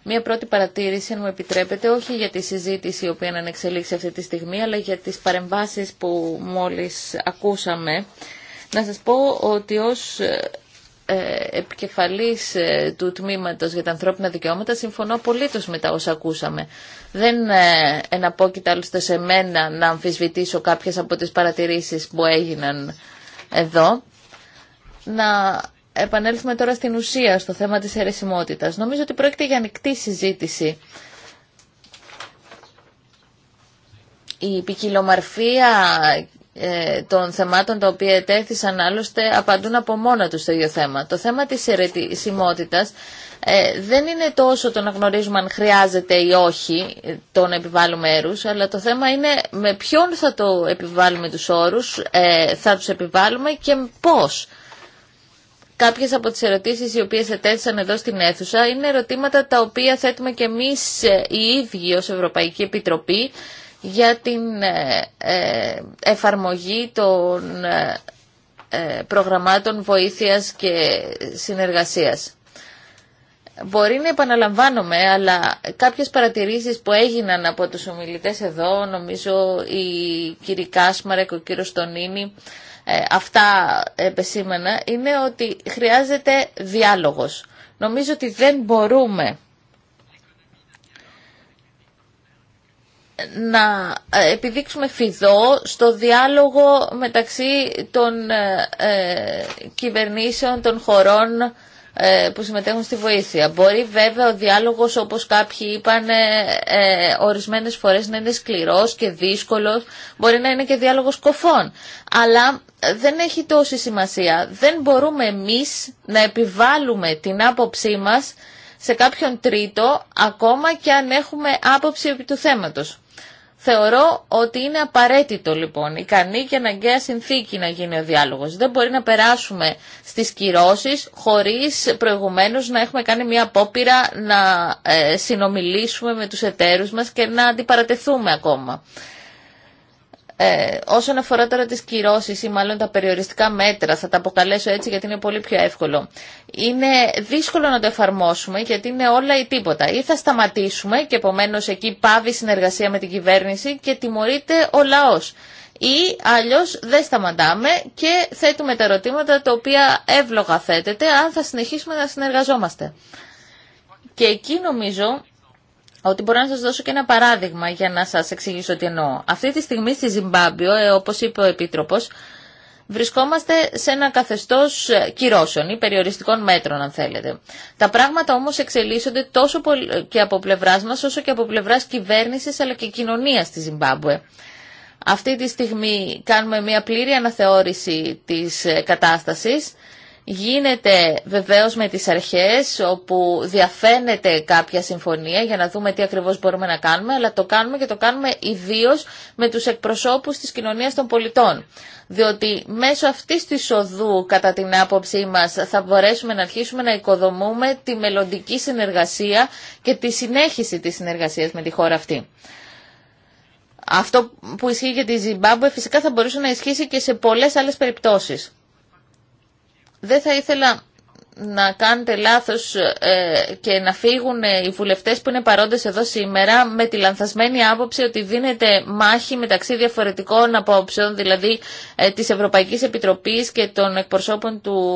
Μία πρώτη παρατήρηση, αν μου επιτρέπετε, όχι για τη συζήτηση η οποία ανεξελίξει αυτή τη στιγμή, αλλά για τις παρεμβάσεις που μόλις ακούσαμε. Να σας πω ότι ως ε, ε, επικεφαλής ε, του τμήματος για τα ανθρώπινα δικαιώματα συμφωνώ απολύτως με τα όσα ακούσαμε. Δεν ε, εναπόκειται άλλωστε σε μένα να αμφισβητήσω κάποιες από τις παρατηρήσεις που έγιναν εδώ. Να επανέλθουμε τώρα στην ουσία, στο θέμα της αιρεσιμότητας. Νομίζω ότι πρόκειται για ανοιχτή συζήτηση. Η ποικιλομαρφία ε, των θεμάτων τα οποία ετέθησαν άλλωστε απαντούν από μόνα τους στο ίδιο θέμα. Το θέμα της ερετησιμότητας ε, δεν είναι τόσο το να γνωρίζουμε αν χρειάζεται ή όχι το να επιβάλλουμε έρους, αλλά το θέμα είναι με ποιον θα το επιβάλλουμε τους όρους, ε, θα τους επιβάλλουμε και πώς. Κάποιες από τις ερωτήσεις οι οποίες ετέθησαν εδώ στην αίθουσα είναι ερωτήματα τα οποία θέτουμε και εμείς ε, οι ίδιοι ως Ευρωπαϊκή Επιτροπή για την ε, ε, εφαρμογή των ε, προγραμμάτων βοήθειας και συνεργασίας. Μπορεί να επαναλαμβάνομαι, αλλά κάποιες παρατηρήσεις που έγιναν από τους ομιλητές εδώ, νομίζω η Κάσμαρε και ο κύριος Στονίνη, αυτά επεσήμενα, είναι ότι χρειάζεται διάλογος. Νομίζω ότι δεν μπορούμε να ε, επιδείξουμε φιδό στο διάλογο μεταξύ των ε, ε κυβερνήσεων των χωρών ε, που συμμετέχουν στη βοήθεια. Μπορεί βέβαια ο διάλογος όπως κάποιοι είπαν ε, ορισμένες φορές να είναι σκληρός και δύσκολος, μπορεί να είναι και διάλογος κοφών. Αλλά δεν έχει τόση σημασία. Δεν μπορούμε εμείς να επιβάλλουμε την άποψή μας σε κάποιον τρίτο, ακόμα και αν έχουμε άποψη επί του θέματος. Θεωρώ ότι είναι απαραίτητο λοιπόν, ικανή και αναγκαία συνθήκη να γίνει ο διάλογος. Δεν μπορεί να περάσουμε στις κυρώσεις χωρίς προηγουμένως να έχουμε κάνει μια απόπειρα να ε, συνομιλήσουμε με τους εταίρους μας και να αντιπαρατεθούμε ακόμα. Ε, όσον αφορά τώρα τις κυρώσεις ή μάλλον τα περιοριστικά μέτρα, θα τα αποκαλέσω έτσι γιατί είναι πολύ πιο εύκολο. Είναι δύσκολο να το εφαρμόσουμε γιατί είναι όλα ή τίποτα. Ή θα σταματήσουμε και επομένω εκεί πάβει η συνεργασία με την κυβέρνηση και τιμωρείται ο λαός. Ή αλλιώς δεν σταματάμε και θέτουμε τα ερωτήματα τα οποία εύλογα θέτεται αν θα συνεχίσουμε να συνεργαζόμαστε. Και εκεί νομίζω ότι μπορώ να σας δώσω και ένα παράδειγμα για να σας εξηγήσω τι εννοώ. Αυτή τη στιγμή στη Ζιμπάμπιο, ε, όπως είπε ο Επίτροπος, βρισκόμαστε σε ένα καθεστώς ε, κυρώσεων ή περιοριστικών μέτρων αν θέλετε. Τα πράγματα όμως εξελίσσονται τόσο και από πλευράς μας όσο και από πλευράς κυβέρνησης αλλά και κοινωνίας στη Ζιμπάμπουε. Αυτή τη στιγμή κάνουμε μια πλήρη αναθεώρηση της ε, κατάστασης Γίνεται βεβαίως με τις αρχές όπου διαφαίνεται κάποια συμφωνία για να δούμε τι ακριβώς μπορούμε να κάνουμε, αλλά το κάνουμε και το κάνουμε ιδίως με τους εκπροσώπους της κοινωνίας των πολιτών. Διότι μέσω αυτής της οδού, κατά την άποψή μας, θα μπορέσουμε να αρχίσουμε να οικοδομούμε τη μελλοντική συνεργασία και τη συνέχιση της συνεργασίας με τη χώρα αυτή. Αυτό που ισχύει για τη Ζιμπάμπουε φυσικά θα μπορούσε να ισχύσει και σε πολλές άλλες περιπτώσεις δεν θα ήθελα να κάνετε λάθος ε, και να φύγουν ε, οι βουλευτές που είναι παρόντες εδώ σήμερα με τη λανθασμένη άποψη ότι δίνεται μάχη μεταξύ διαφορετικών απόψεων, δηλαδή ε, της Ευρωπαϊκής Επιτροπής και των εκπροσώπων του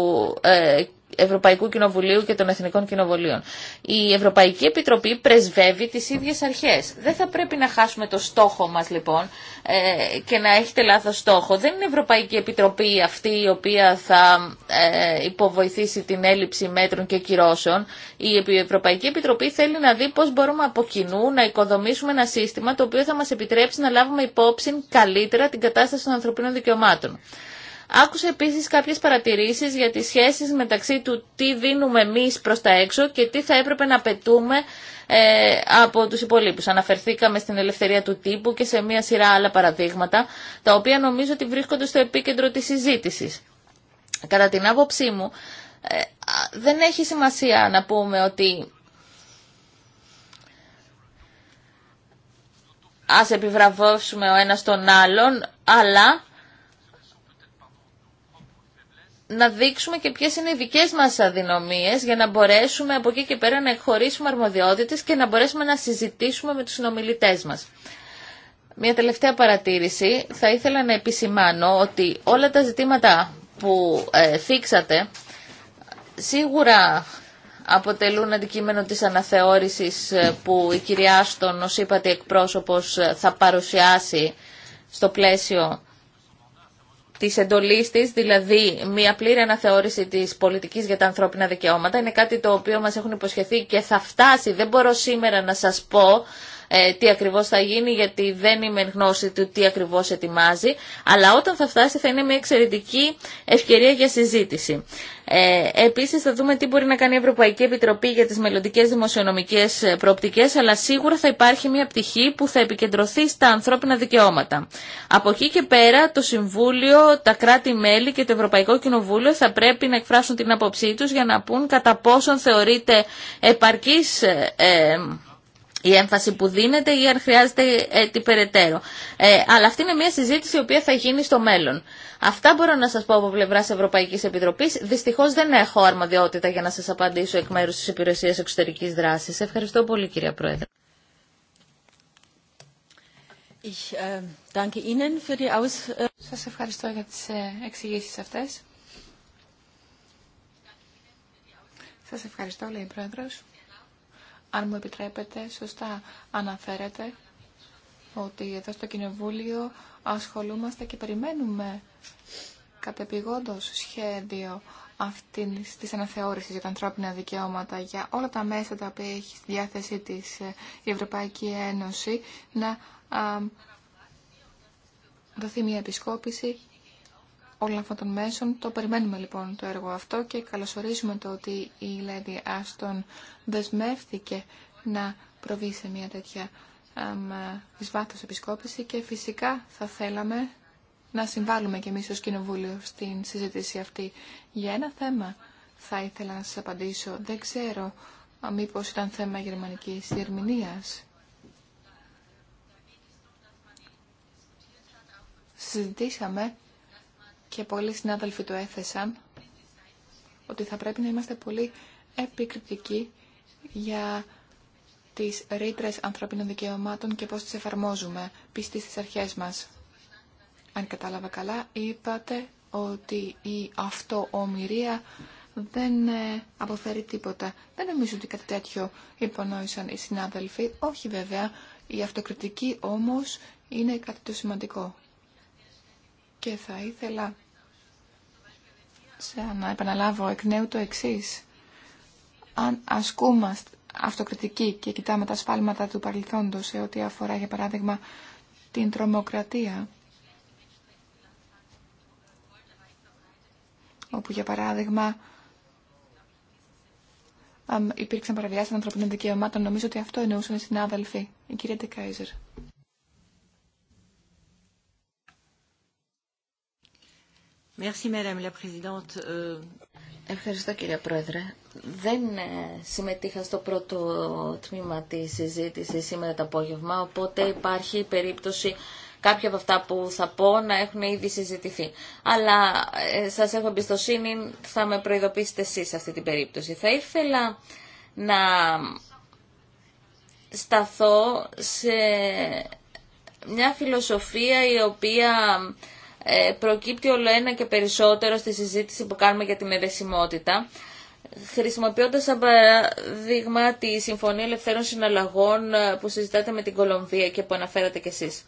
Ευρωπαϊκού Κοινοβουλίου και των Εθνικών Κοινοβουλίων. Η Ευρωπαϊκή Επιτροπή πρεσβεύει τις ίδιες αρχές. Δεν θα πρέπει να χάσουμε το στόχο μας λοιπόν ε, και να έχετε λάθος στόχο. Δεν είναι η Ευρωπαϊκή Επιτροπή αυτή η οποία θα ε, υποβοηθήσει την έλλειψη μέτρων και κυρώσεων. Η Ευρωπαϊκή Επιτροπή θέλει να δει πώς μπορούμε από κοινού να οικοδομήσουμε ένα σύστημα το οποίο θα μας επιτρέψει να λάβουμε υπόψη καλύτερα την κατάσταση των ανθρωπίνων δικαιωμάτων άκουσε επίσης κάποιες παρατηρήσεις για τις σχέσεις μεταξύ του τι δίνουμε εμεί προ τα έξω και τι θα έπρεπε να πετούμε ε, από τους υπολείπου. Αναφερθήκαμε στην ελευθερία του τύπου και σε μία σειρά άλλα παραδείγματα, τα οποία νομίζω ότι βρίσκονται στο επίκεντρο της συζήτηση. Κατά την άποψή μου, ε, δεν έχει σημασία να πούμε ότι ας επιβραβώσουμε ο ένας τον άλλον, αλλά να δείξουμε και ποιες είναι οι δικές μας αδυναμίες για να μπορέσουμε από εκεί και πέρα να εκχωρήσουμε αρμοδιότητες και να μπορέσουμε να συζητήσουμε με τους συνομιλητές μας. Μια τελευταία παρατήρηση. Θα ήθελα να επισημάνω ότι όλα τα ζητήματα που ε, θίξατε σίγουρα αποτελούν αντικείμενο της αναθεώρησης ε, που η κυρία Άστον είπατε εκπρόσωπος ε, θα παρουσιάσει στο πλαίσιο τη εντολή τη, δηλαδή μια πλήρη αναθεώρηση τη πολιτική για τα ανθρώπινα δικαιώματα. Είναι κάτι το οποίο μα έχουν υποσχεθεί και θα φτάσει. Δεν μπορώ σήμερα να σα πω ε, τι ακριβώς θα γίνει γιατί δεν είμαι εν γνώση του τι ακριβώς ετοιμάζει αλλά όταν θα φτάσει θα είναι μια εξαιρετική ευκαιρία για συζήτηση. Ε, επίσης θα δούμε τι μπορεί να κάνει η Ευρωπαϊκή Επιτροπή για τις μελλοντικέ δημοσιονομικές ε, προοπτικές αλλά σίγουρα θα υπάρχει μια πτυχή που θα επικεντρωθεί στα ανθρώπινα δικαιώματα. Από εκεί και πέρα το Συμβούλιο, τα κράτη-μέλη και το Ευρωπαϊκό Κοινοβούλιο θα πρέπει να εκφράσουν την απόψή τους για να πούν κατά πόσον θεωρείται επαρκή. Ε, η έμφαση που δίνεται ή αν χρειάζεται ε, τι περαιτέρω. Ε, αλλά αυτή είναι μια συζήτηση η αν χρειαζεται τι περαιτερω αλλα αυτη ειναι μια συζητηση η οποια θα γίνει στο μέλλον. Αυτά μπορώ να σας πω από πλευρά ευρωπαϊκή Επιτροπή. Δυστυχώς δεν έχω αρμοδιότητα για να σας απαντήσω εκ μέρου τη υπηρεσία Εξωτερικής Δράσης. Ευχαριστώ πολύ κυρία Πρόεδρε. Ich, äh, danke Ihnen für die Aus... Σας ευχαριστώ για τις ε, εξηγήσεις αυτές. Σας ευχαριστώ, λέει η Πρόεδρος αν μου επιτρέπετε, σωστά αναφέρετε ότι εδώ στο Κοινοβούλιο ασχολούμαστε και περιμένουμε κατεπηγόντως σχέδιο αυτή της αναθεώρησης για τα ανθρώπινα δικαιώματα, για όλα τα μέσα τα οποία έχει στη διάθεσή της ε, η Ευρωπαϊκή Ένωση, να δοθεί μια επισκόπηση όλων αυτών των μέσων. Το περιμένουμε λοιπόν το έργο αυτό και καλωσορίζουμε το ότι η Λέδη Άστον δεσμεύτηκε να προβεί σε μια τέτοια εισβάθος επισκόπηση και φυσικά θα θέλαμε να συμβάλλουμε και εμείς ως Κοινοβούλιο στην συζήτηση αυτή. Για ένα θέμα θα ήθελα να σας απαντήσω. Δεν ξέρω μήπως ήταν θέμα γερμανικής ερμηνεία. Συζητήσαμε και πολλοί συνάδελφοι το έθεσαν ότι θα πρέπει να είμαστε πολύ επικριτικοί για τις ρήτρε ανθρωπίνων δικαιωμάτων και πώς τις εφαρμόζουμε πίστη στις αρχές μας. Αν κατάλαβα καλά, είπατε ότι η αυτοομοιρία δεν ε, αποφέρει τίποτα. Δεν νομίζω ότι κάτι τέτοιο υπονόησαν οι συνάδελφοι. Όχι βέβαια, η αυτοκριτική όμως είναι κάτι το σημαντικό. Και θα ήθελα σε να επαναλάβω εκ νέου το εξή. Αν ασκούμε αυτοκριτική και κοιτάμε τα σφάλματα του παρελθόντος σε ό,τι αφορά, για παράδειγμα, την τρομοκρατία, όπου, για παράδειγμα, υπήρξαν παραβιάσεις των ανθρωπίνων δικαιωμάτων, νομίζω ότι αυτό εννοούσαν οι συνάδελφοι, η κυρία Τεκάιζερ. Euh, Ευχαριστώ κύριε Πρόεδρε. Δεν ε, συμμετείχα στο πρώτο τμήμα της συζήτηση σήμερα το απόγευμα, οπότε υπάρχει περίπτωση κάποια από αυτά που θα πω να έχουν ήδη συζητηθεί. Αλλά ε, σας έχω εμπιστοσύνη, θα με προειδοποιήσετε εσείς σε αυτή την περίπτωση. Θα ήθελα να σταθώ σε μια φιλοσοφία η οποία ε, προκύπτει όλο ένα και περισσότερο στη συζήτηση που κάνουμε για τη αιρεσιμότητα, χρησιμοποιώντα σαν παράδειγμα τη Συμφωνία Ελευθέρων Συναλλαγών ε, που συζητάτε με την Κολομβία και που αναφέρατε κι εσείς.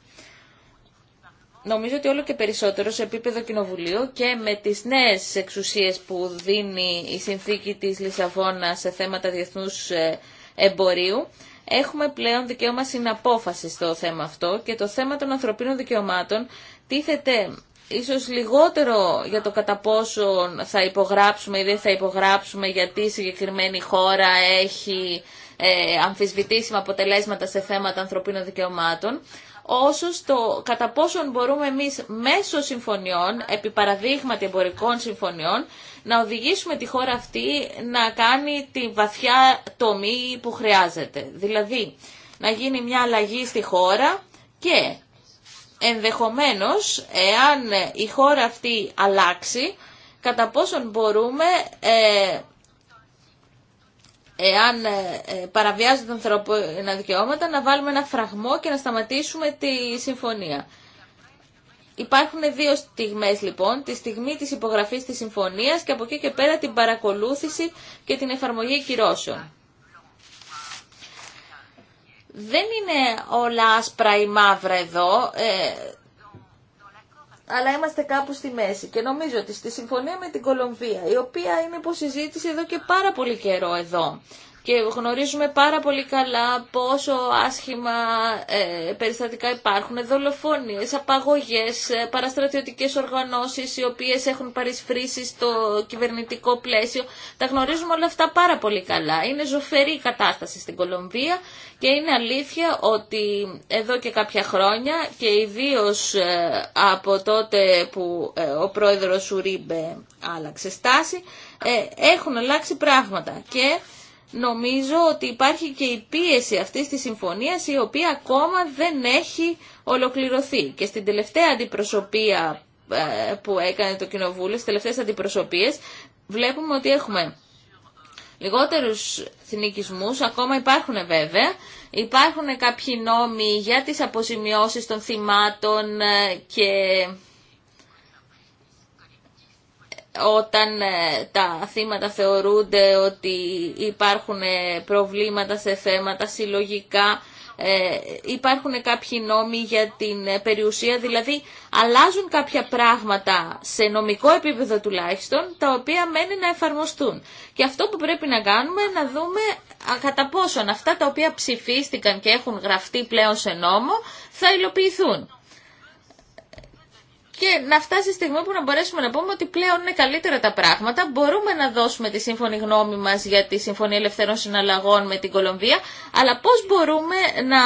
Νομίζω ότι όλο και περισσότερο σε επίπεδο κοινοβουλίου και με τις νέες εξουσίες που δίνει η συνθήκη της Λισαβόνα σε θέματα διεθνούς ε, εμπορίου, έχουμε πλέον δικαίωμα συναπόφαση στο θέμα αυτό και το θέμα των ανθρωπίνων δικαιωμάτων τίθεται ίσως λιγότερο για το κατά πόσο θα υπογράψουμε ή δεν θα υπογράψουμε γιατί η συγκεκριμένη χώρα έχει ε, αμφισβητήσιμα αποτελέσματα σε θέματα ανθρωπίνων δικαιωμάτων, όσο στο κατά πόσον μπορούμε εμείς μέσω συμφωνιών, επί παραδείγματι εμπορικών συμφωνιών, να οδηγήσουμε τη χώρα αυτή να κάνει τη βαθιά τομή που χρειάζεται. Δηλαδή, να γίνει μια αλλαγή στη χώρα και ενδεχομένως, εάν η χώρα αυτή αλλάξει, κατά πόσον μπορούμε, ε, εάν ε, παραβιάζονται ανθρώπινα δικαιώματα, να βάλουμε ένα φραγμό και να σταματήσουμε τη συμφωνία. Υπάρχουν δύο στιγμές λοιπόν, τη στιγμή της υπογραφής της συμφωνίας και από εκεί και πέρα την παρακολούθηση και την εφαρμογή κυρώσεων δεν είναι όλα άσπρα ή μαύρα εδώ, ε, αλλά είμαστε κάπου στη μέση. Και νομίζω ότι στη συμφωνία με την Κολομβία, η οποία είναι υποσυζήτηση εδώ και πάρα πολύ καιρό εδώ, και γνωρίζουμε πάρα πολύ καλά πόσο άσχημα ε, περιστατικά υπάρχουν, δολοφόνιες, απαγωγές, ε, παραστρατιωτικές οργανώσεις οι οποίες έχουν παρισφρήσει στο κυβερνητικό πλαίσιο. Τα γνωρίζουμε όλα αυτά πάρα πολύ καλά. Είναι ζωφερή η κατάσταση στην Κολομβία και είναι αλήθεια ότι εδώ και κάποια χρόνια και ιδίως ε, από τότε που ο πρόεδρος Ουρίμπε άλλαξε στάση, έχουν αλλάξει πράγματα και νομίζω ότι υπάρχει και η πίεση αυτής της συμφωνίας η οποία ακόμα δεν έχει ολοκληρωθεί. Και στην τελευταία αντιπροσωπεία ε, που έκανε το Κοινοβούλιο, στις τελευταίες αντιπροσωπείες, βλέπουμε ότι έχουμε λιγότερους θυνικισμούς, ακόμα υπάρχουν βέβαια, υπάρχουν κάποιοι νόμοι για τις αποσημειώσεις των θυμάτων ε, και όταν ε, τα θύματα θεωρούνται ότι υπάρχουν ε, προβλήματα σε θέματα συλλογικά, ε, υπάρχουν κάποιοι νόμοι για την περιουσία, δηλαδή αλλάζουν κάποια πράγματα σε νομικό επίπεδο τουλάχιστον, τα οποία μένει να εφαρμοστούν. Και αυτό που πρέπει να κάνουμε να δούμε κατά πόσον αυτά τα οποία ψηφίστηκαν και έχουν γραφτεί πλέον σε νόμο θα υλοποιηθούν και να φτάσει η στιγμή που να μπορέσουμε να πούμε ότι πλέον είναι καλύτερα τα πράγματα. Μπορούμε να δώσουμε τη σύμφωνη γνώμη μας για τη Συμφωνία Ελευθερών Συναλλαγών με την Κολομβία, αλλά πώς μπορούμε να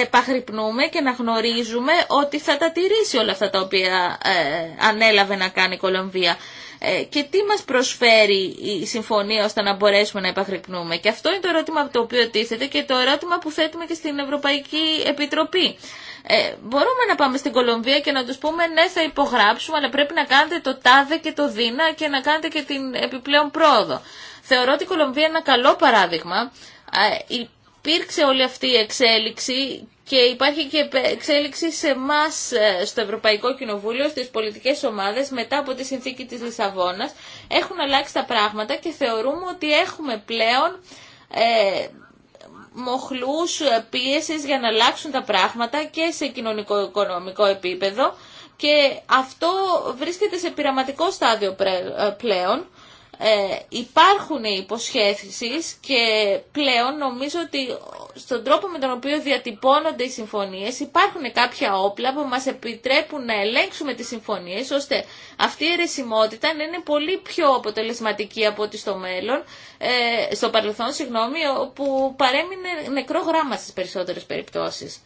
επαγρυπνούμε και να γνωρίζουμε ότι θα τα τηρήσει όλα αυτά τα οποία ε, ανέλαβε να κάνει η Κολομβία ε, και τι μας προσφέρει η συμφωνία ώστε να μπορέσουμε να επαγρυπνούμε. Και αυτό είναι το ερώτημα το οποίο τίθεται και το ερώτημα που θέτουμε και στην Ευρωπαϊκή Επιτροπή ε, μπορούμε να πάμε στην Κολομβία και να τους πούμε ναι θα υπογράψουμε αλλά πρέπει να κάνετε το τάδε και το δίνα και να κάνετε και την επιπλέον πρόοδο. Θεωρώ ότι η Κολομβία είναι ένα καλό παράδειγμα. Ε, υπήρξε όλη αυτή η εξέλιξη και υπάρχει και εξέλιξη σε εμά ε, στο Ευρωπαϊκό Κοινοβούλιο, στις πολιτικές ομάδες, μετά από τη συνθήκη της Λισαβόνας. Έχουν αλλάξει τα πράγματα και θεωρούμε ότι έχουμε πλέον ε, μοχλούς ε, πίεσης για να αλλάξουν τα πράγματα και σε κοινωνικό-οικονομικό επίπεδο και αυτό βρίσκεται σε πειραματικό στάδιο ε, πλέον ε, υπάρχουν υποσχέσεις και πλέον νομίζω ότι στον τρόπο με τον οποίο διατυπώνονται οι συμφωνίες υπάρχουν κάποια όπλα που μας επιτρέπουν να ελέγξουμε τις συμφωνίες ώστε αυτή η αιρεσιμότητα να είναι πολύ πιο αποτελεσματική από ό,τι στο μέλλον ε, στο παρελθόν συγγνώμη, όπου παρέμεινε νεκρό γράμμα στις περισσότερες περιπτώσεις.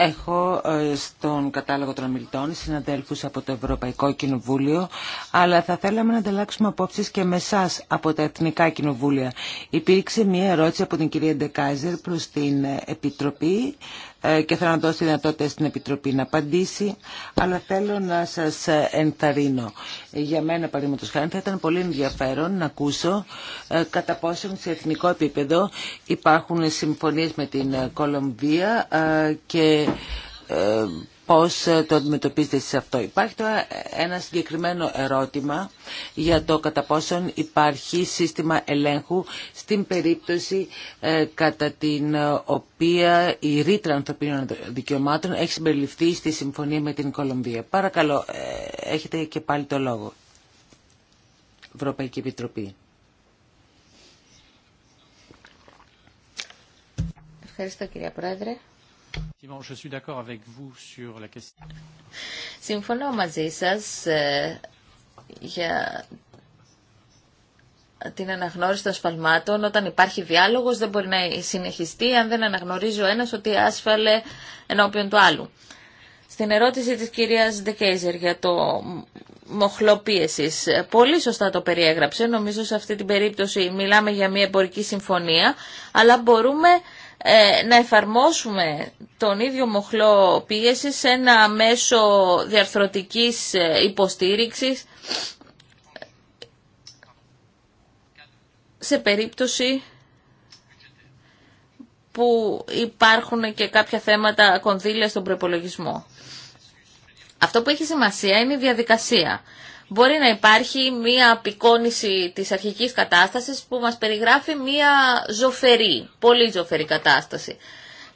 Έχω ε, στον κατάλογο των ομιλητών συναδέλφους από το Ευρωπαϊκό Κοινοβούλιο, αλλά θα θέλαμε να ανταλλάξουμε απόψει και με εσά από τα Εθνικά Κοινοβούλια. Υπήρξε μια ερώτηση από την κυρία Ντεκάιζερ προς την ε, Επιτροπή ε, και θέλω να δώσω δυνατότητα στην Επιτροπή να απαντήσει, αλλά θέλω να σας ενθαρρύνω. Για μένα, παραδείγματο χάρη, θα ήταν πολύ ενδιαφέρον να ακούσω ε, κατά πόσον σε εθνικό επίπεδο υπάρχουν συμφωνίες με την Κολομβία ε, και πώς ε, το αντιμετωπίζετε σε αυτό. Υπάρχει τώρα ένα συγκεκριμένο ερώτημα για το κατά πόσον υπάρχει σύστημα ελέγχου στην περίπτωση ε, κατά την ε, οποία η ρήτρα ανθρωπίνων δικαιωμάτων έχει συμπεριληφθεί στη συμφωνία με την Κολομβία. Παρακαλώ, έχετε και πάλι το λόγο. Ευρωπαϊκή Επιτροπή. Ευχαριστώ κυρία Πρόεδρε. Συμφωνώ μαζί σας ε, για την αναγνώριση των σφαλμάτων. Όταν υπάρχει διάλογος δεν μπορεί να συνεχιστεί αν δεν αναγνωρίζει ο ένας ότι άσφαλε ενώπιον του άλλου. Στην ερώτηση της κυρίας Ντεκέιζερ για το μοχλό Πολύ σωστά το περιέγραψε. Νομίζω σε αυτή την περίπτωση μιλάμε για μια εμπορική συμφωνία, αλλά μπορούμε ε, να εφαρμόσουμε τον ίδιο μοχλό πίεση σε ένα μέσο διαρθρωτικής ε, υποστήριξης σε περίπτωση που υπάρχουν και κάποια θέματα κονδύλια στον προπολογισμό. Αυτό που έχει σημασία είναι η διαδικασία μπορεί να υπάρχει μία απεικόνηση της αρχικής κατάστασης που μας περιγράφει μία ζωφερή, πολύ ζωφερή κατάσταση.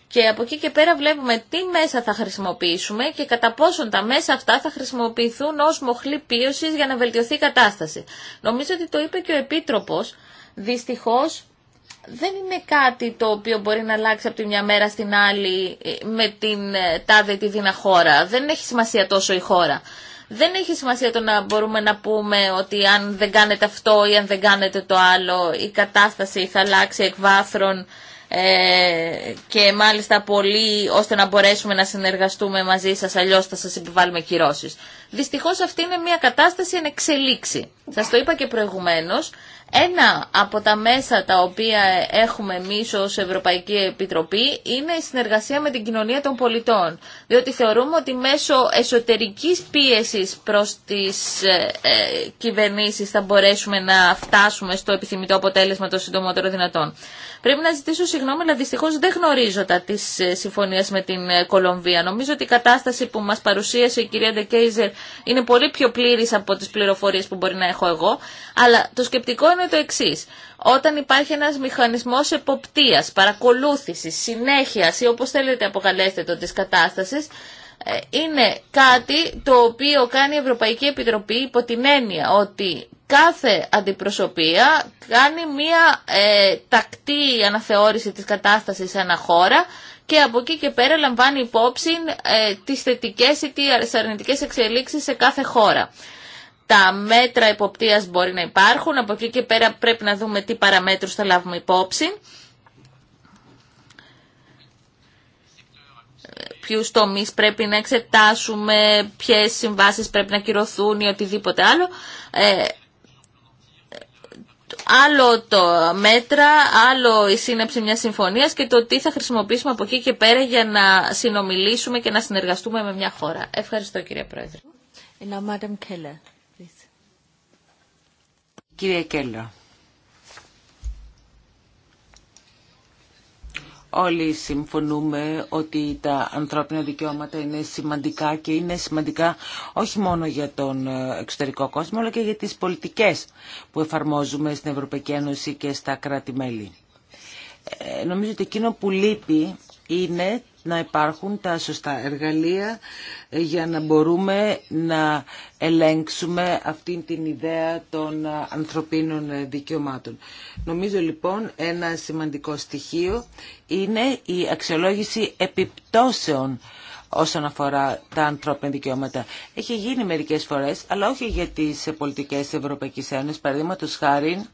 Και από εκεί και πέρα βλέπουμε τι μέσα θα χρησιμοποιήσουμε και κατά πόσον τα μέσα αυτά θα χρησιμοποιηθούν ως μοχλή πίωση για να βελτιωθεί η κατάσταση. Νομίζω ότι το είπε και ο Επίτροπος. Δυστυχώς δεν είναι κάτι το οποίο μπορεί να αλλάξει από τη μια μέρα στην άλλη ε, με την ε, τάδε τη δίνα χώρα. Δεν έχει σημασία τόσο η χώρα. Δεν έχει σημασία το να μπορούμε να πούμε ότι αν δεν κάνετε αυτό ή αν δεν κάνετε το άλλο η κατάσταση θα αλλάξει εκ βάθρων ε, και μάλιστα πολύ ώστε να μπορέσουμε να συνεργαστούμε μαζί σας αλλιώς θα σας επιβάλλουμε κυρώσεις. Δυστυχώς αυτή είναι μια κατάσταση εν εξελίξη. Σας το είπα και προηγουμένως, ένα από τα μέσα τα οποία έχουμε εμεί ω Ευρωπαϊκή Επιτροπή είναι η συνεργασία με την κοινωνία των πολιτών. Διότι θεωρούμε ότι μέσω εσωτερικής πίεσης προς τις ε, ε κυβερνήσεις θα μπορέσουμε να φτάσουμε στο επιθυμητό αποτέλεσμα το συντομότερο δυνατόν. Πρέπει να ζητήσω συγγνώμη, αλλά δυστυχώ δεν γνωρίζω τα τη ε, συμφωνία με την ε, Κολομβία. Νομίζω ότι η κατάσταση που μα παρουσίασε η κυρία Ντεκέιζερ είναι πολύ πιο πλήρη από τι πληροφορίε που μπορεί να έχω εγώ. Αλλά το σκεπτικό είναι το εξή. Όταν υπάρχει ένα μηχανισμό εποπτεία, παρακολούθηση, συνέχεια ή όπω θέλετε αποκαλέστε το τη κατάσταση, ε, είναι κάτι το οποίο κάνει η Ευρωπαϊκή Επιτροπή υπό την έννοια ότι κάθε αντιπροσωπεία κάνει μία ε, τακτή αναθεώρηση της κατάστασης σε ένα χώρα και από εκεί και πέρα λαμβάνει υπόψη ε, τις θετικές ή τις αρνητικές εξελίξεις σε κάθε χώρα. Τα μέτρα υποπτίας μπορεί να υπάρχουν, από εκεί και πέρα πρέπει να δούμε τι παραμέτρους θα λάβουμε υπόψη. ποιους τομείς πρέπει να εξετάσουμε, ποιες συμβάσεις πρέπει να κυρωθούν ή οτιδήποτε άλλο. Ε, άλλο το μέτρα, άλλο η σύναψη μιας συμφωνίας και το τι θα χρησιμοποιήσουμε από εκεί και πέρα για να συνομιλήσουμε και να συνεργαστούμε με μια χώρα. Ευχαριστώ κύριε Πρόεδρε. Madam Keller, Κύριε Κέλλα. Όλοι συμφωνούμε ότι τα ανθρώπινα δικαιώματα είναι σημαντικά και είναι σημαντικά όχι μόνο για τον ε, εξωτερικό κόσμο αλλά και για τις πολιτικές που εφαρμόζουμε στην Ευρωπαϊκή Ένωση και στα κράτη-μέλη. Ε, νομίζω ότι εκείνο που λείπει είναι να υπάρχουν τα σωστά εργαλεία για να μπορούμε να ελέγξουμε αυτήν την ιδέα των ανθρωπίνων δικαιωμάτων. Νομίζω λοιπόν ένα σημαντικό στοιχείο είναι η αξιολόγηση επιπτώσεων όσον αφορά τα ανθρώπινα δικαιώματα. Έχει γίνει μερικέ φορέ, αλλά όχι για τι πολιτικέ τη Ευρωπαϊκή Ένωση. Παραδείγματο χάρη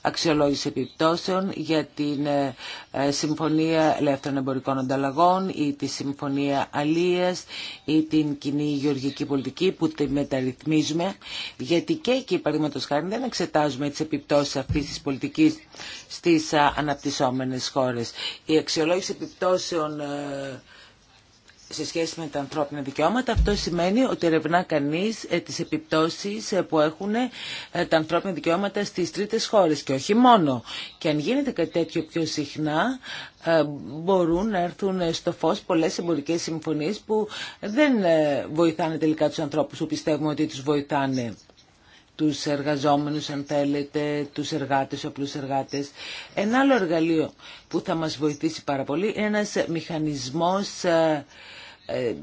αξιολόγηση επιπτώσεων για την ε, ε, Συμφωνία Ελεύθερων Εμπορικών Ανταλλαγών ή τη Συμφωνία Αλία ή την κοινή γεωργική πολιτική που τη μεταρρυθμίζουμε. Γιατί και εκεί, παραδείγματο χάρη, δεν εξετάζουμε τι επιπτώσει αυτή τη πολιτική στι ε, αναπτυσσόμενε χώρε. Η αξιολόγηση επιπτώσεων σε σχέση με τα ανθρώπινα δικαιώματα. Αυτό σημαίνει ότι ερευνά κανείς ε, τις επιπτώσεις ε, που έχουν ε, τα ανθρώπινα δικαιώματα στις τρίτες χώρες και όχι μόνο. Και αν γίνεται κάτι τέτοιο πιο συχνά μπορούν να έρθουν στο φως πολλές εμπορικές συμφωνίες που δεν βοηθάνε τελικά τους ανθρώπους που πιστεύουμε ότι τους βοηθάνε τους εργαζόμενους αν θέλετε, τους εργάτες, απλούς εργάτες. Ένα άλλο εργαλείο που θα μας βοηθήσει πάρα πολύ είναι ένας μηχανισμός ε,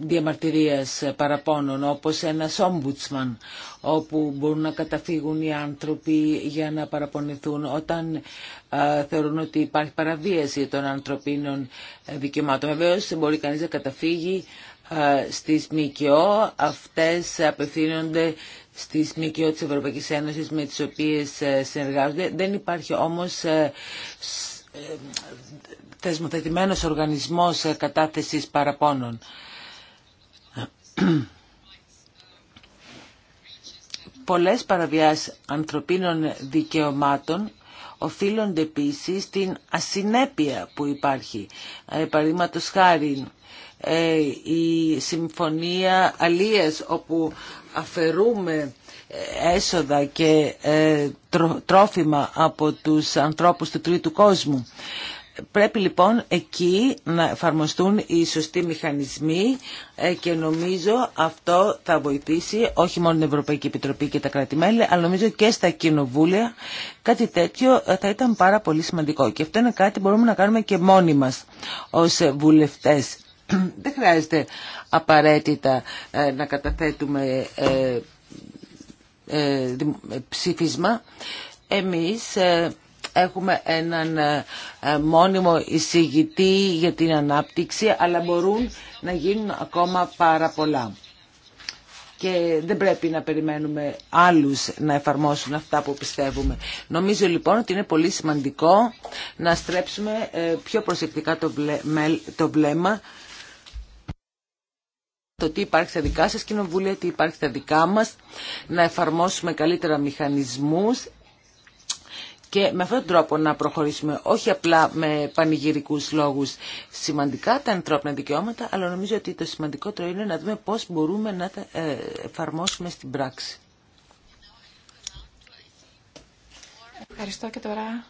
διαμαρτυρίας ε, παραπώνων όπως ένα ομπουτσμαν όπου μπορούν να καταφύγουν οι άνθρωποι για να παραπονηθούν όταν ε, θεωρούν ότι υπάρχει παραβίαση των ανθρωπίνων δικαιωμάτων. Βεβαίω μπορεί κανείς να καταφύγει στις ΜΚΟ, αυτές απευθύνονται στις ΜΚΟ της Ευρωπαϊκής Ένωσης με τις οποίες συνεργάζονται. Δεν υπάρχει όμως θεσμοθετημένος οργανισμός ε, κατάθεσης παραπώνων. Πολλές παραβιάσεις ανθρωπίνων δικαιωμάτων οφείλονται επίσης στην ασυνέπεια που υπάρχει. Ε, Παραδείγματος χάρη ε, η Συμφωνία Αλίας όπου αφαιρούμε έσοδα και ε, τρόφιμα από τους ανθρώπους του τρίτου κόσμου. Πρέπει λοιπόν εκεί να εφαρμοστούν οι σωστοί μηχανισμοί ε, και νομίζω αυτό θα βοηθήσει όχι μόνο την Ευρωπαϊκή Επιτροπή και τα κρατη αλλά νομίζω και στα κοινοβούλια. Κάτι τέτοιο ε, θα ήταν πάρα πολύ σημαντικό και αυτό είναι κάτι που μπορούμε να κάνουμε και μόνοι μας ως βουλευτές. <clears throat> Δεν χρειάζεται απαραίτητα να καταθέτουμε ε, ε, ψήφισμα, εμείς ε, έχουμε έναν μόνιμο εισηγητή για την ανάπτυξη, αλλά μπορούν να γίνουν ακόμα πάρα πολλά. Και δεν πρέπει να περιμένουμε άλλους να εφαρμόσουν αυτά που πιστεύουμε. Νομίζω λοιπόν ότι είναι πολύ σημαντικό να στρέψουμε πιο προσεκτικά το βλέμμα το τι υπάρχει στα δικά σας κοινοβούλια, τι υπάρχει στα δικά μας, να εφαρμόσουμε καλύτερα μηχανισμούς και με αυτόν τον τρόπο να προχωρήσουμε όχι απλά με πανηγυρικούς λόγους σημαντικά τα ανθρώπινα δικαιώματα, αλλά νομίζω ότι το σημαντικότερο είναι να δούμε πώς μπορούμε να τα ε, εφαρμόσουμε στην πράξη. Ευχαριστώ και τώρα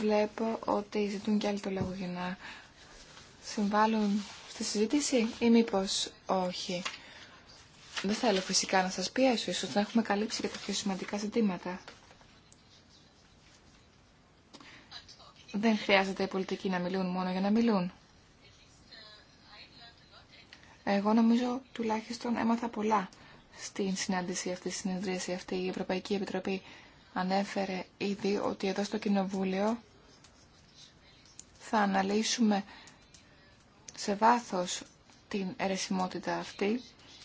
βλέπω ότι ζητούν και άλλοι το λόγο για να συμβάλλουν στη συζήτηση ή μήπω όχι. Δεν θέλω φυσικά να σας πιέσω, ίσως να έχουμε καλύψει και τα πιο σημαντικά ζητήματα. Δεν χρειάζεται οι πολιτικοί να μιλούν μόνο για να μιλούν. Εγώ νομίζω τουλάχιστον έμαθα πολλά στην συνάντηση αυτή, της συνεδρίαση αυτή. Η Ευρωπαϊκή Επιτροπή ανέφερε ήδη ότι εδώ στο Κοινοβούλιο θα αναλύσουμε σε βάθος την αιρεσιμότητα αυτή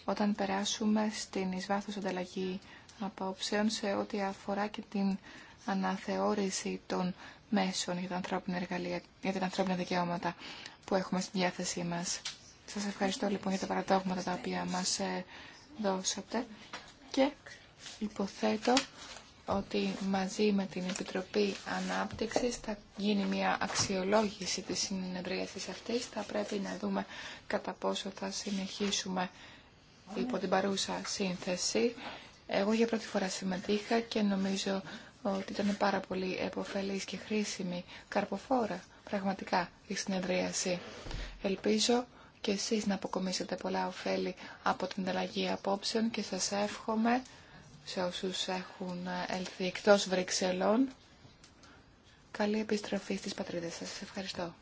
όταν περάσουμε στην εις βάθος ανταλλαγή απόψεων σε ό,τι αφορά και την αναθεώρηση των μέσων για τα ανθρώπινα εργαλεία, για την ανθρώπινα δικαιώματα που έχουμε στη διάθεσή μας. Σας ευχαριστώ λοιπόν για τα παραδόγματα τα οποία μας ε, δώσατε και υποθέτω ότι μαζί με την Επιτροπή Ανάπτυξης θα γίνει μια αξιολόγηση της συνεδρίασης αυτής. Θα πρέπει να δούμε κατά πόσο θα συνεχίσουμε υπό την παρούσα σύνθεση. Εγώ για πρώτη φορά συμμετείχα και νομίζω ότι ήταν πάρα πολύ επωφελής και χρήσιμη καρποφόρα πραγματικά η συνεδρίαση. Ελπίζω και εσείς να αποκομίσετε πολλά ωφέλη από την αλλαγή απόψεων και σας εύχομαι σε όσους έχουν έλθει εκτός Βρυξελών. Καλή επιστροφή στις πατρίδες σας. Σας ευχαριστώ.